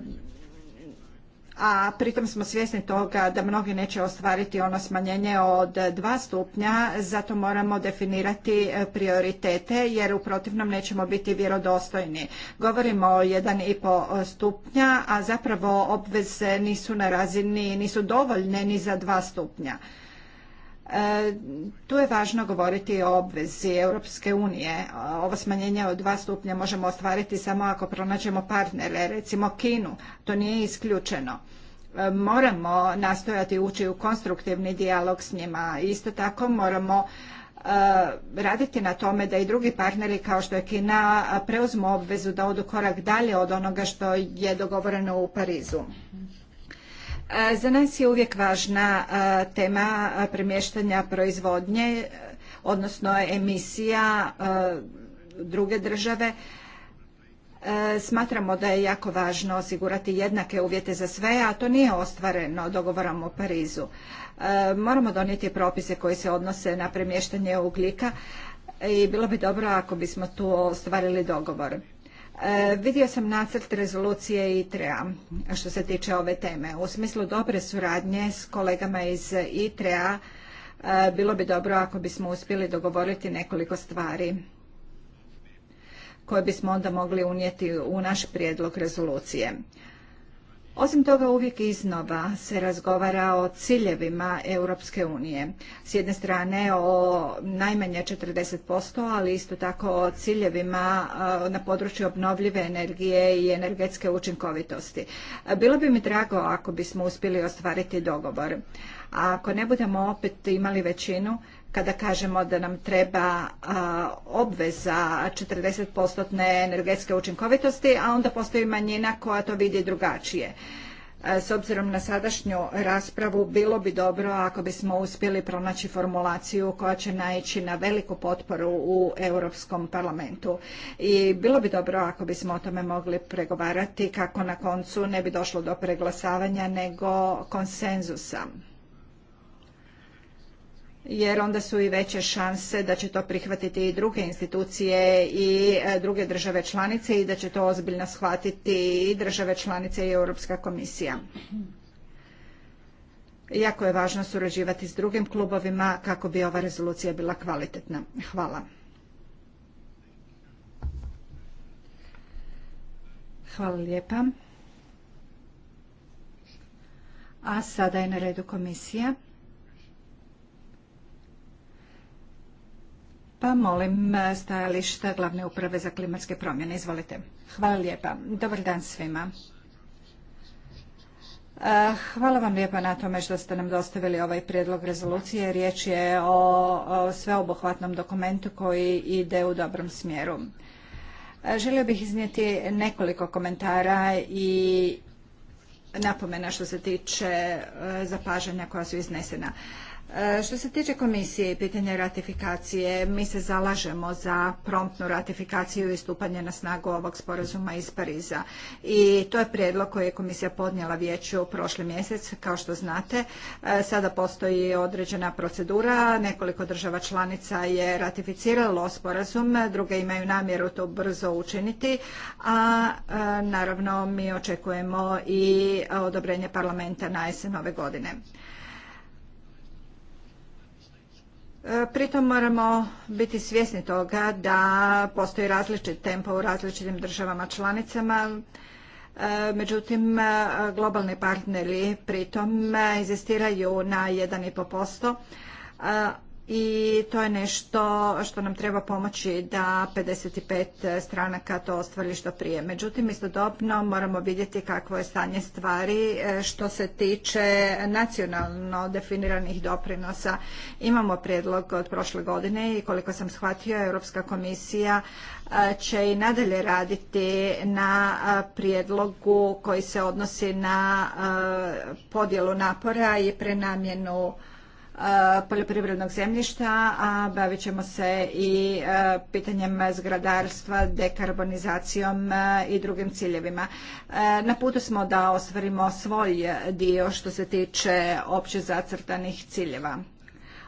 a pritom smo svjesni toga da mnogi neće ostvariti ono smanjenje od dva stupnja, zato moramo definirati eh, prioritete jer u protivnom nećemo biti vjerodostojni. Govorimo o jedan i stupnja, a zapravo obveze nisu na razini, nisu dovoljne ni za dva stupnja. E, tu je važno govoriti o obvezi Europske unije. Ovo smanjenje od dva stupnja možemo ostvariti samo ako pronađemo partnere, recimo Kinu. To nije isključeno. E, moramo nastojati ući u konstruktivni dijalog s njima. Isto tako moramo e, raditi na tome da i drugi partneri kao što je Kina preuzmu obvezu da odu korak dalje od onoga što je dogovoreno u Parizu. E, za nas je uvijek važna e, tema premještanja proizvodnje, odnosno emisija e, druge države. Smatramo da je jako važno osigurati jednake uvjete za sve, a to nije ostvareno dogovorom o Parizu. Moramo donijeti propise koji se odnose na premještanje ugljika i bilo bi dobro ako bismo tu ostvarili dogovor. E, vidio sam nacrt rezolucije ITREA što se tiče ove teme. U smislu dobre suradnje s kolegama iz ITREA e, bilo bi dobro ako bismo uspjeli dogovoriti nekoliko stvari koje bismo onda mogli unijeti u naš prijedlog rezolucije. Osim toga, uvijek iznova se razgovara o ciljevima Europske unije. S jedne strane o najmanje 40%, ali isto tako o ciljevima na području obnovljive energije i energetske učinkovitosti. Bilo bi mi drago ako bismo uspjeli ostvariti dogovor. A ako ne budemo opet imali većinu, kada kažemo da nam treba obveza 40% energetske učinkovitosti, a onda postoji manjina koja to vidi drugačije. S obzirom na sadašnju raspravu, bilo bi dobro ako bismo uspjeli pronaći formulaciju koja će naići na veliku potporu u Europskom parlamentu. I bilo bi dobro ako bismo o tome mogli pregovarati kako na koncu ne bi došlo do preglasavanja nego konsenzusa jer onda su i veće šanse da će to prihvatiti i druge institucije i e, druge države članice i da će to ozbiljno shvatiti i države članice i Europska komisija. Jako je važno surađivati s drugim klubovima kako bi ova rezolucija bila kvalitetna. Hvala. Hvala lijepa. A sada je na redu komisija. pa molim e, stajališta glavne uprave za klimatske promjene. Izvolite. Hvala lijepa. Dobar dan svima. E, hvala vam lijepa na tome što ste nam dostavili ovaj prijedlog rezolucije. Riječ je o sveobuhvatnom dokumentu koji ide u dobrom smjeru. E, želio bih iznijeti nekoliko komentara i napomena što se tiče zapažanja koja su iznesena. E, što se tiče komisije i pitanja ratifikacije, mi se zalažemo za promptnu ratifikaciju i stupanje na snagu ovog sporazuma iz Pariza. I to je prijedlog koji je komisija podnijela vijeću prošli mjesec, kao što znate. E, sada postoji određena procedura, nekoliko država članica je ratificiralo sporazum, druge imaju namjeru to brzo učiniti, a e, naravno mi očekujemo i odobrenje parlamenta na jesen ove godine. E, pritom moramo biti svjesni toga da postoji različit tempo u različitim državama članicama, e, međutim e, globalni partneri pritom inzistiraju na 1,5%, i to je nešto što nam treba pomoći da 55 stranaka to ostvari što prije. Međutim, istodobno moramo vidjeti kakvo je stanje stvari e, što se tiče nacionalno definiranih doprinosa. Imamo prijedlog od prošle godine i koliko sam shvatio, Europska komisija e, će i nadalje raditi na e, prijedlogu koji se odnosi na podjelu napora i prenamjenu poljoprivrednog zemljišta, a bavit ćemo se i pitanjem zgradarstva, dekarbonizacijom i drugim ciljevima. Na putu smo da ostvarimo svoj dio što se tiče opće zacrtanih ciljeva.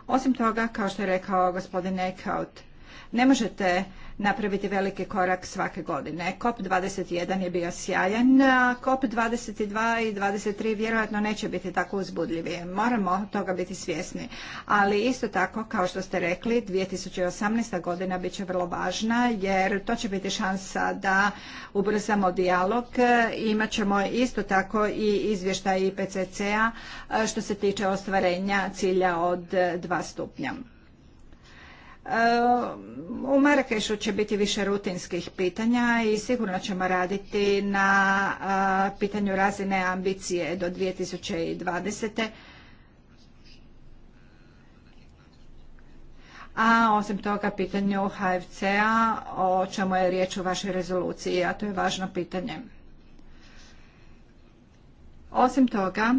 Osim toga, kao što je rekao gospodin Eckhout, ne možete napraviti veliki korak svake godine. COP21 je bio sjajan, a COP22 i 23 vjerojatno neće biti tako uzbudljivi. Moramo toga biti svjesni. Ali isto tako, kao što ste rekli, 2018. godina bit će vrlo važna jer to će biti šansa da ubrzamo dijalog. Imat ćemo isto tako i izvještaj IPCC-a što se tiče ostvarenja cilja od dva stupnja. U Marakešu će biti više rutinskih pitanja i sigurno ćemo raditi na pitanju razine ambicije do 2020. A osim toga pitanju HFC-a, o čemu je riječ u vašoj rezoluciji, a to je važno pitanje. Osim toga,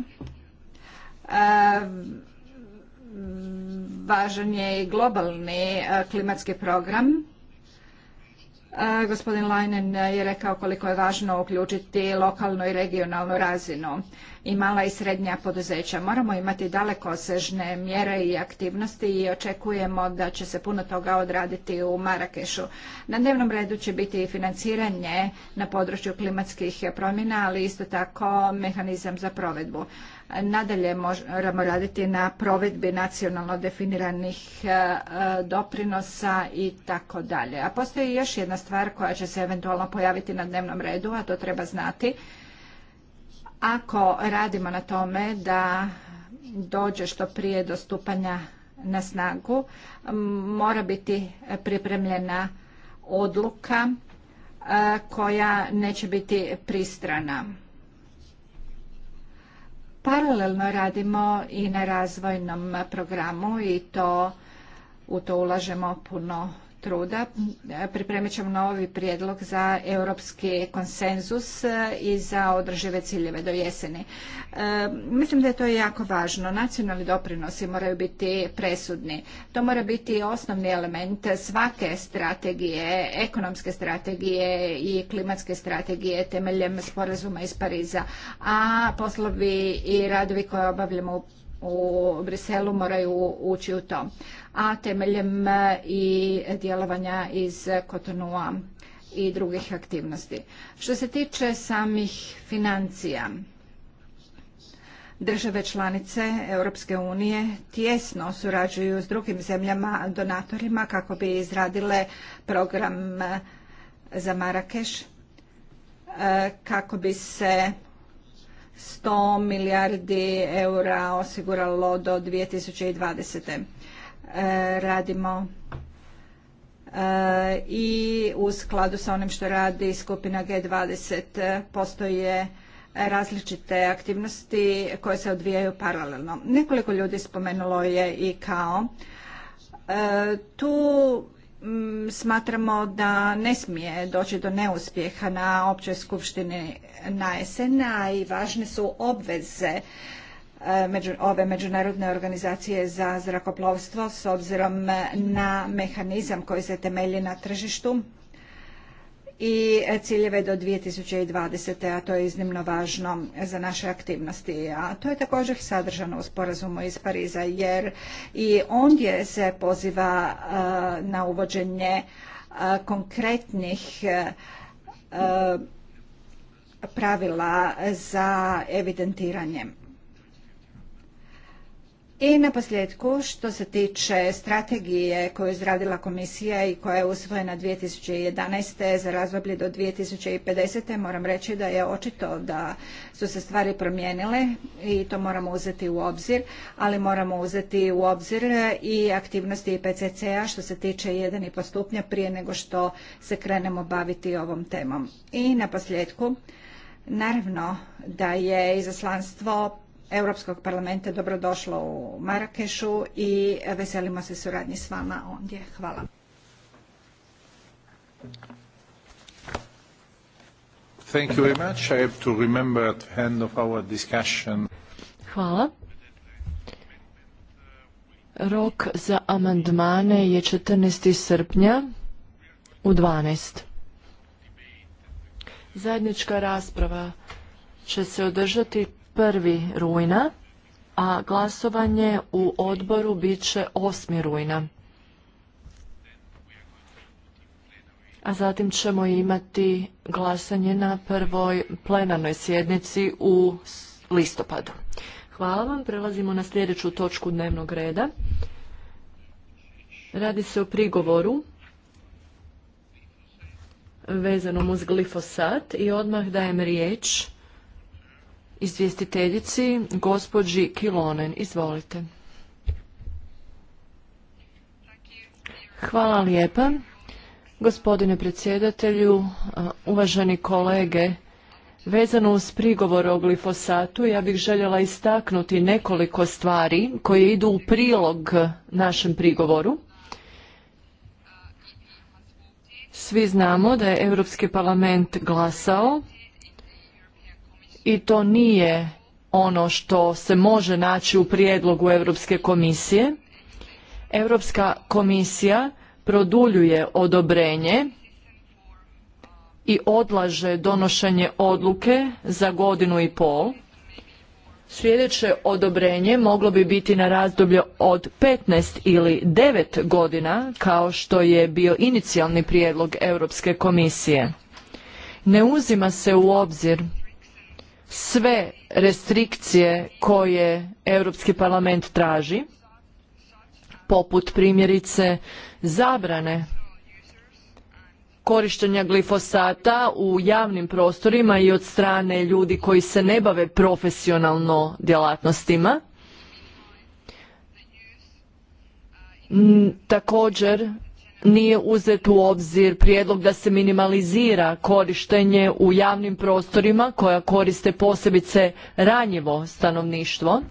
važan je i globalni e, klimatski program. E, gospodin Leinen je rekao koliko je važno uključiti lokalnu i regionalnu razinu i mala i srednja poduzeća. Moramo imati daleko dalekosežne mjere i aktivnosti i očekujemo da će se puno toga odraditi u Marakešu. Na dnevnom redu će biti i financiranje na području klimatskih promjena, ali isto tako mehanizam za provedbu. Nadalje moramo raditi na provedbi nacionalno definiranih e, e, doprinosa i tako dalje. A postoji još jedna stvar koja će se eventualno pojaviti na dnevnom redu, a to treba znati. Ako radimo na tome da dođe što prije do stupanja na snagu, mora biti pripremljena odluka e, koja neće biti pristrana. Paralelno radimo i na razvojnom programu i to u to ulažemo puno truda. E, pripremit ćemo novi prijedlog za europski konsenzus e, i za održive ciljeve do jeseni. E, mislim da je to jako važno. Nacionalni doprinosi moraju biti presudni. To mora biti osnovni element svake strategije, ekonomske strategije i klimatske strategije temeljem sporazuma iz Pariza. A poslovi i radovi koje obavljamo u Briselu moraju ući u to a temeljem e, i djelovanja iz Kotonua i drugih aktivnosti. Što se tiče samih financija, Države članice Europske unije tjesno surađuju s drugim zemljama donatorima kako bi izradile program e, za Marakeš e, kako bi se 100 milijardi eura osiguralo do 2020. E, radimo e, i u skladu sa onim što radi skupina G20 e, postoje različite aktivnosti koje se odvijaju paralelno. Nekoliko ljudi spomenulo je i kao. Tu smatramo da ne smije doći do neuspjeha na općoj skupštini na jesen, a i važne su obveze ove međunarodne organizacije za zrakoplovstvo s obzirom na mehanizam koji se temelji na tržištu i ciljeve do 2020. a to je iznimno važno za naše aktivnosti. A to je također sadržano u sporazumu iz Pariza jer i ondje se poziva na uvođenje konkretnih pravila za evidentiranje. I na posljedku, što se tiče strategije koju je izradila komisija i koja je usvojena 2011. za razdoblje do 2050. moram reći da je očito da su se stvari promijenile i to moramo uzeti u obzir, ali moramo uzeti u obzir i aktivnosti IPCC-a što se tiče i postupnja prije nego što se krenemo baviti ovom temom. I na posljedku, naravno da je izaslanstvo Europskog parlamenta dobrodošla u Marakešu i veselimo se suradnji s vama ondje. Hvala. Thank you very much. I have to remember at the end of our discussion. Hvala. Rok za amandmane je 14. srpnja u 12. Zajednička rasprava će se održati prvi rujna, a glasovanje u odboru bit će 8. rujna. A zatim ćemo imati glasanje na prvoj plenarnoj sjednici u listopadu. Hvala vam, prelazimo na sljedeću točku dnevnog reda. Radi se o prigovoru vezanom uz glifosat i odmah dajem riječ izvjestiteljici, gospođi Kilonen. Izvolite. Hvala lijepa. Gospodine predsjedatelju, uh, uvaženi kolege, Vezano uz prigovor o glifosatu, ja bih željela istaknuti nekoliko stvari koje idu u prilog našem prigovoru. Svi znamo da je Europski parlament glasao i to nije ono što se može naći u prijedlogu Europske komisije. Europska komisija produljuje odobrenje i odlaže donošenje odluke za godinu i pol. Sljedeće odobrenje moglo bi biti na razdoblje od 15 ili 9 godina kao što je bio inicijalni prijedlog Europske komisije. Ne uzima se u obzir sve restrikcije koje Europski parlament traži, poput primjerice zabrane korištenja glifosata u javnim prostorima i od strane ljudi koji se ne bave profesionalno djelatnostima. Također nije uzet u obzir prijedlog da se minimalizira korištenje u javnim prostorima koja koriste posebice ranjivo stanovništvo.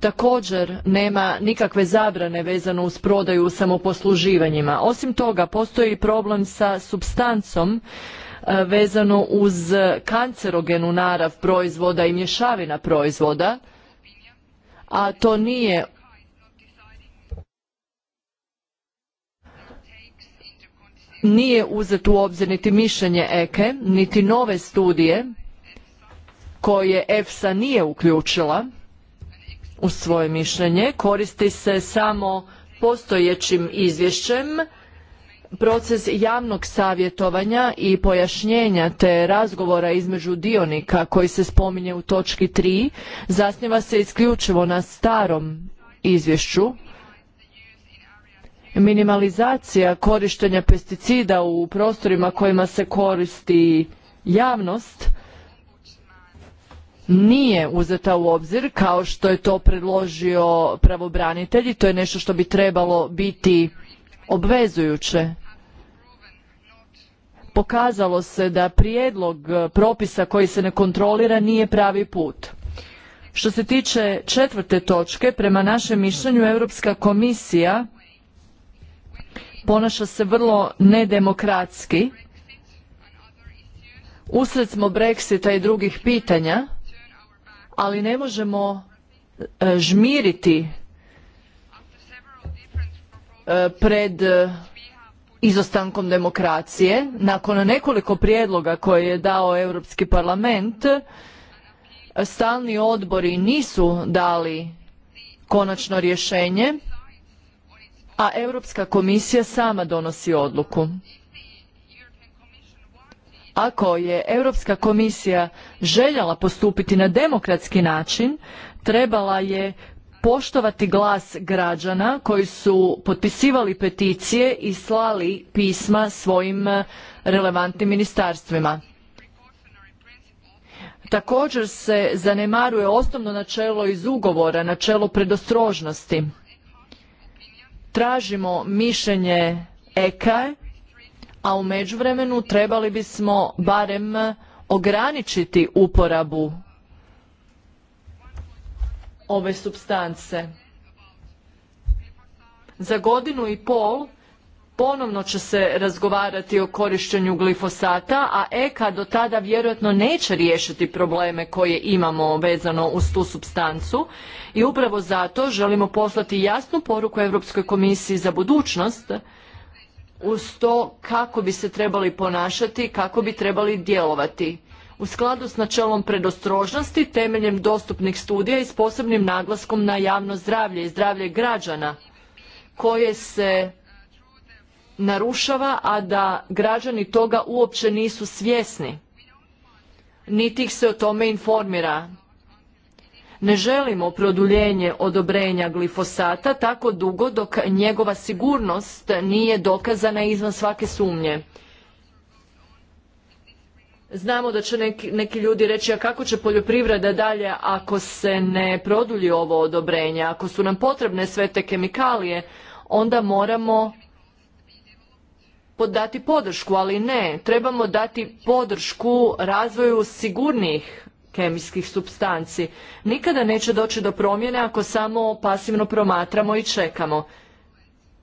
Također nema nikakve zabrane vezano uz prodaju u samoposluživanjima. Osim toga postoji problem sa substancom e, vezano uz kancerogenu narav proizvoda i mješavina proizvoda, a to nije nije uzet u obzir niti mišljenje EKE, e, niti nove studije koje EFSA nije uključila u svoje mišljenje. Koristi se samo postojećim izvješćem proces javnog savjetovanja i pojašnjenja te razgovora između dionika koji se spominje u točki 3 zasniva se isključivo na starom izvješću minimalizacija korištenja pesticida u prostorima kojima se koristi javnost nije uzeta u obzir kao što je to predložio pravobranitelj i to je nešto što bi trebalo biti obvezujuće. Pokazalo se da prijedlog propisa koji se ne kontrolira nije pravi put. Što se tiče četvrte točke, prema našem mišljenju Europska komisija ponaša se vrlo nedemokratski. Usred smo Brexita i drugih pitanja, ali ne možemo e, žmiriti e, pred e, izostankom demokracije. Nakon nekoliko prijedloga koje je dao Europski parlament, stalni odbori nisu dali konačno rješenje a Europska komisija sama donosi odluku. Ako je Europska komisija željela postupiti na demokratski način, trebala je poštovati glas građana koji su potpisivali peticije i slali pisma svojim relevantnim ministarstvima. Također se zanemaruje osnovno načelo iz ugovora, načelo predostrožnosti tražimo mišljenje EKA, a u međuvremenu trebali bismo barem ograničiti uporabu ove supstance. Za godinu i pol ponovno će se razgovarati o korištenju glifosata, a EKA do tada vjerojatno neće riješiti probleme koje imamo vezano uz tu substancu i upravo zato želimo poslati jasnu poruku Europskoj komisiji za budućnost uz to kako bi se trebali ponašati, kako bi trebali djelovati. U skladu s načelom predostrožnosti, temeljem dostupnih studija i s posebnim naglaskom na javno zdravlje i zdravlje građana koje se narušava, a da građani toga uopće nisu svjesni. Niti ih se o tome informira. Ne želimo produljenje odobrenja glifosata tako dugo dok njegova sigurnost nije dokazana izvan svake sumnje. Znamo da će neki, neki ljudi reći a kako će poljoprivreda dalje ako se ne produlji ovo odobrenje, ako su nam potrebne sve te kemikalije, onda moramo dati podršku, ali ne, trebamo dati podršku razvoju sigurnijih kemijskih supstanci. Nikada neće doći do promjene ako samo pasivno promatramo i čekamo.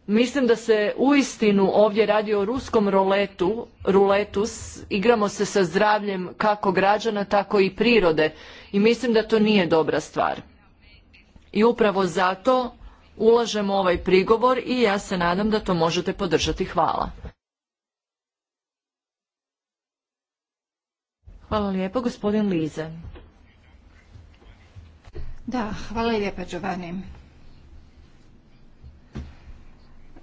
Mislim da se uistinu ovdje radi o ruskom roletu, ruletus igramo se sa zdravljem kako građana, tako i prirode i mislim da to nije dobra stvar. I upravo zato ulažemo ovaj prigovor i ja se nadam da to možete podržati. Hvala. Hvala lijepo, gospodin Lize. Da, hvala lijepa, Giovanni.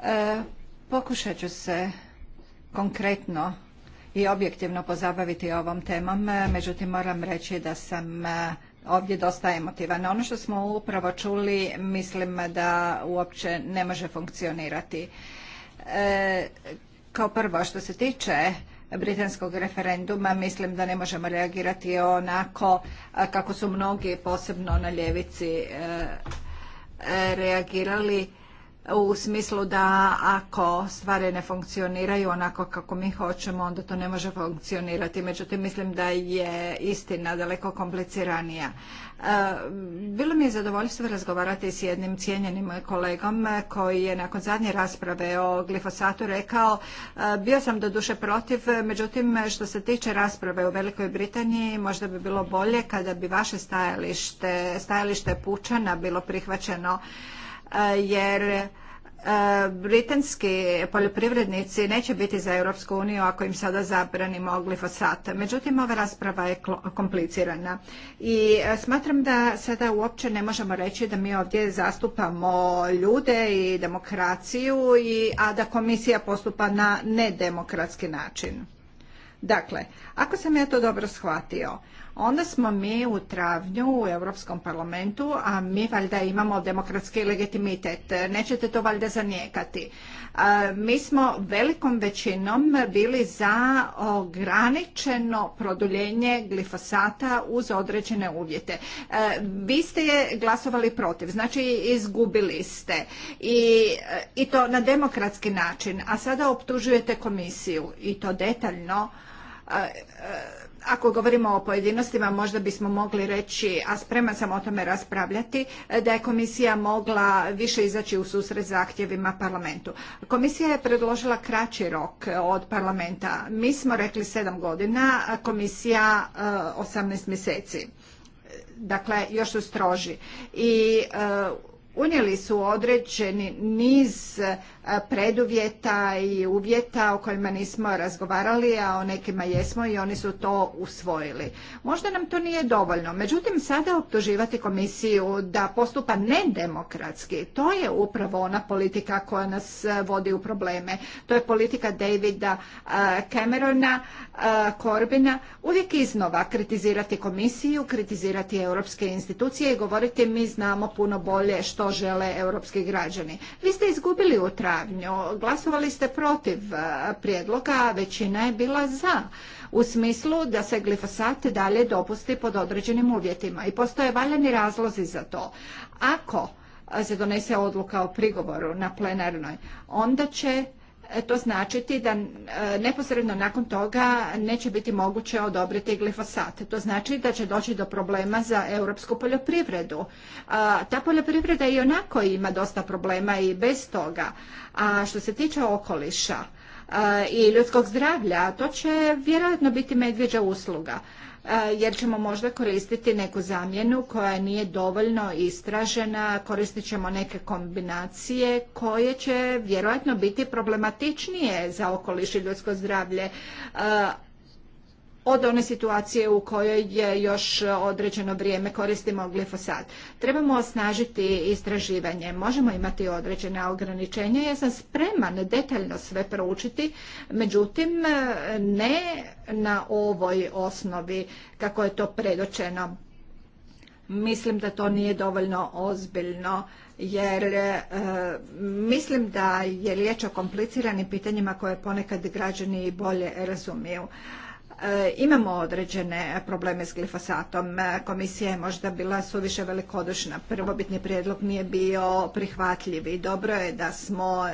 E, pokušat ću se konkretno i objektivno pozabaviti ovom temom, e, međutim moram reći da sam e, ovdje dosta emotivan. Ono što smo upravo čuli mislim da uopće ne može funkcionirati. kao prvo što se tiče britanskog referenduma mislim da ne možemo reagirati onako kako su mnogi posebno na ljevici e, e, reagirali u smislu da ako stvari ne funkcioniraju onako kako mi hoćemo, onda to ne može funkcionirati. Međutim, mislim da je istina daleko kompliciranija. E, bilo mi je zadovoljstvo razgovarati s jednim cijenjenim kolegom koji je nakon zadnje rasprave o glifosatu rekao e, bio sam do duše protiv, međutim što se tiče rasprave u Velikoj Britaniji možda bi bilo bolje kada bi vaše stajalište, stajalište pučana bilo prihvaćeno jer britanski poljoprivrednici neće biti za Europsku uniju ako im sada zabranimo glifosat. Međutim, ova rasprava je komplicirana i smatram da sada uopće ne možemo reći da mi ovdje zastupamo ljude i demokraciju, i, a da komisija postupa na nedemokratski način. Dakle, ako sam ja to dobro shvatio, onda smo mi u travnju u Europskom parlamentu, a mi valjda imamo demokratski legitimitet, nećete to valjda zanijekati. Mi smo velikom većinom bili za ograničeno produljenje glifosata uz određene uvjete. Vi ste je glasovali protiv, znači izgubili ste i, i to na demokratski način, a sada optužujete komisiju i to detaljno ako govorimo o pojedinostima, možda bismo mogli reći, a spreman sam o tome raspravljati, da je komisija mogla više izaći u susret zahtjevima parlamentu. Komisija je predložila kraći rok od parlamenta. Mi smo rekli sedam godina, komisija e, osamnaest mjeseci. Dakle, još su stroži. I e, unijeli su određeni niz preduvjeta i uvjeta o kojima nismo razgovarali, a o nekima jesmo i oni su to usvojili. Možda nam to nije dovoljno. Međutim, sada optuživati komisiju da postupa nedemokratski, to je upravo ona politika koja nas e, vodi u probleme. To je politika Davida e, Camerona, e, Corbina, uvijek iznova kritizirati komisiju, kritizirati europske institucije i govoriti mi znamo puno bolje što žele europski građani. Vi ste izgubili u travnju. Glasovali ste protiv e, prijedloga, a većina je bila za u smislu da se glifosat dalje dopusti pod određenim uvjetima. I postoje valjani razlozi za to. Ako se donese odluka o prigovoru na plenarnoj, onda će E, to značiti da e, neposredno nakon toga neće biti moguće odobriti glifosat. To znači da će doći do problema za europsku poljoprivredu. E, ta poljoprivreda i onako ima dosta problema i bez toga. A što se tiče okoliša, i ljudskog zdravlja, to će vjerojatno biti medvjeđa usluga jer ćemo možda koristiti neku zamjenu koja nije dovoljno istražena, koristit ćemo neke kombinacije koje će vjerojatno biti problematičnije za okoliš i ljudsko zdravlje, od one situacije u kojoj je još određeno vrijeme koristimo glifosat. Trebamo osnažiti istraživanje, možemo imati određene ograničenja. Ja sam spreman detaljno sve proučiti, međutim ne na ovoj osnovi kako je to predočeno. Mislim da to nije dovoljno ozbiljno jer e, mislim da je riječ o kompliciranim pitanjima koje ponekad građani bolje razumiju. E, imamo određene probleme s glifosatom. E, komisija je možda bila suviše velikodušna. Prvobitni prijedlog nije bio prihvatljiv i dobro je da smo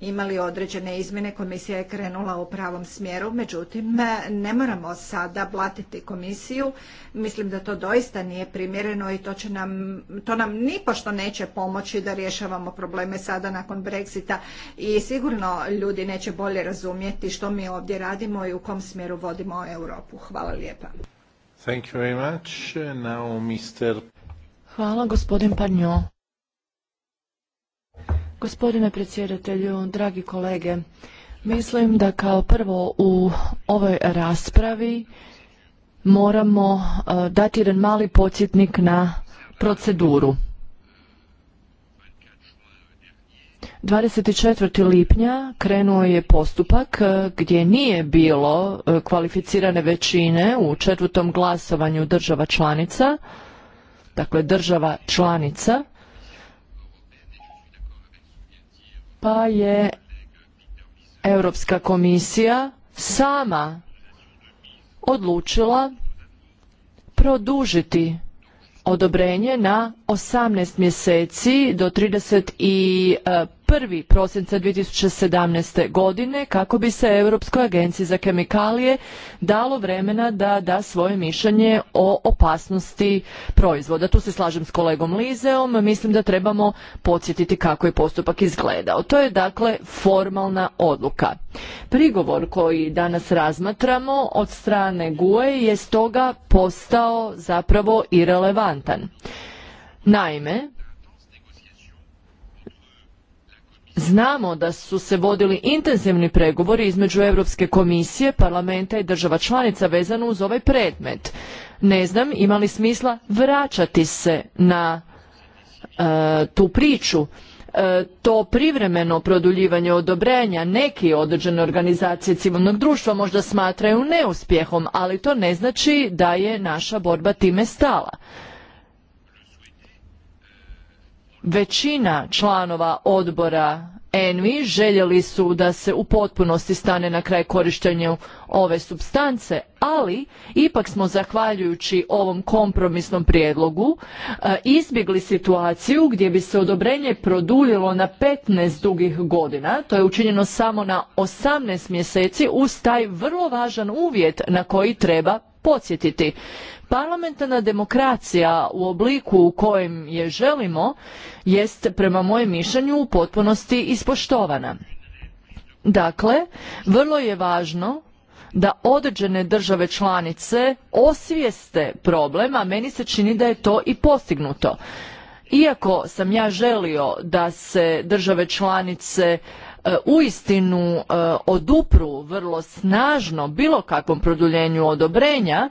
imali određene izmjene. Komisija je krenula u pravom smjeru. Međutim, e, ne moramo sada blatiti komisiju. Mislim da to doista nije primjereno i to, nam, to nam nipošto neće pomoći da rješavamo probleme sada nakon Brexita i sigurno ljudi neće bolje razumjeti što mi ovdje radimo i u kom smjeru vodimo Europu. Hvala lijepa. Thank you very much. Mr. Hvala gospodin Parnjo. Gospodine predsjedatelju, dragi kolege, mislim da kao prvo u ovoj raspravi moramo eh, dati jedan mali podsjetnik na proceduru. 24. lipnja krenuo je postupak e, gdje nije bilo e, kvalificirane većine u četvrtom glasovanju država članica, dakle država članica, pa je Europska komisija sama odlučila produžiti odobrenje na 18 mjeseci do 31. 1. prosinca 2017. godine kako bi se Europskoj agenciji za kemikalije dalo vremena da da svoje mišljenje o opasnosti proizvoda. Tu se slažem s kolegom Lizeom, mislim da trebamo podsjetiti kako je postupak izgledao. To je dakle formalna odluka. Prigovor koji danas razmatramo od strane GUE je stoga postao zapravo irelevantan. Naime, Znamo da su se vodili intenzivni pregovori između Europske komisije, parlamenta i država članica vezano uz ovaj predmet. Ne znam ima li smisla vraćati se na e, tu priču e, to privremeno produljivanje odobrenja neki određene organizacije civilnog društva možda smatraju neuspjehom, ali to ne znači da je naša borba time stala. Većina članova odbora ENVI željeli su da se u potpunosti stane na kraj korištenju ove substance, ali ipak smo zahvaljujući ovom kompromisnom prijedlogu e, izbjegli situaciju gdje bi se odobrenje produljilo na 15 dugih godina, to je učinjeno samo na 18 mjeseci uz taj vrlo važan uvjet na koji treba podsjetiti. Parlamentarna demokracija u obliku u kojem je želimo jest prema mojem mišljenju u potpunosti ispoštovana. Dakle, vrlo je važno da određene države članice osvijeste problem, a meni se čini da je to i postignuto. Iako sam ja želio da se države članice E, uistinu e, odupru vrlo snažno bilo kakvom produljenju odobrenja,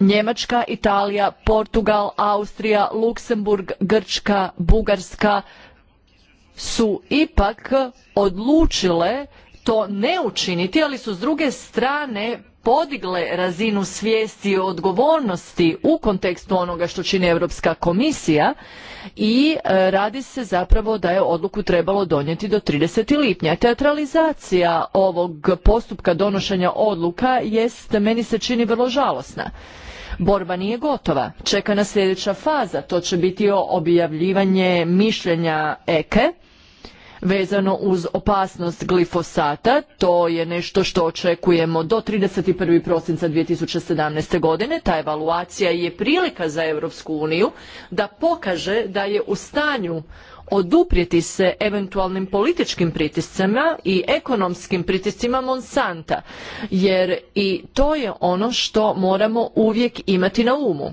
Njemačka, Italija, Portugal, Austrija, Luksemburg, Grčka, Bugarska su ipak odlučile to ne učiniti, ali su s druge strane podigle razinu svijesti i odgovornosti u kontekstu onoga što čini Europska komisija i e, radi se zapravo da je odluku trebalo donijeti do 30. lipnja. Teatralizacija ovog postupka donošenja odluka jest, meni se čini, vrlo žalosna. Borba nije gotova. Čeka nas sljedeća faza. To će biti objavljivanje mišljenja EKE vezano uz opasnost glifosata. To je nešto što očekujemo do 31. prosinca 2017. godine. Ta evaluacija je prilika za Europsku uniju da pokaže da je u stanju oduprijeti se eventualnim političkim pritiscima i ekonomskim pritiscima Monsanta, jer i to je ono što moramo uvijek imati na umu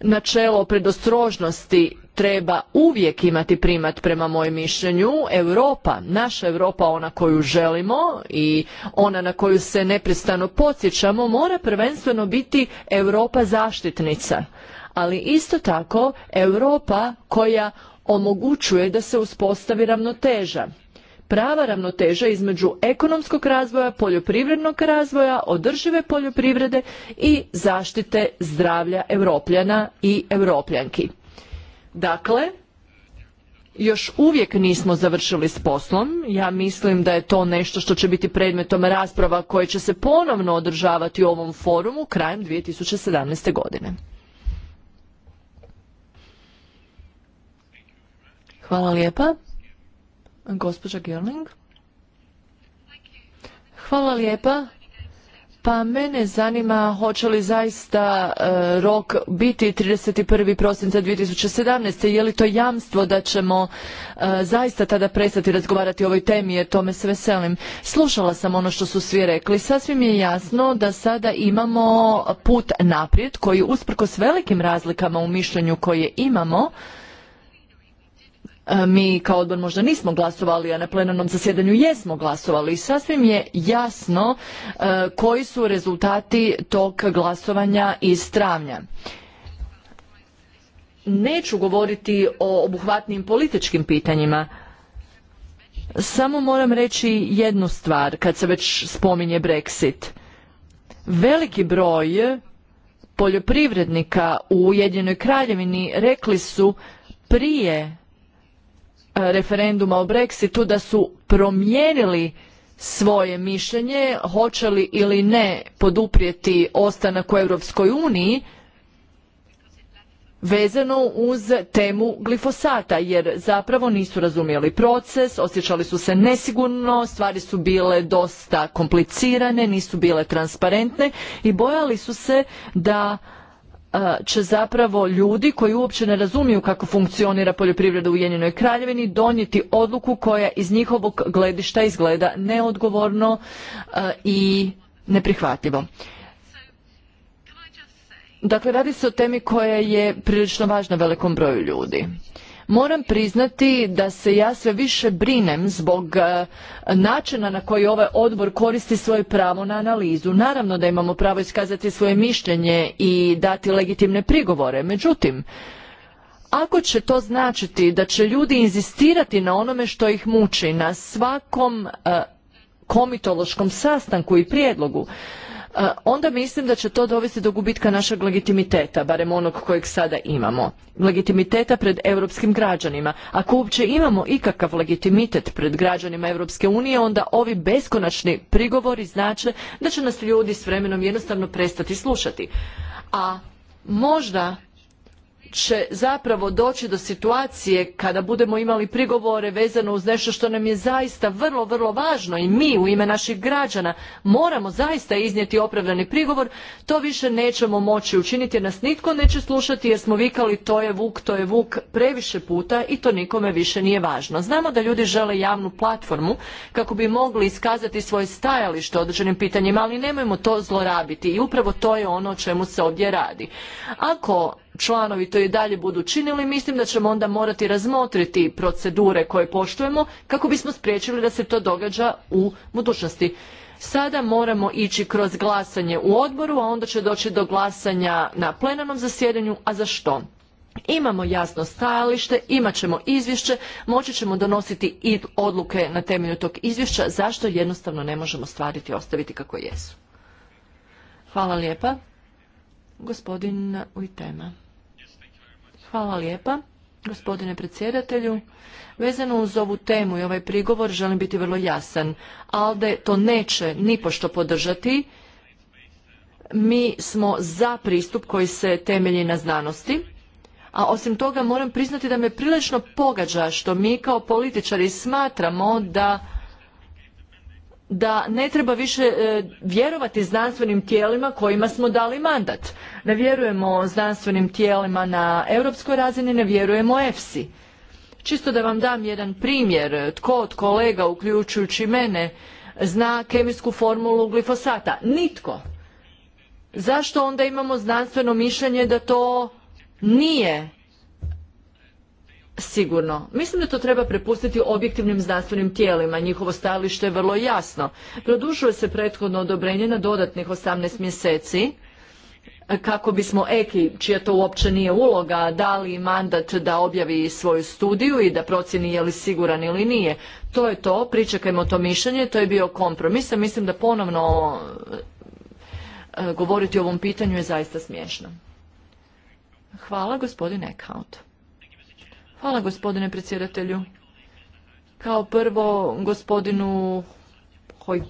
načelo predostrožnosti treba uvijek imati primat prema mojem mišljenju. Europa, naša Europa, ona koju želimo i ona na koju se neprestano podsjećamo, mora prvenstveno biti Europa zaštitnica. Ali isto tako Europa koja omogućuje da se uspostavi ravnoteža prava ravnoteža između ekonomskog razvoja, poljoprivrednog razvoja, održive poljoprivrede i zaštite zdravlja europljana i europljanki. Dakle, još uvijek nismo završili s poslom. Ja mislim da je to nešto što će biti predmetom rasprava koje će se ponovno održavati u ovom forumu krajem 2017. godine. Hvala lijepa. Gospođa Gerling. Hvala lijepa. Pa mene zanima hoće li zaista e, rok biti 31. prosinca 2017. Je li to jamstvo da ćemo e, zaista tada prestati razgovarati o ovoj temi jer tome se veselim. Slušala sam ono što su svi rekli. Sasvim je jasno da sada imamo put naprijed koji usprkos velikim razlikama u mišljenju koje imamo E, mi kao odbor možda nismo glasovali, a na plenarnom zasjedanju jesmo glasovali i sasvim je jasno e, koji su rezultati tog glasovanja iz travnja. Neću govoriti o obuhvatnim političkim pitanjima, samo moram reći jednu stvar kad se već spominje Brexit. Veliki broj poljoprivrednika u Ujedinjenoj kraljevini rekli su prije referenduma o Brexitu da su promijenili svoje mišljenje hoće li ili ne poduprijeti ostanak u Europskoj uniji vezano uz temu glifosata jer zapravo nisu razumjeli proces, osjećali su se nesigurno, stvari su bile dosta komplicirane, nisu bile transparentne i bojali su se da će zapravo ljudi koji uopće ne razumiju kako funkcionira poljoprivreda u Ujedinjenoj Kraljevini donijeti odluku koja iz njihovog gledišta izgleda neodgovorno i neprihvatljivo. Dakle, radi se o temi koja je prilično važna velikom broju ljudi. Moram priznati da se ja sve više brinem zbog e, načina na koji ovaj odbor koristi svoje pravo na analizu. Naravno da imamo pravo iskazati svoje mišljenje i dati legitimne prigovore. Međutim, ako će to značiti da će ljudi inzistirati na onome što ih muči, na svakom e, komitološkom sastanku i prijedlogu, onda mislim da će to dovesti do gubitka našeg legitimiteta, barem onog kojeg sada imamo. Legitimiteta pred europskim građanima. Ako uopće imamo ikakav legitimitet pred građanima Europske unije, onda ovi beskonačni prigovori znače da će nas ljudi s vremenom jednostavno prestati slušati. A možda će zapravo doći do situacije kada budemo imali prigovore vezano uz nešto što nam je zaista vrlo, vrlo važno i mi u ime naših građana moramo zaista iznijeti opravdani prigovor, to više nećemo moći učiniti jer nas nitko neće slušati jer smo vikali to je vuk, to je vuk previše puta i to nikome više nije važno. Znamo da ljudi žele javnu platformu kako bi mogli iskazati svoje stajalište određenim pitanjima, ali nemojmo to zlorabiti i upravo to je ono o čemu se ovdje radi. Ako članovi to i dalje budu činili, mislim da ćemo onda morati razmotriti procedure koje poštujemo kako bismo spriječili da se to događa u budućnosti. Sada moramo ići kroz glasanje u odboru, a onda će doći do glasanja na plenarnom zasjedanju, a za što? Imamo jasno stajalište, imat ćemo izvješće, moći ćemo donositi i odluke na temelju tog izvješća, zašto jednostavno ne možemo stvariti i ostaviti kako jesu. Hvala lijepa. Gospodin Ujtema. Hvala lijepa. Gospodine predsjedatelju, vezano uz ovu temu i ovaj prigovor želim biti vrlo jasan. ALDE to neće nipošto podržati. Mi smo za pristup koji se temelji na znanosti. A osim toga moram priznati da me prilično pogađa što mi kao političari smatramo da da ne treba više e, vjerovati znanstvenim tijelima kojima smo dali mandat. Ne vjerujemo znanstvenim tijelima na europskoj razini, ne vjerujemo EFSI. Čisto da vam dam jedan primjer, tko od kolega, uključujući mene, zna kemijsku formulu glifosata? Nitko. Zašto onda imamo znanstveno mišljenje da to nije sigurno. Mislim da to treba prepustiti objektivnim znanstvenim tijelima. Njihovo stajalište je vrlo jasno. Produžuje se prethodno odobrenje na dodatnih 18 mjeseci kako bismo EKI, čija to uopće nije uloga, dali mandat da objavi svoju studiju i da procjeni je li siguran ili nije. To je to, pričekajmo to mišljenje, to je bio kompromis, a mislim da ponovno e, govoriti o ovom pitanju je zaista smiješno. Hvala gospodine Eckhout. Hvala gospodine predsjedatelju. Kao prvo gospodinu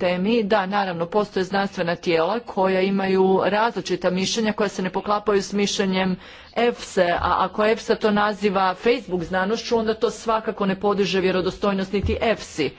temi da naravno postoje znanstvena tijela koja imaju različita mišljenja koja se ne poklapaju s mišljenjem EFSE, a ako EFSA to naziva Facebook znanošću onda to svakako ne podiže vjerodostojnost niti EFSI.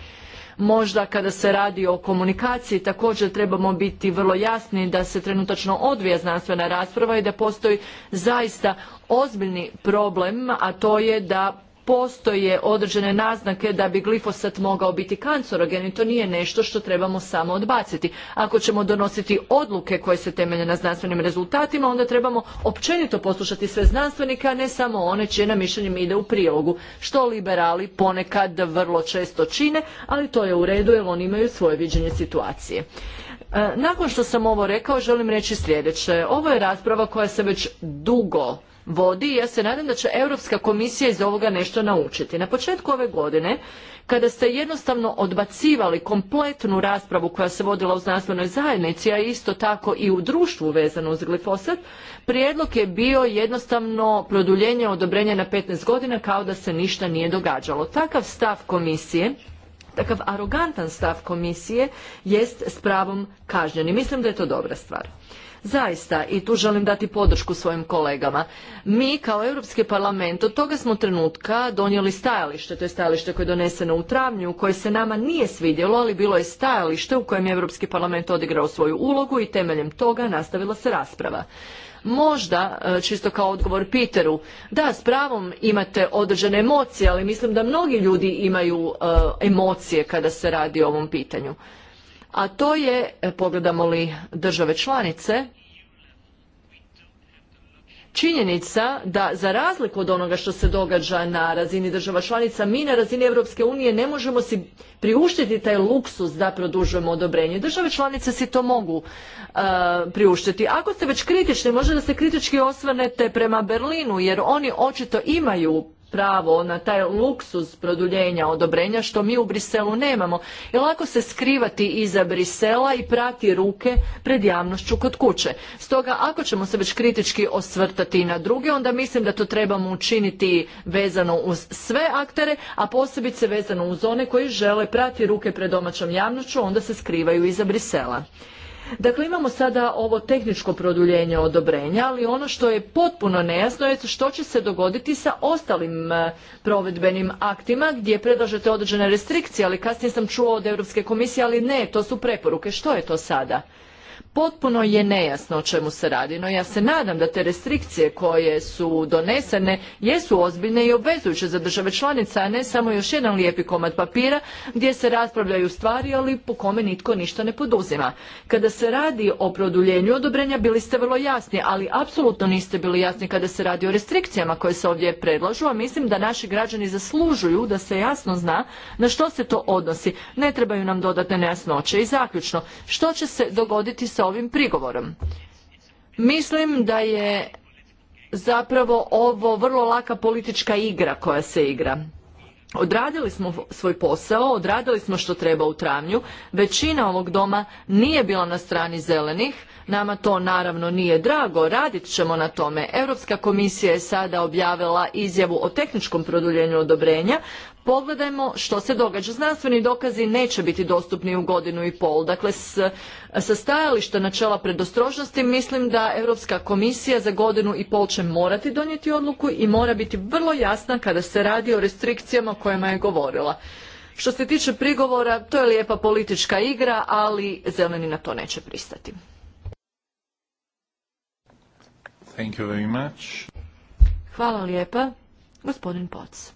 Možda kada se radi o komunikaciji također trebamo biti vrlo jasni da se trenutačno odvija znanstvena rasprava i da postoji zaista ozbiljni problem, a to je da postoje određene naznake da bi glifosat mogao biti kancerogen i to nije nešto što trebamo samo odbaciti. Ako ćemo donositi odluke koje se temelje na znanstvenim rezultatima, onda trebamo općenito poslušati sve znanstvenike, a ne samo one čije na mišljenje ide u prilogu, što liberali ponekad vrlo često čine, ali to je u redu jer oni imaju svoje viđenje situacije. E, nakon što sam ovo rekao, želim reći sljedeće. Ovo je rasprava koja se već dugo vodi i ja se nadam da će Europska komisija iz ovoga nešto naučiti. Na početku ove godine, kada ste jednostavno odbacivali kompletnu raspravu koja se vodila u znanstvenoj zajednici, a isto tako i u društvu vezano uz glifosat, prijedlog je bio jednostavno produljenje odobrenja na 15 godina kao da se ništa nije događalo. Takav stav komisije takav arogantan stav komisije jest s pravom kažnjen mislim da je to dobra stvar. Zaista, i tu želim dati podršku svojim kolegama, mi kao Europski parlament od toga smo trenutka donijeli stajalište, to je stajalište koje je doneseno u travnju, koje se nama nije svidjelo, ali bilo je stajalište u kojem je Europski parlament odigrao svoju ulogu i temeljem toga nastavila se rasprava možda e, čisto kao odgovor Peteru, da s pravom imate određene emocije, ali mislim da mnogi ljudi imaju e, emocije kada se radi o ovom pitanju a to je, e, pogledamo li države članice, činjenica da za razliku od onoga što se događa na razini država članica, mi na razini Europske unije ne možemo si priuštiti taj luksus da produžujemo odobrenje. Države članice si to mogu e, priuštiti. Ako ste već kritični, možda da se kritički osvrnete prema Berlinu, jer oni očito imaju pravo na taj luksuz produljenja odobrenja što mi u Briselu nemamo. i lako se skrivati iza Brisela i prati ruke pred javnošću kod kuće. Stoga ako ćemo se već kritički osvrtati na druge, onda mislim da to trebamo učiniti vezano uz sve aktere, a posebice vezano uz one koji žele prati ruke pred domaćom javnošću, onda se skrivaju iza Brisela. Dakle, imamo sada ovo tehničko produljenje odobrenja, ali ono što je potpuno nejasno je što će se dogoditi sa ostalim e, provedbenim aktima gdje predlažete određene restrikcije, ali kasnije sam čuo od Europske komisije, ali ne, to su preporuke. Što je to sada? potpuno je nejasno o čemu se radi. No ja se nadam da te restrikcije koje su donesene jesu ozbiljne i obvezujuće za države članice, a ne samo još jedan lijepi komad papira gdje se raspravljaju stvari, ali po kome nitko ništa ne poduzima. Kada se radi o produljenju odobrenja bili ste vrlo jasni, ali apsolutno niste bili jasni kada se radi o restrikcijama koje se ovdje predlažu, a mislim da naši građani zaslužuju da se jasno zna na što se to odnosi. Ne trebaju nam dodatne nejasnoće. I zaključno, što će se dogoditi sa ovim prigovorom. Mislim da je zapravo ovo vrlo laka politička igra koja se igra. Odradili smo svoj posao, odradili smo što treba u travnju, većina ovog doma nije bila na strani zelenih, nama to naravno nije drago, radit ćemo na tome. Europska komisija je sada objavila izjavu o tehničkom produljenju odobrenja, Pogledajmo što se događa. Znanstveni dokazi neće biti dostupni u godinu i pol. Dakle, s, sa stajališta načela predostrožnosti mislim da Europska komisija za godinu i pol će morati donijeti odluku i mora biti vrlo jasna kada se radi o restrikcijama o kojima je govorila. Što se tiče prigovora, to je lijepa politička igra, ali zeleni na to neće pristati. Hvala lijepa. Gospodin Poc.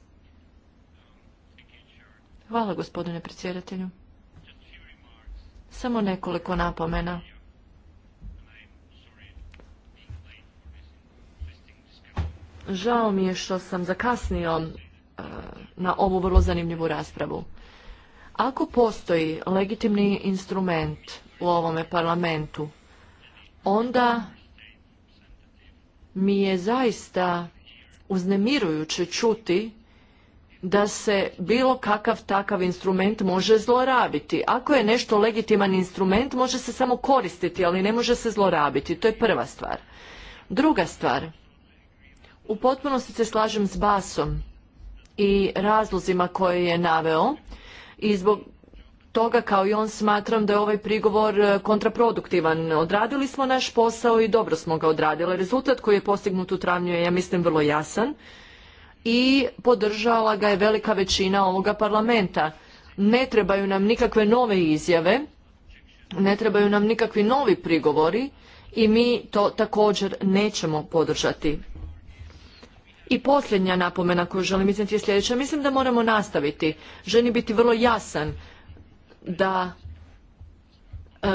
Hvala gospodine predsjedatelju. Samo nekoliko napomena. Žao mi je što sam zakasnio e, na ovu vrlo zanimljivu raspravu. Ako postoji legitimni instrument u ovome parlamentu, onda mi je zaista uznemirujuće čuti da se bilo kakav takav instrument može zlorabiti. Ako je nešto legitiman instrument, može se samo koristiti, ali ne može se zlorabiti. To je prva stvar. Druga stvar, u potpunosti se slažem s Basom i razlozima koje je naveo i zbog toga kao i on smatram da je ovaj prigovor e, kontraproduktivan. Odradili smo naš posao i dobro smo ga odradili. Rezultat koji je postignut u travnju je, ja mislim, vrlo jasan i podržala ga je velika većina ovoga parlamenta. Ne trebaju nam nikakve nove izjave, ne trebaju nam nikakvi novi prigovori i mi to također nećemo podržati. I posljednja napomena koju želim iznijeti je sljedeća. Mislim da moramo nastaviti. Želim biti vrlo jasan da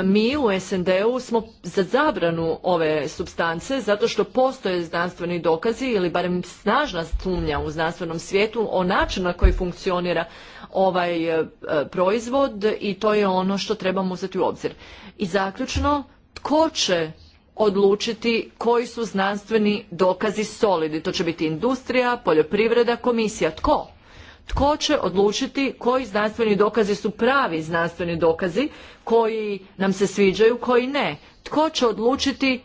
mi u SND-u smo za zabranu ove substance zato što postoje znanstveni dokazi ili barem snažna sumnja u znanstvenom svijetu o načinu na koji funkcionira ovaj e, proizvod i to je ono što trebamo uzeti u obzir. I zaključno, tko će odlučiti koji su znanstveni dokazi solidi? To će biti industrija, poljoprivreda, komisija. Tko? tko će odlučiti koji znanstveni dokazi su pravi znanstveni dokazi, koji nam se sviđaju, koji ne. Tko će odlučiti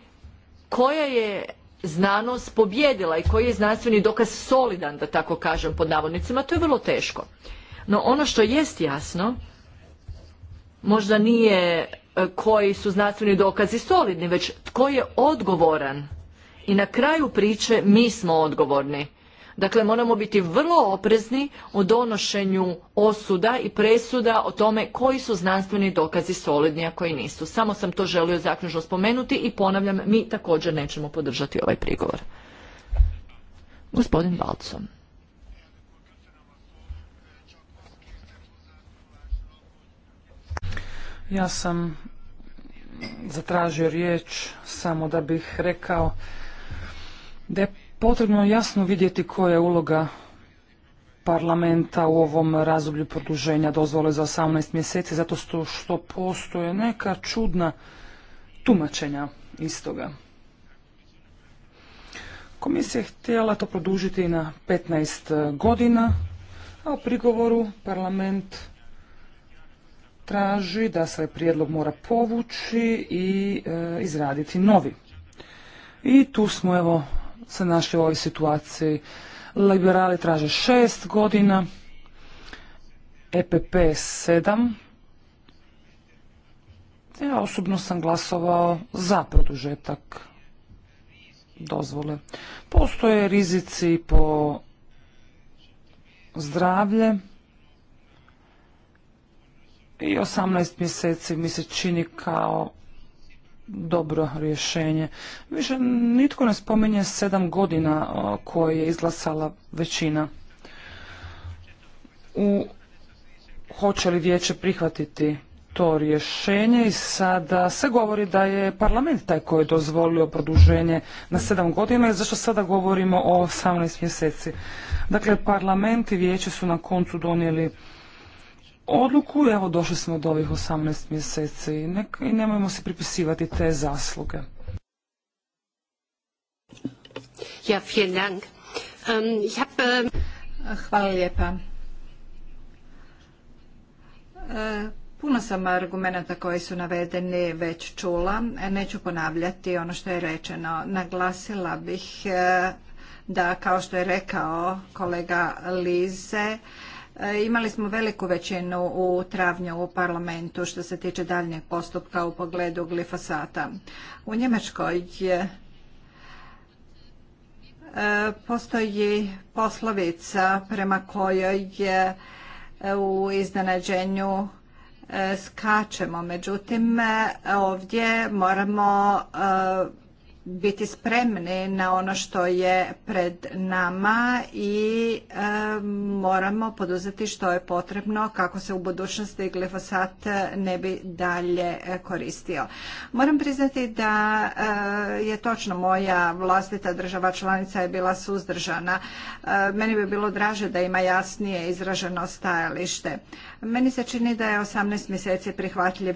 koja je znanost pobjedila i koji je znanstveni dokaz solidan, da tako kažem, pod navodnicima, to je vrlo teško. No ono što jest jasno, možda nije e, koji su znanstveni dokazi solidni, već tko je odgovoran. I na kraju priče mi smo odgovorni Dakle, moramo biti vrlo oprezni u donošenju osuda i presuda o tome koji su znanstveni dokazi solidni, a koji nisu. Samo sam to želio zaključno spomenuti i ponavljam, mi također nećemo podržati ovaj prigovor. Gospodin Balcom. Ja sam zatražio riječ samo da bih rekao da potrebno jasno vidjeti koja je uloga parlamenta u ovom razdoblju produženja dozvole za 18 mjeseci, zato što postoje neka čudna tumačenja istoga. Komisija je htjela to produžiti na 15 godina, a u prigovoru parlament traži da se ovaj prijedlog mora povući i e, izraditi novi. I tu smo evo se našli u ovoj situaciji. Liberali traže šest godina, EPP sedam. Ja osobno sam glasovao za produžetak dozvole. Postoje rizici po zdravlje i 18 mjeseci mi se čini kao dobro rješenje. Više nitko ne spominje sedam godina koje je izglasala većina. U hoće li vijeće prihvatiti to rješenje i sada se govori da je parlament taj koji je dozvolio produženje na sedam godina i zašto sada govorimo o 18 mjeseci. Dakle, parlament i vijeće su na koncu donijeli odluku. Evo, došli smo do ovih 18 mjeseci i, nemojmo se pripisivati te zasluge. Ja, vielen Dank. Ähm, ich ähm, Hvala lijepa. Äh, puno sam argumenata koji su navedeni već čula. Neću ponavljati ono što je rečeno. Naglasila bih äh, da, kao što je rekao kolega Lize, E, imali smo veliku većinu u travnju u parlamentu što se tiče daljnjeg postupka u pogledu glifosata. U Njemačkoj je e, postoji poslovica prema kojoj je e, u iznenađenju skačemo. Međutim, ovdje moramo biti spremni na ono što je pred nama i e, moramo poduzeti što je potrebno kako se u budućnosti glifosat ne bi dalje e, koristio. Moram priznati da e, je točno moja vlastita država članica je bila suzdržana. meni bi bilo draže da ima jasnije izraženo stajalište. Meni se čini da je 18 mjeseci prihvatljiv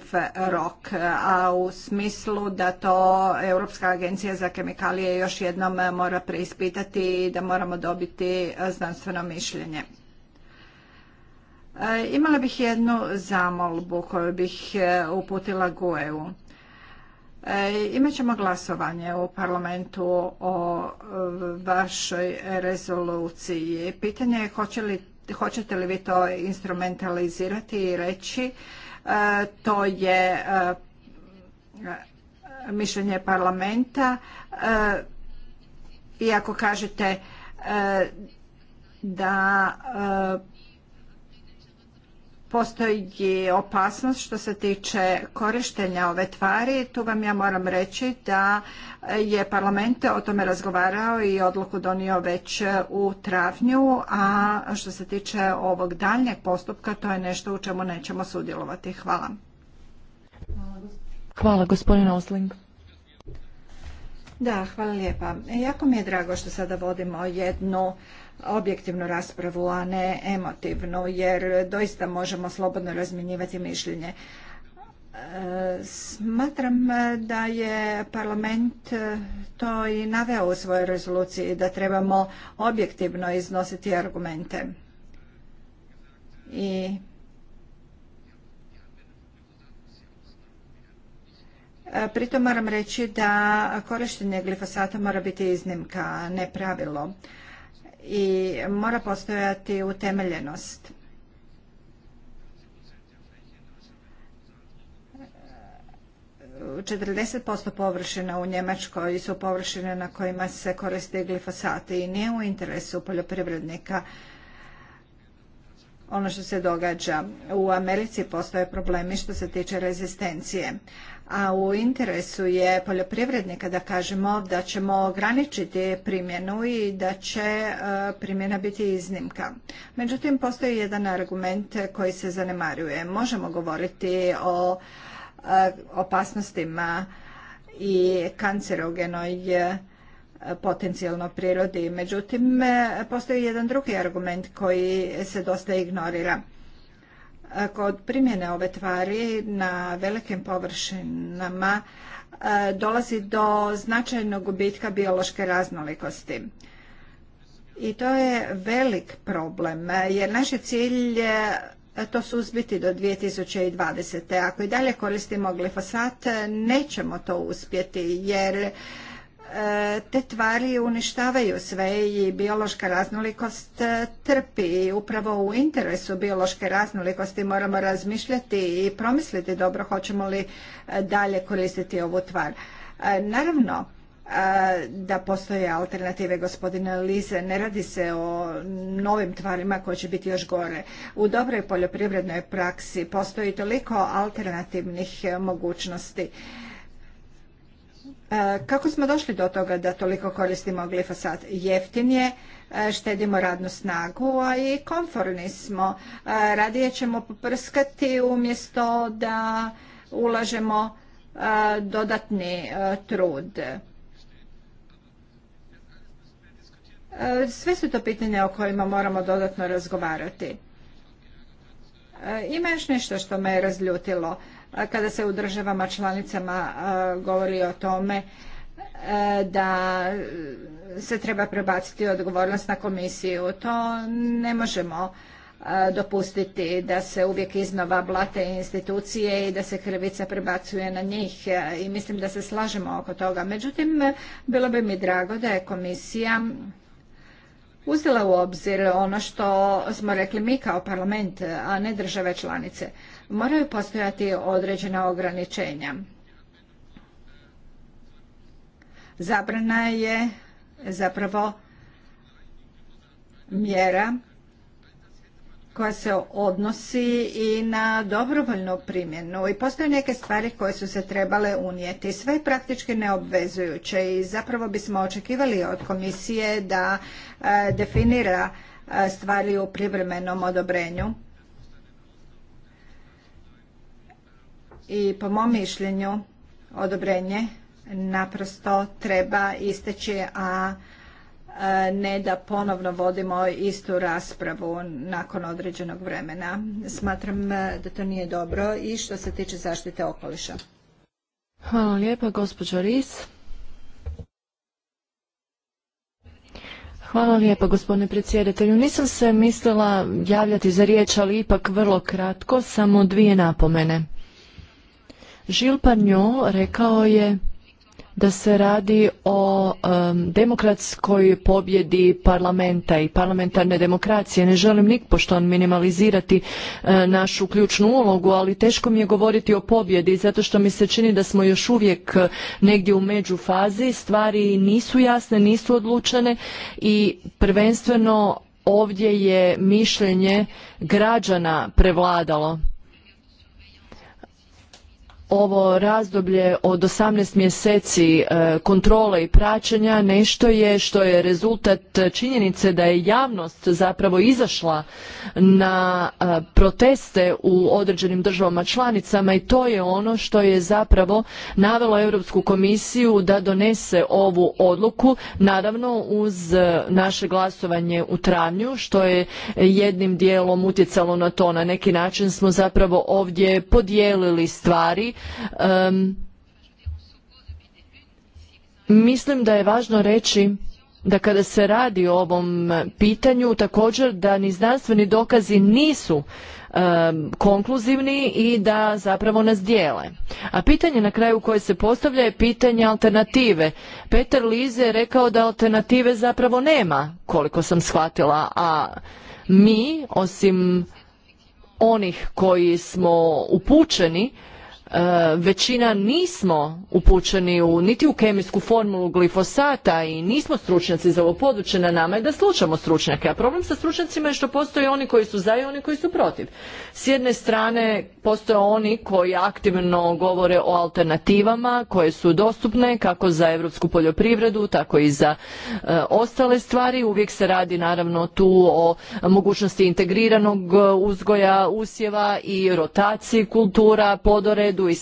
rok, a u smislu da to Europska agencija za kemikalije još jednom e, mora preispitati i da moramo dobiti e, znanstveno mišljenje. E, imala bih jednu zamolbu koju bih uputila GUE-u. Imaćemo glasovanje u parlamentu o vašoj rezoluciji. Pitanje je li, hoćete li vi to instrumentalizirati i reći to je mišljenje parlamenta. E, Iako kažete e, da e, postoji opasnost što se tiče korištenja ove tvari. Tu vam ja moram reći da je parlament o tome razgovarao i odluku donio već u travnju, a što se tiče ovog daljnjeg postupka, to je nešto u čemu nećemo sudjelovati. Hvala. Hvala Hvala gospodin Osling. Da, hvala lijepa. Jako mi je drago što sada vodimo jednu objektivnu raspravu, a ne emotivnu, jer doista možemo slobodno razminjivati mišljenje. E, smatram da je parlament to i naveo u svojoj rezoluciji, da trebamo objektivno iznositi argumente. I E, pritom moram reći da korištenje glifosata mora biti iznimka, ne pravilo i mora postojati utemeljenost. Četrdeset posto površina u njemačkoj su površine na kojima se koriste glifosati i nije u interesu poljoprivrednika ono što se događa u americi postoje problemi što se tiče rezistencije a u interesu je poljoprivrednika da kažemo da ćemo ograničiti primjenu i da će e, primjena biti iznimka. Međutim, postoji jedan argument koji se zanemaruje. Možemo govoriti o e, opasnostima i kancerogenoj e, potencijalno prirodi. Međutim, postoji jedan drugi argument koji se dosta ignorira. Kod primjene ove tvari na velikim površinama e, dolazi do značajnog gubitka biološke raznolikosti. I to je velik problem, jer naš je to suzbiti do 2020. Ako i dalje koristimo glifosat, nećemo to uspjeti, jer E, te tvari uništavaju sve i biološka raznolikost e, trpi. Upravo u interesu biološke raznolikosti moramo razmišljati i promisliti dobro hoćemo li e, dalje koristiti ovu tvar. Naravno, da postoje alternative gospodine Lize, ne radi se o novim tvarima koje će biti još gore. U dobroj poljoprivrednoj praksi postoji toliko alternativnih mogućnosti E, kako smo došli do toga da toliko koristimo glifosat? Jeftin je, e, štedimo radnu snagu, a i konforni smo. E, radije ćemo poprskati umjesto da ulažemo dodatni trud. Sve su to pitanja o kojima moramo dodatno razgovarati. Ima još nešto što me je razljutilo kada se u državama članicama govori o tome e, da se treba prebaciti odgovornost na komisiju. To ne možemo dopustiti da se uvijek iznova blate institucije i da se krivica prebacuje na njih i mislim da se slažemo oko toga. Međutim, bilo bi mi drago da je komisija uzela u obzir ono što smo rekli mi kao parlament, a ne države članice moraju postojati određena ograničenja. Zabrana je zapravo mjera koja se odnosi i na dobrovoljnu primjenu i postoje neke stvari koje su se trebale unijeti. Sve je praktički neobvezujuće i zapravo bismo očekivali od komisije da e, definira e, stvari u privremenom odobrenju i po mom mišljenju odobrenje naprosto treba isteći, a ne da ponovno vodimo istu raspravu nakon određenog vremena. Smatram e, da to nije dobro i što se tiče zaštite okoliša. Hvala lijepa, gospođo Ris. Hvala lijepa gospodine predsjedatelju. Nisam se mislila javljati za riječ, ali ipak vrlo kratko, samo dvije napomene. Žil panjo rekao je da se radi o demokratskoj pobjedi parlamenta i parlamentarne demokracije. Ne želim nikpošto minimalizirati uh, našu ključnu ulogu, ali teško mi je govoriti o pobjedi zato što mi se čini da smo još uvijek negdje u među fazi. stvari nisu jasne, nisu odlučene i prvenstveno ovdje je mišljenje građana prevladalo ovo razdoblje od 18 mjeseci e, kontrole i praćenja nešto je što je rezultat činjenice da je javnost zapravo izašla na e, proteste u određenim državama članicama i to je ono što je zapravo navelo Europsku komisiju da donese ovu odluku naravno uz naše glasovanje u travnju što je jednim dijelom utjecalo na to na neki način smo zapravo ovdje podijelili stvari um, mislim da je važno reći da kada se radi o ovom pitanju također da ni znanstveni dokazi nisu konkluzivni i da zapravo nas dijele. A pitanje na kraju koje se postavlja je pitanje alternative. Peter Lize je rekao da alternative zapravo nema, koliko sam shvatila, a mi, osim onih koji smo upućeni, E, većina nismo upućeni u, niti u kemijsku formulu glifosata i nismo stručnjaci za ovo područje na nama je da slušamo stručnjake. A problem sa stručnjacima je što postoje oni koji su za i oni koji su protiv. S jedne strane postoje oni koji aktivno govore o alternativama koje su dostupne kako za europsku poljoprivredu tako i za e, ostale stvari. Uvijek se radi naravno tu o mogućnosti integriranog e, uzgoja usjeva i rotaciji kultura, podored jedu i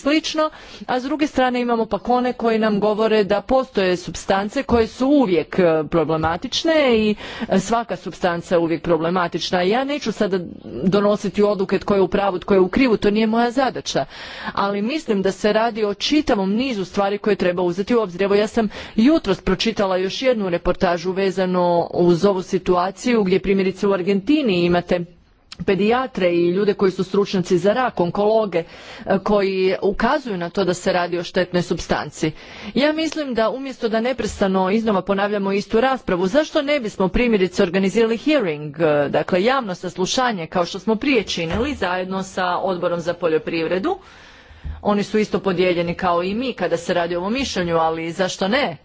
a s druge strane imamo pak one koji nam govore da postoje substance koje su uvijek e, problematične i e, svaka substanca je uvijek problematična. Ja neću sada donositi odluke tko je u pravu, tko je u krivu, to nije moja zadaća. Ali mislim da se radi o čitavom nizu stvari koje treba uzeti u obzir. Evo ja sam jutros pročitala još jednu reportažu vezano uz ovu situaciju gdje primjerice u Argentini imate pedijatre i ljude koji su stručnjaci za rak, onkologe, e, koji ukazuju na to da se radi o štetnoj supstanci. Ja mislim da umjesto da neprestano iznova ponavljamo istu raspravu, zašto ne bismo primjerice organizirali hearing, e, dakle javno saslušanje kao što smo prije činili zajedno sa odborom za poljoprivredu. Oni su isto podijeljeni kao i mi kada se radi o ovom mišljenju, ali zašto ne?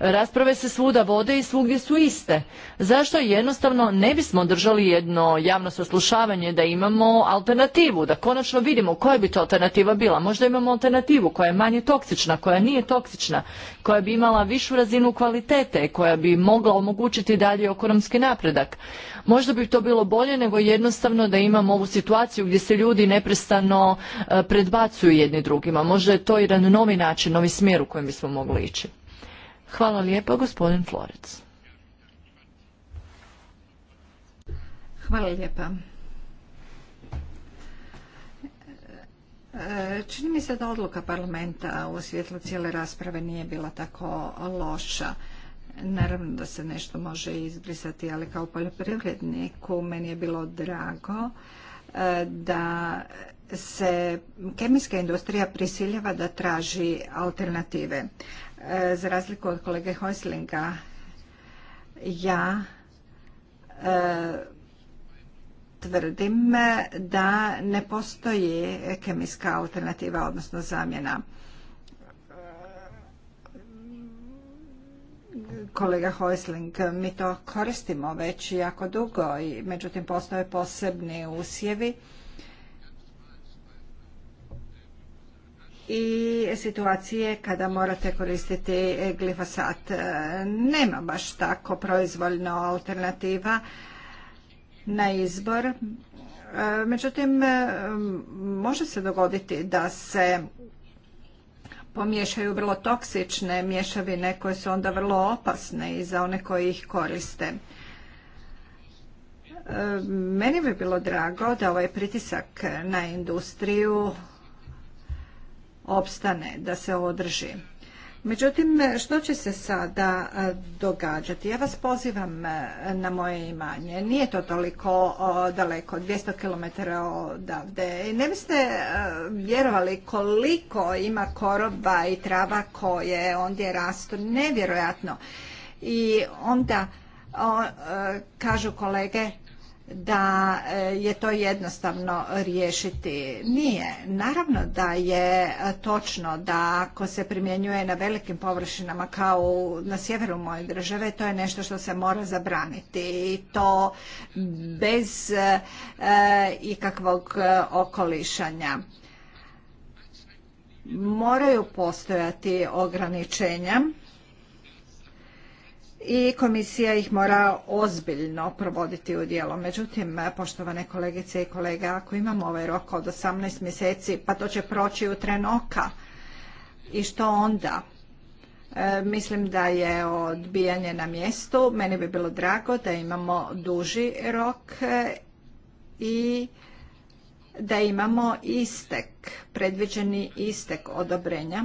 Rasprave se svuda vode i svugdje su iste. Zašto jednostavno ne bismo držali jedno javno saslušavanje da imamo alternativu, da konačno vidimo koja bi to alternativa bila. Možda imamo alternativu koja je manje toksična, koja nije toksična, koja bi imala višu razinu kvalitete, koja bi mogla omogućiti dalje ekonomski napredak. Možda bi to bilo bolje nego jednostavno da imamo ovu situaciju gdje se ljudi neprestano e, predbacuju jedni drugima. Možda je to jedan novi način, novi smjer u kojem bismo mogli ići. Hvala lijepa, gospodin Florec. Hvala lijepa. E, čini mi se da odluka parlamenta u svjetlu cijele rasprave nije bila tako loša. Naravno da se nešto može izbrisati, ali kao poljoprivredniku meni je bilo drago e, da se kemijska industrija prisiljava da traži alternative. E, za razliku od kolege Hojslinga, ja e, tvrdim da ne postoji kemijska alternativa, odnosno zamjena. E, kolega Hojsling, mi to koristimo već jako dugo, i međutim postoje posebni usjevi i situacije kada morate koristiti e, glifosat. E, nema baš tako proizvoljno alternativa na izbor. E, međutim, može se dogoditi da se pomiješaju vrlo toksične mješavine koje su onda vrlo opasne i za one koji ih koriste. Meni bi bilo drago da ovaj pritisak na industriju opstane, da se održi. Međutim, što će se sada e, događati? Ja vas pozivam e, na moje imanje. Nije to toliko daleko, 200 km odavde. Ne biste e, vjerovali koliko ima koroba i trava koje ondje rastu. Nevjerojatno. I onda kažu kolege da e, je to jednostavno riješiti. Nije. Naravno da je e, točno da ako se primjenjuje na velikim površinama kao na sjeveru moje države, to je nešto što se mora zabraniti i to bez e, ikakvog okolišanja. Moraju postojati ograničenja i komisija ih mora ozbiljno provoditi u djelo. Međutim, poštovane kolegice i kolega, ako imamo ovaj rok od 18 mjeseci, pa to će proći u tren oka. I što onda? E, mislim da je odbijanje na mjestu. Meni bi bilo drago da imamo duži rok e, i da imamo istek, predviđeni istek odobrenja.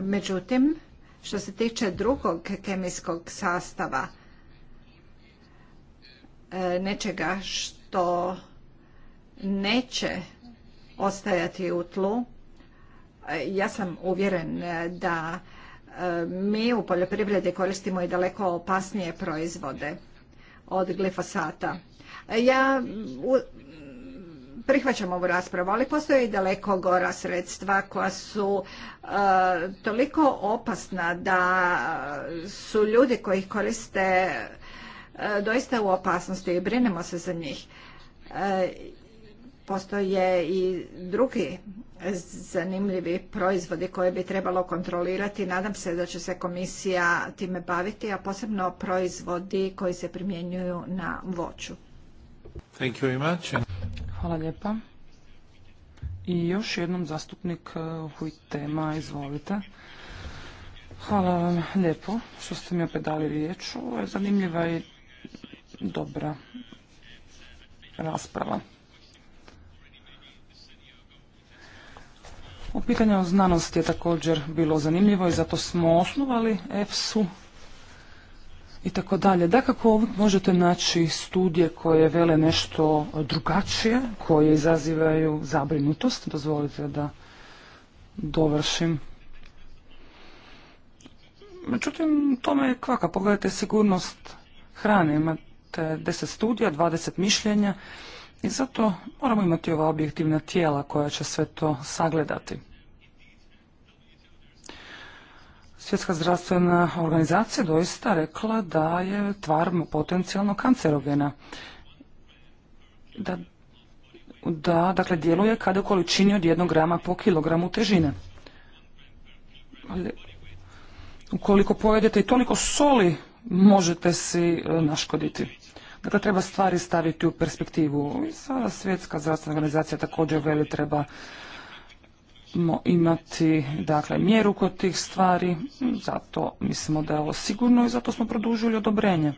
Međutim, što se tiče drugog kemijskog sastava, e, nečega što neće ostajati u tlu, e, ja sam uvjeren da e, mi u poljoprivredi koristimo i daleko opasnije proizvode od glifosata. Ja prihvaćam ovu raspravu, ali postoje i daleko gora sredstva koja su e, toliko opasna da su ljudi koji ih koriste e, doista u opasnosti i brinemo se za njih. E, postoje i drugi zanimljivi proizvodi koje bi trebalo kontrolirati. Nadam se da će se komisija time baviti, a posebno proizvodi koji se primjenjuju na voću. Thank you very much. Hvala lijepa. I još jednom zastupnik e, tema izvolite. Hvala vam lijepo što ste mi opet dali riječ. Ovo je zanimljiva i dobra rasprava. O pitanju o znanosti je također bilo zanimljivo i zato smo osnovali EFSU i tako dalje. Dakako možete naći studije koje vele nešto drugačije, koje izazivaju zabrinutost. Dozvolite da dovršim. Međutim, tome je kvaka. Pogledajte sigurnost hrane. Imate 10 studija, 20 mišljenja i zato moramo imati ova objektivna tijela koja će sve to sagledati. Svjetska zdravstvena organizacija doista rekla da je tvar potencijalno kancerogena. Da, da dakle, djeluje kada u količini od jednog grama po kilogramu težine. Ali, ukoliko pojedete i toliko soli, možete si e, naškoditi. Dakle, treba stvari staviti u perspektivu. I svjetska zdravstvena organizacija također veli treba imati dakle mjeru kod tih stvari, zato mislimo da je ovo sigurno i zato smo produžili odobrenje.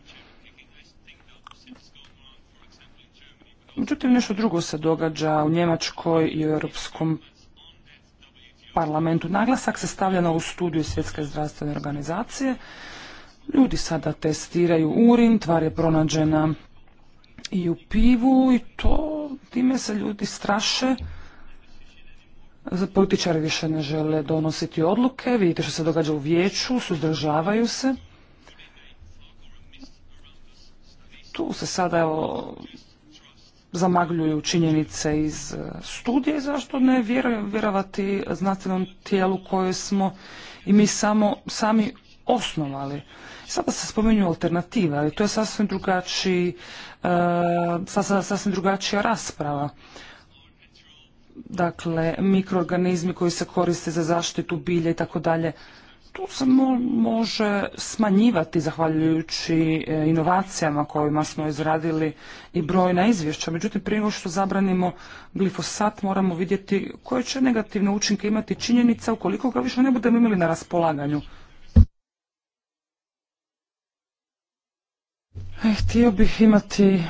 Međutim, nešto drugo se događa u Njemačkoj i u Europskom parlamentu. Naglasak se stavlja na ovu studiju Svjetske zdravstvene organizacije. Ljudi sada testiraju urin, tvar je pronađena i u pivu i to time se ljudi straše Političari više ne žele donositi odluke, vidite što se događa u vijeću, suzdržavaju se. Tu se sada evo, zamagljuju činjenice iz e, studije i zašto ne vjerovati znanstvenom tijelu koje smo i mi samo sami osnovali. Sada se spominju alternativa ali to je sasvim drugačiji, e, sasvim drugačija rasprava dakle mikroorganizmi koji se koriste za zaštitu bilja i tako dalje. Tu se može smanjivati zahvaljujući e, inovacijama kojima smo izradili i brojna izvješća. Međutim, prije nego što zabranimo glifosat moramo vidjeti koje će negativne učinke imati činjenica ukoliko ga više ne budemo imali na raspolaganju. E, htio bih imati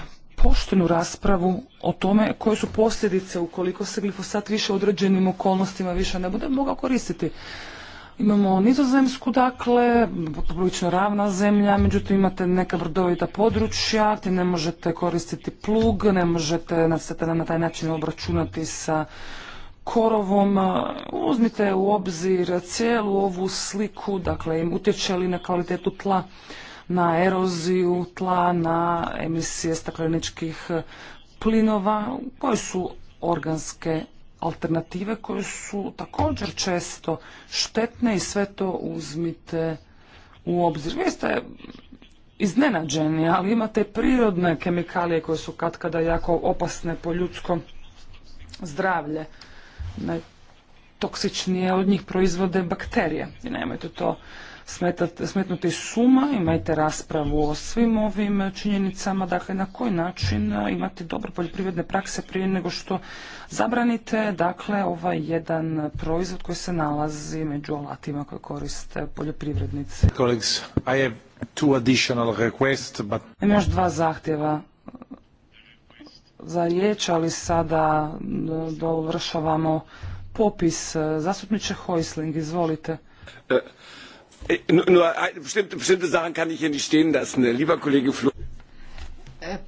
poštenu raspravu o tome koje su posljedice ukoliko se glifosat više u određenim okolnostima više ne bude mogao koristiti. Imamo nizozemsku, dakle, prilično ravna zemlja, međutim imate neka brdovita područja ti ne možete koristiti plug, ne možete se na taj način obračunati sa korovom. Uzmite u obzir cijelu ovu sliku, dakle, im utječe li na kvalitetu tla na eroziju tla, na emisije stakleničkih plinova, koje su organske alternative koje su također često štetne i sve to uzmite u obzir. Vi ste iznenađeni, ali imate prirodne kemikalije koje su katkada jako opasne po ljudsko zdravlje. Najtoksičnije od njih proizvode bakterije i nemojte to smetnuti suma, imajte raspravu o svim ovim činjenicama, dakle na koji način imati dobro poljoprivredne prakse prije nego što zabranite, dakle ovaj jedan proizvod koji se nalazi među alatima koje koriste poljoprivrednici. Colleagues, I two additional još dva zahtjeva za riječ, ali sada dovršavamo popis. Zastupniče Hojsling, izvolite. E, Nur bestimmte, Lieber Kollege e,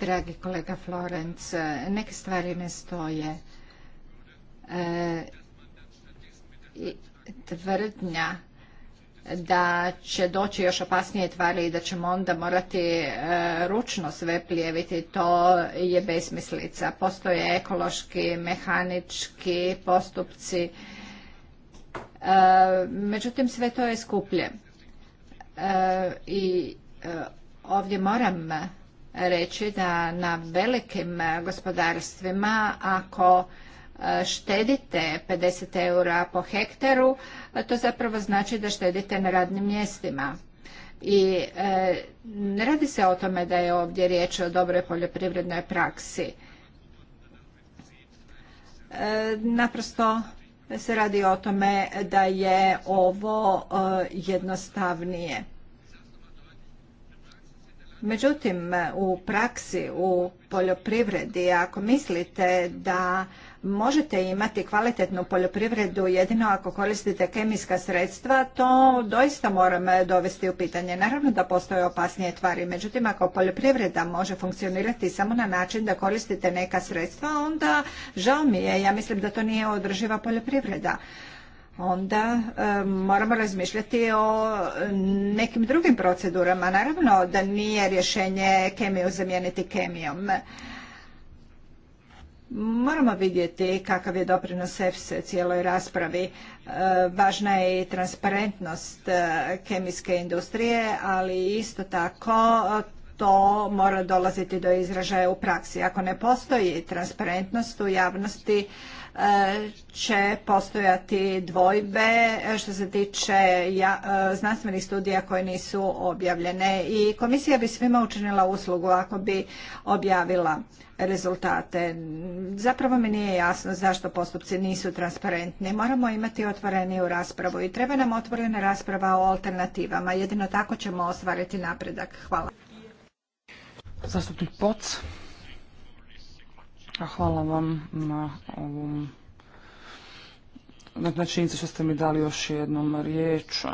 Dragi kolega Florenc, e, neke stvari ne stoje. E, tvrdnja da će doći još opasnije tvari i da ćemo onda morati e, ručno sve plijeviti, to je besmislica. Postoje ekološki, mehanički postupci E, međutim, sve to je skuplje. E, I e, ovdje moram reći da na velikim gospodarstvima ako štedite 50 eura po hektaru, to zapravo znači da štedite na radnim mjestima. I ne radi se o tome da je ovdje riječ o dobroj poljoprivrednoj praksi. Naprosto se radi o tome da je ovo e, jednostavnije. Međutim, u praksi, u poljoprivredi, ako mislite da možete imati kvalitetnu poljoprivredu jedino ako koristite kemijska sredstva, to doista moram dovesti u pitanje. Naravno da postoje opasnije tvari, međutim ako poljoprivreda može funkcionirati samo na način da koristite neka sredstva, onda žao mi je, ja mislim da to nije održiva poljoprivreda onda e, moramo razmišljati o nekim drugim procedurama. Naravno da nije rješenje kemiju zamijeniti kemijom. Moramo vidjeti kakav je doprinos EFSA cijeloj raspravi. E, važna je i transparentnost e, kemijske industrije, ali isto tako to mora dolaziti do izražaja u praksi. Ako ne postoji transparentnost u javnosti, će postojati dvojbe što se tiče e, znanstvenih studija koje nisu objavljene i komisija bi svima učinila uslugu ako bi objavila rezultate. Zapravo mi nije jasno zašto postupci nisu transparentni. Moramo imati otvoreniju raspravu i treba nam otvorena rasprava o alternativama. Jedino tako ćemo ostvariti napredak. Hvala. Zastupnik Poc. Hvala vam na ovom na što ste mi dali još jednom riječ,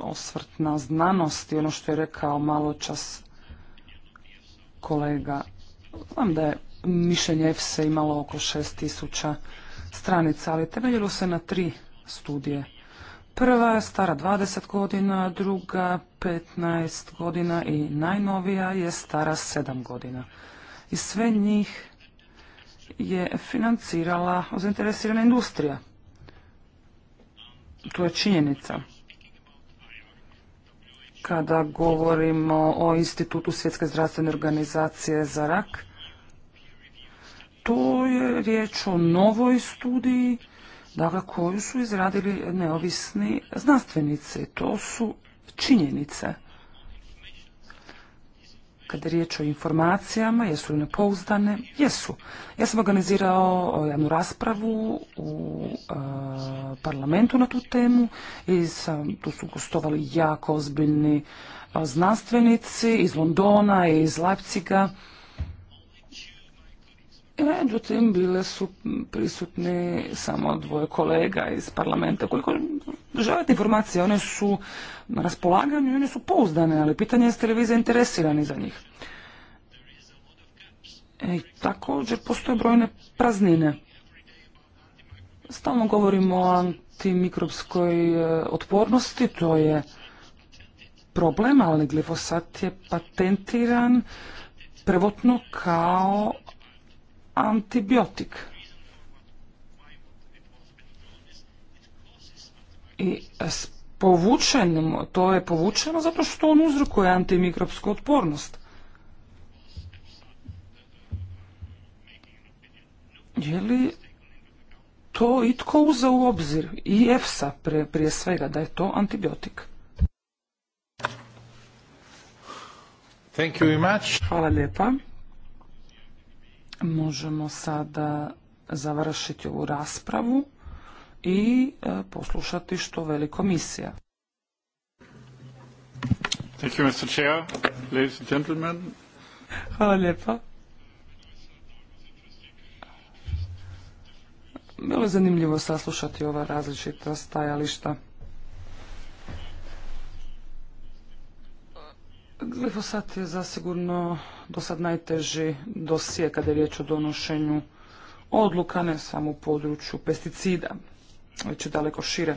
osvrt na znanost i ono što je rekao malo čas kolega. Znam da je mišljenje EFSE imalo oko tisuća stranica, ali temeljilo se na tri studije. Prva je stara 20 godina, druga 15 godina i najnovija je stara 7 godina. I sve njih je financirala zainteresirana industrija. To je činjenica. Kada govorimo o Institutu svjetske zdravstvene organizacije za rak, to je riječ o novoj studiji dakle, koju su izradili neovisni znanstvenici. To su činjenice. Kada je riječ o informacijama, jesu li nepouzdane? Jesu. Ja sam organizirao e, jednu raspravu u e, parlamentu na tu temu i tu su gostovali jako ozbiljni e, znanstvenici iz Londona i iz Leipciga Međutim, bile su prisutni samo dvoje kolega iz parlamenta. Koliko želite informacije, one su na raspolaganju i one su pouzdane, ali pitanje jeste li vi zainteresirani za njih. E, i također postoje brojne praznine. Stalno govorimo o antimikropskoj e, otpornosti, to je problem, ali glifosat je patentiran prvotno kao antibiotik. I s povučenim, to je povučeno zato što on uzrokuje antimikropsku otpornost. Je li to itko uzeo u obzir i EFSA prije svega da je to antibiotik? Thank you very much. Hvala lijepa. Možemo sada završiti ovu raspravu i e, poslušati što veli komisija. Thank you, Ladies and gentlemen. Hvala lijepa. Bilo je zanimljivo saslušati ova različita stajališta. Glifosat je zasigurno do sad najteži dosije kada je riječ o donošenju odluka, ne samo u području pesticida, već je daleko šire.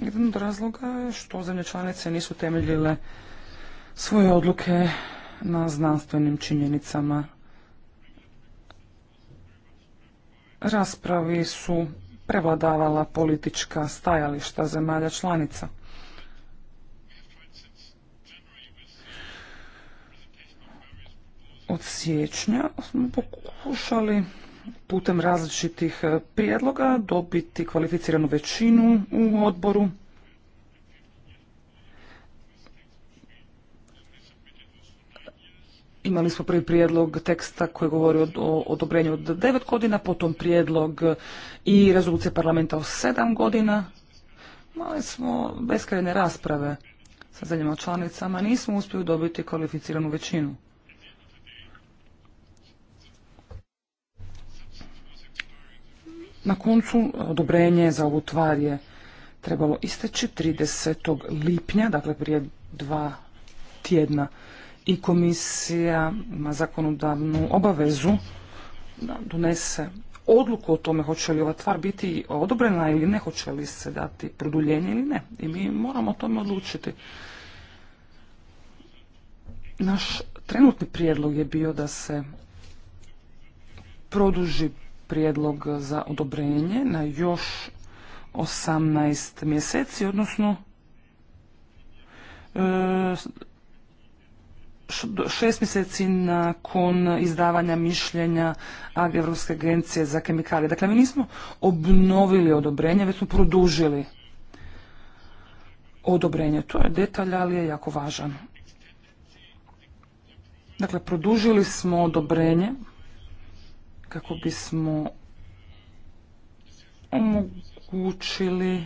Jedan od razloga je što zemlje članice nisu temeljile svoje odluke na znanstvenim činjenicama. Raspravi su prevladavala politička stajališta zemalja članica. Od siječnja smo pokušali putem različitih prijedloga dobiti kvalificiranu većinu u odboru Imali smo prvi prijedlog teksta koji govori o, odobrenju od devet godina, potom prijedlog i rezolucije parlamenta od sedam godina. Imali smo beskrajne rasprave sa zemljama članicama, nismo uspjeli dobiti kvalificiranu većinu. Na koncu odobrenje za ovu tvar je trebalo isteći 30. lipnja, dakle prije dva tjedna i komisija ima zakonodavnu obavezu da donese odluku o tome hoće li ova tvar biti odobrena ili ne, hoće li se dati produljenje ili ne. I mi moramo o tome odlučiti. Naš trenutni prijedlog je bio da se produži prijedlog za odobrenje na još 18 mjeseci, odnosno e, šest mjeseci nakon izdavanja mišljenja Europske agencije za kemikalije. Dakle, mi nismo obnovili odobrenje, već smo produžili odobrenje. To je detalj, ali je jako važan. Dakle, produžili smo odobrenje kako bismo omogućili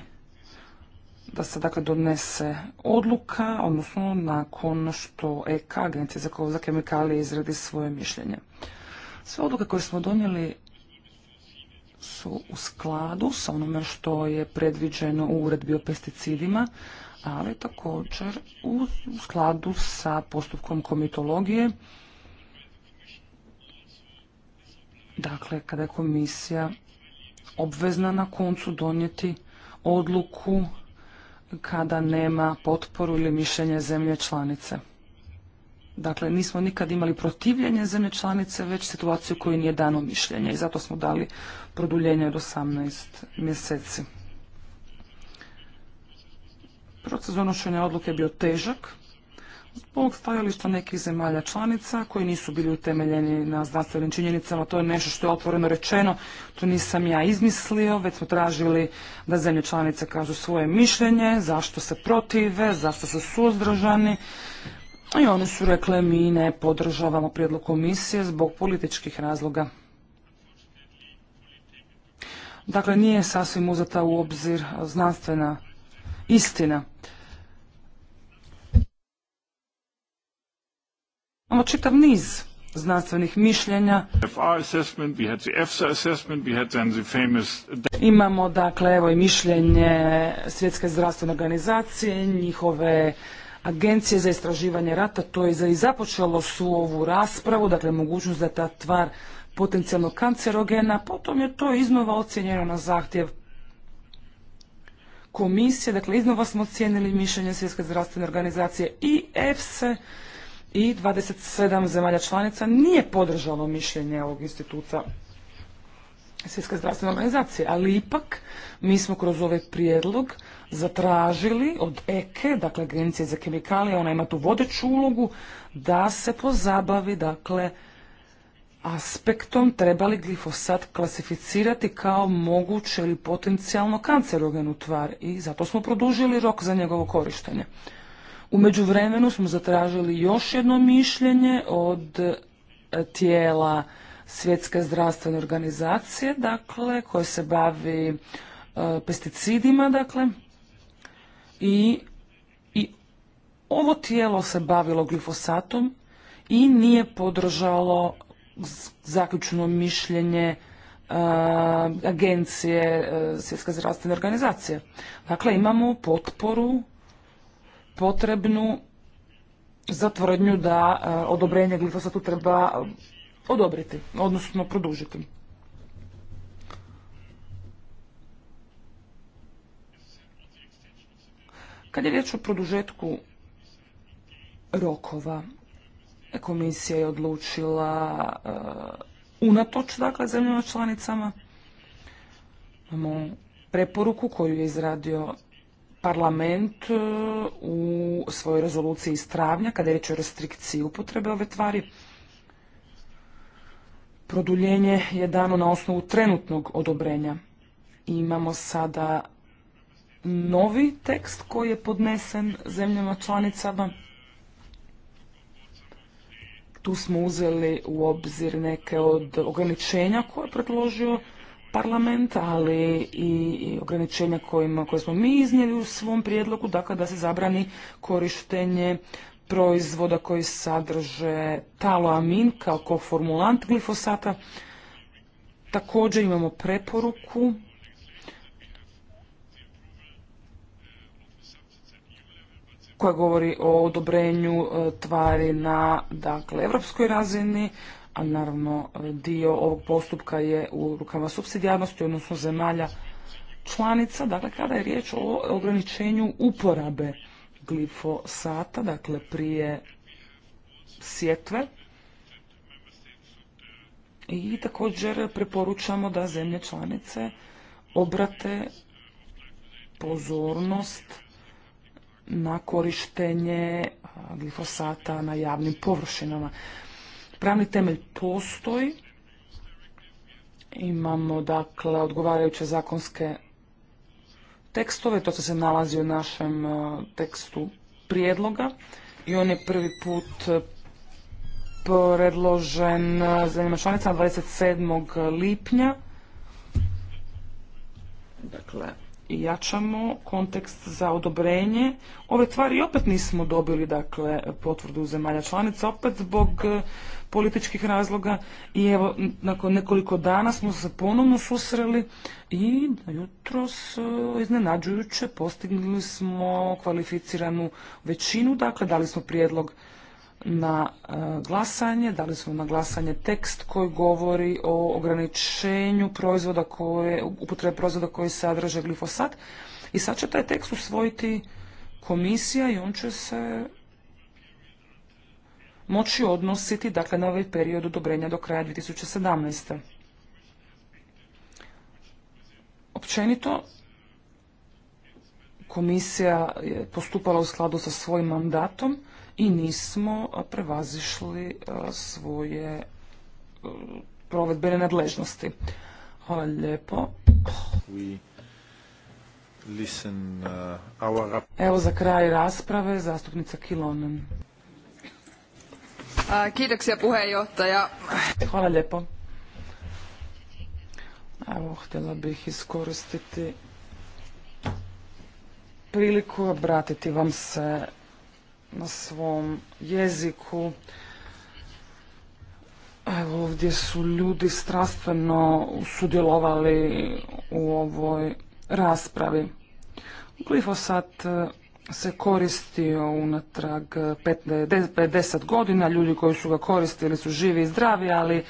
da se dakle donese odluka, odnosno nakon što EK, Agencija za kemikalije, izradi svoje mišljenje. Sve odluke koje smo donijeli su u skladu sa onome što je predviđeno u uredbi o pesticidima, ali također u skladu sa postupkom komitologije. Dakle, kada je komisija obvezna na koncu donijeti odluku kada nema potporu ili mišljenje zemlje članice. Dakle, nismo nikad imali protivljenje zemlje članice, već situaciju koju nije dano mišljenje i zato smo dali produljenje od 18 mjeseci. Proces donošenja odluke je bio težak, zbog stajališta nekih zemalja članica koji nisu bili utemeljeni na znanstvenim činjenicama. To je nešto što je otvoreno rečeno, to nisam ja izmislio, već smo tražili da zemlje članice kažu svoje mišljenje, zašto se protive, zašto su suzdržani. I oni su rekle mi ne podržavamo prijedlog komisije zbog političkih razloga. Dakle, nije sasvim uzeta u obzir znanstvena istina. Imamo čitav niz znanstvenih mišljenja. Imamo dakle evo i mišljenje Svjetske zdravstvene organizacije, njihove agencije za istraživanje rata, to je i započelo su ovu raspravu, dakle mogućnost da je ta tvar potencijalno kancerogena, potom je to iznova ocjenjeno na zahtjev komisije, dakle iznova smo ocijenili mišljenje Svjetske zdravstvene organizacije i EFSE, i 27 zemalja članica nije podržalo mišljenje ovog instituta Svjetske zdravstvene organizacije, ali ipak mi smo kroz ovaj prijedlog zatražili od EKE, e, dakle Agencije za kemikalije, ona ima tu vodeću ulogu, da se pozabavi, dakle, aspektom treba li glifosat klasificirati kao moguće ili potencijalno kancerogenu tvar i zato smo produžili rok za njegovo korištenje. U međuvremenu smo zatražili još jedno mišljenje od e, tijela Svjetske zdravstvene organizacije, dakle, koje se bavi e, pesticidima, dakle, i, ovo tijelo se bavilo glifosatom i nije podržalo zaključno mišljenje e, agencije Svjetske zdravstvene organizacije. Dakle, imamo potporu potrebnu za tvrdnju da e, odobrenje glifosatu treba odobriti, odnosno produžiti. Kad je riječ o produžetku rokova, komisija je odlučila e, unatoč dakle, zemljama članicama. Imamo preporuku koju je izradio parlament e, u svojoj rezoluciji iz travnja, kada je riječ o restrikciji upotrebe ove tvari, produljenje je dano na osnovu trenutnog odobrenja. Imamo sada novi tekst koji je podnesen zemljama članicama. Tu smo uzeli u obzir neke od ograničenja koje je predložio parlament, ali i ograničenja kojima, koje smo mi iznijeli u svom prijedlogu, dakle da se zabrani korištenje proizvoda koji sadrže taloamin kao koformulant glifosata. Također imamo preporuku koja govori o odobrenju e, tvari na dakle, evropskoj razini, naravno dio ovog postupka je u rukama subsidijarnosti, odnosno zemalja članica, dakle kada je riječ o ograničenju uporabe glifosata, dakle prije sjetve. I također preporučamo da zemlje članice obrate pozornost na korištenje glifosata na javnim površinama. Pravni temelj postoji, imamo dakle odgovarajuće zakonske tekstove, to se nalazi u našem e, tekstu prijedloga i on je prvi put e, predložen e, zemljama članicama 27. lipnja. Dakle, jačamo kontekst za odobrenje. Ove tvari opet nismo dobili, dakle, potvrdu zemalja članica, opet zbog političkih razloga i evo nakon nekoliko dana smo se ponovno susreli i jutros e, iznenađujuće postigli smo kvalificiranu većinu, dakle dali smo prijedlog na e, glasanje, dali smo na glasanje tekst koji govori o ograničenju proizvoda koje, upotrebe proizvoda koji sadrže glifosat i sad će taj tekst usvojiti komisija i on će se moći odnositi dakle, na ovaj period odobrenja do kraja 2017. Općenito, komisija je postupala u skladu sa svojim mandatom i nismo prevazišli e, svoje e, provedbene nadležnosti. Hvala lijepo. Uh, Evo za kraj rasprave zastupnica Kilonen. Kiitoksia Hvala lijepo. Evo, htjela bih iskoristiti priliku obratiti vam se na svom jeziku. Evo, ovdje su ljudi strastveno sudjelovali u ovoj raspravi. Glifosat se koristio unatrag 50 godina, ljudi koji su ga koristili su živi i zdravi, ali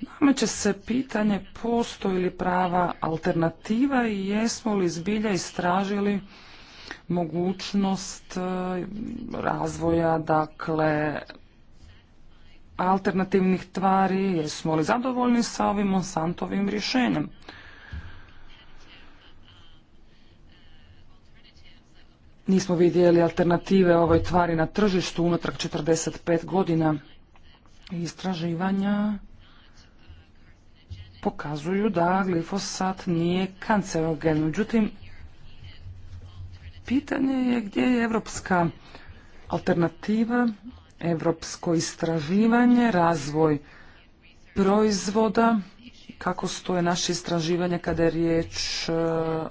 nameće se pitanje postoji li prava alternativa i jesmo li zbilja istražili mogućnost e, razvoja, dakle, alternativnih tvari, jesmo li zadovoljni sa ovim Monsantovim rješenjem. Nismo vidjeli alternative ovoj tvari na tržištu unatrag 45 godina. Istraživanja pokazuju da glifosat nije kancerogen. Međutim, pitanje je gdje je evropska alternativa, evropsko istraživanje, razvoj proizvoda, kako stoje naše istraživanje kada je riječ e,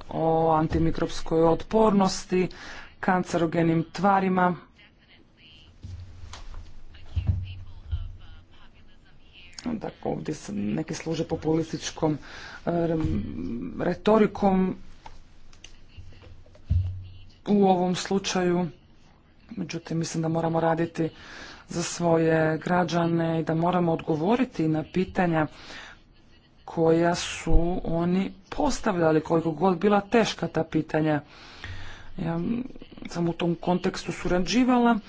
o antimikropskoj otpornosti, kancerogenim tvarima. Dakle, ovdje se neki služe populističkom retorikom u ovom slučaju. Međutim, mislim da moramo raditi za svoje građane i da moramo odgovoriti na pitanja koja su oni postavljali, koliko god bila teška ta pitanja sam u tom kontekstu surađivala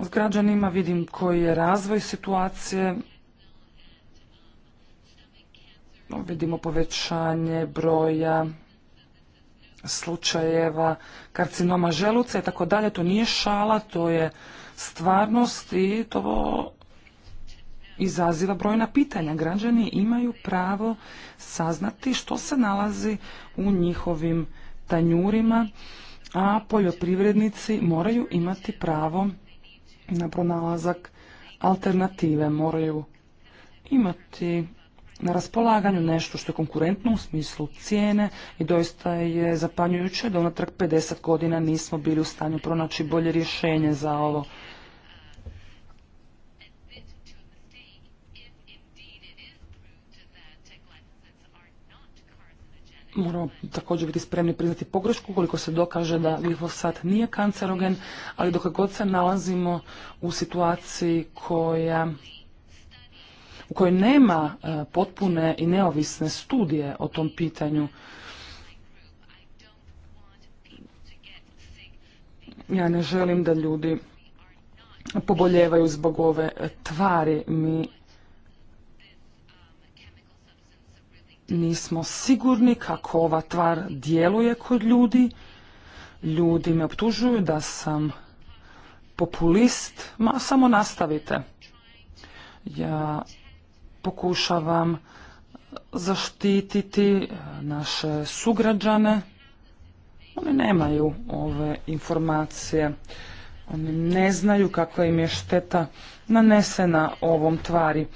s građanima, vidim koji je razvoj situacije, vidimo povećanje broja slučajeva karcinoma želuca i tako dalje. To nije šala, to je stvarnost i to izaziva brojna pitanja. Građani imaju pravo saznati što se nalazi u njihovim tanjurima a poljoprivrednici moraju imati pravo na pronalazak alternative, moraju imati na raspolaganju nešto što je konkurentno u smislu cijene i doista je zapanjujuće da unatrag 50 godina nismo bili u stanju pronaći bolje rješenje za ovo Moramo također biti spremni priznati pogrešku koliko se dokaže da glifosat nije kancerogen, ali dok god se nalazimo u situaciji koja u kojoj nema e, potpune i neovisne studije o tom pitanju. Ja ne želim da ljudi poboljevaju zbog ove tvari. Mi nismo sigurni kako ova tvar djeluje kod ljudi. Ljudi me optužuju da sam populist. Ma, samo nastavite. Ja pokušavam zaštititi eh, naše sugrađane. Oni nemaju ove informacije. Oni ne znaju kakva im je šteta nanesena ovom tvari.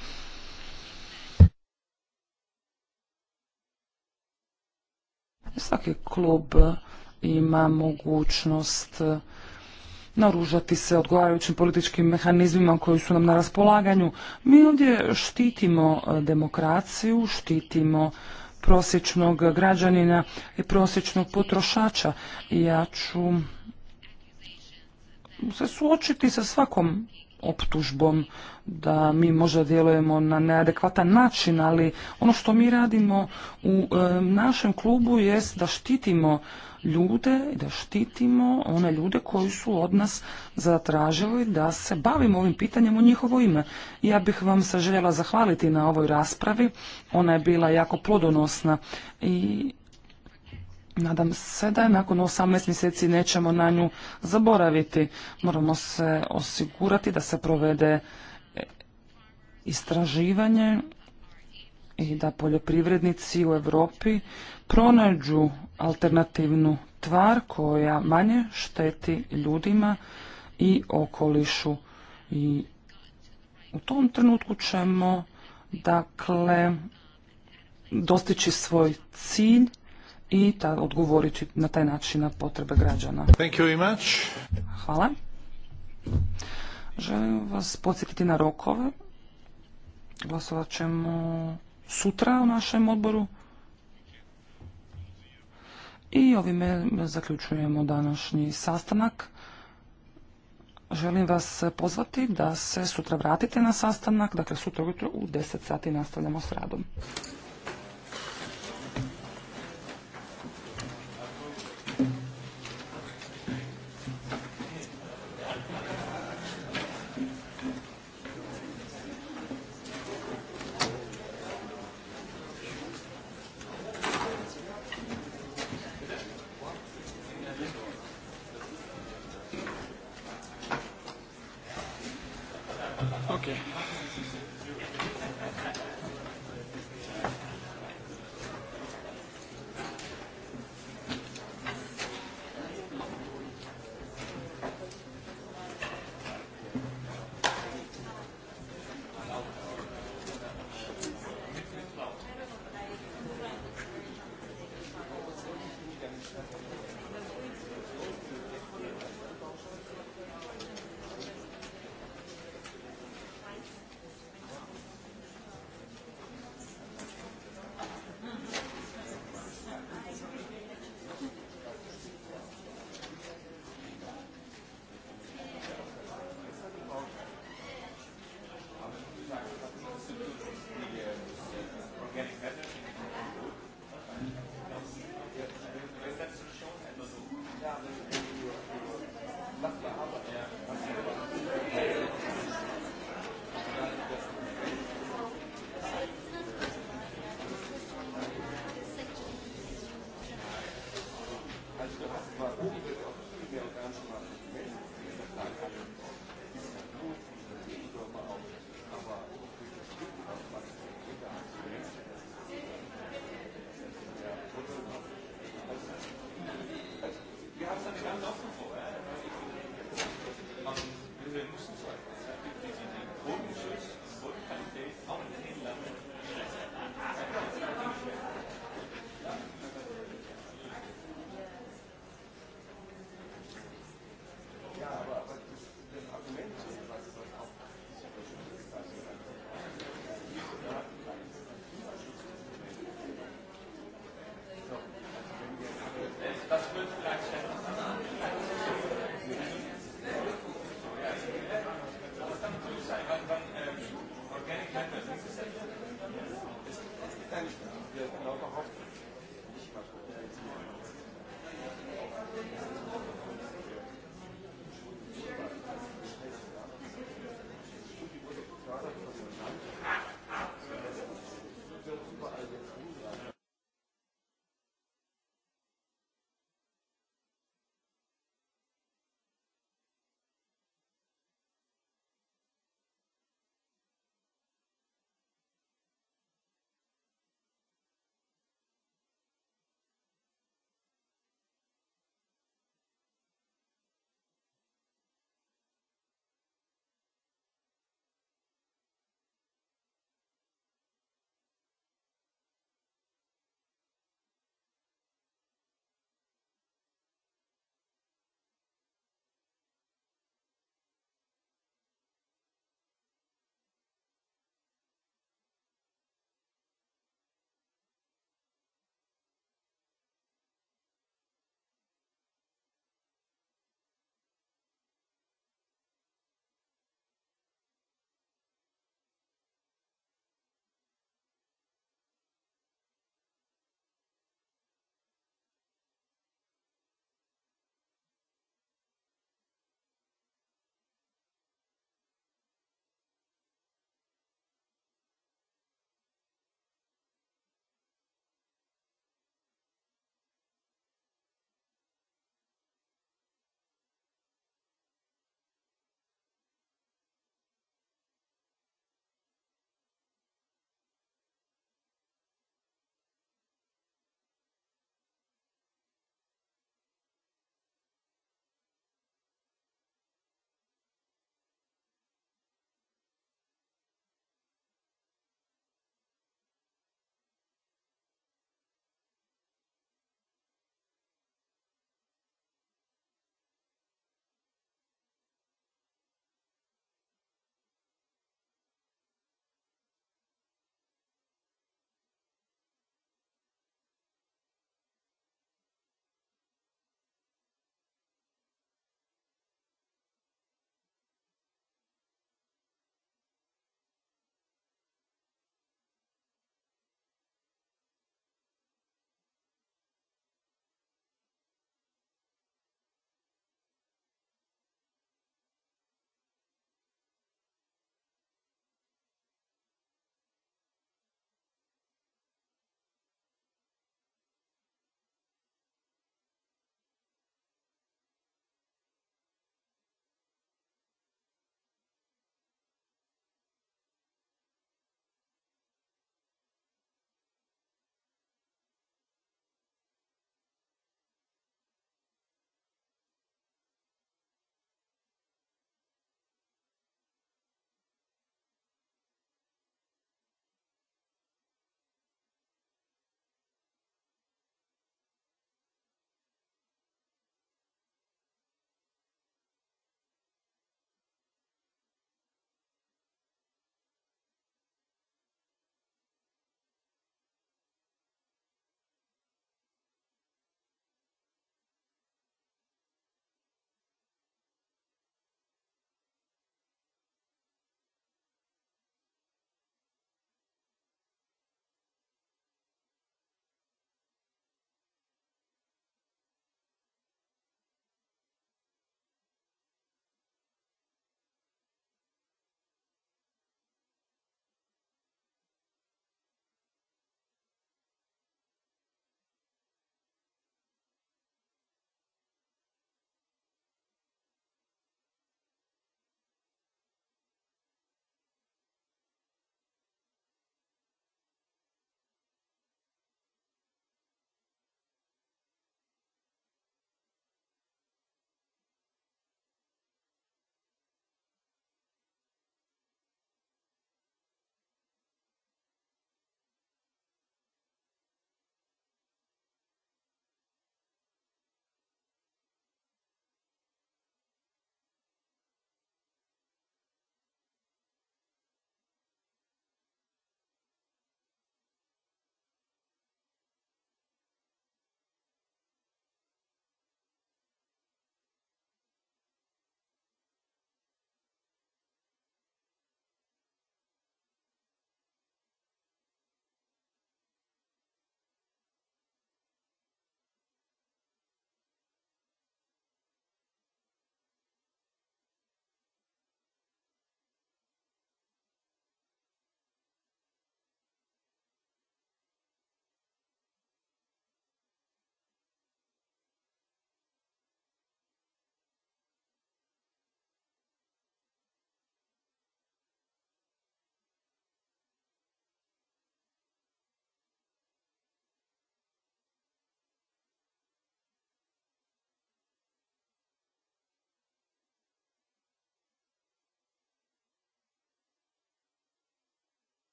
Svaki klub ima mogućnost naružati se odgovarajućim političkim mehanizmima koji su nam na raspolaganju. Mi ovdje štitimo eh, demokraciju, štitimo prosječnog građanina i prosječnog potrošača. Ja ću se suočiti sa svakom optužbom da mi možda djelujemo na neadekvatan način, ali ono što mi radimo u e, našem klubu jest da štitimo ljude, da štitimo one ljude koji su od nas zatražili da se bavimo ovim pitanjem u njihovo ime. Ja bih vam se željela zahvaliti na ovoj raspravi, ona je bila jako plodonosna i Nadam se da je nakon 18 mjeseci nećemo na nju zaboraviti. Moramo se osigurati da se provede e, istraživanje i da poljoprivrednici u Europi pronađu alternativnu tvar koja manje šteti ljudima i okolišu. I u tom trenutku ćemo dakle dostići svoj cilj i ta, odgovoriti na taj način na potrebe građana. Hvala. Želim vas podsjetiti na rokove. Glasovat ćemo sutra u našem odboru. I ovime zaključujemo današnji sastanak. Želim vas pozvati da se sutra vratite na sastanak, dakle sutra ujutro u 10 sati nastavljamo s radom.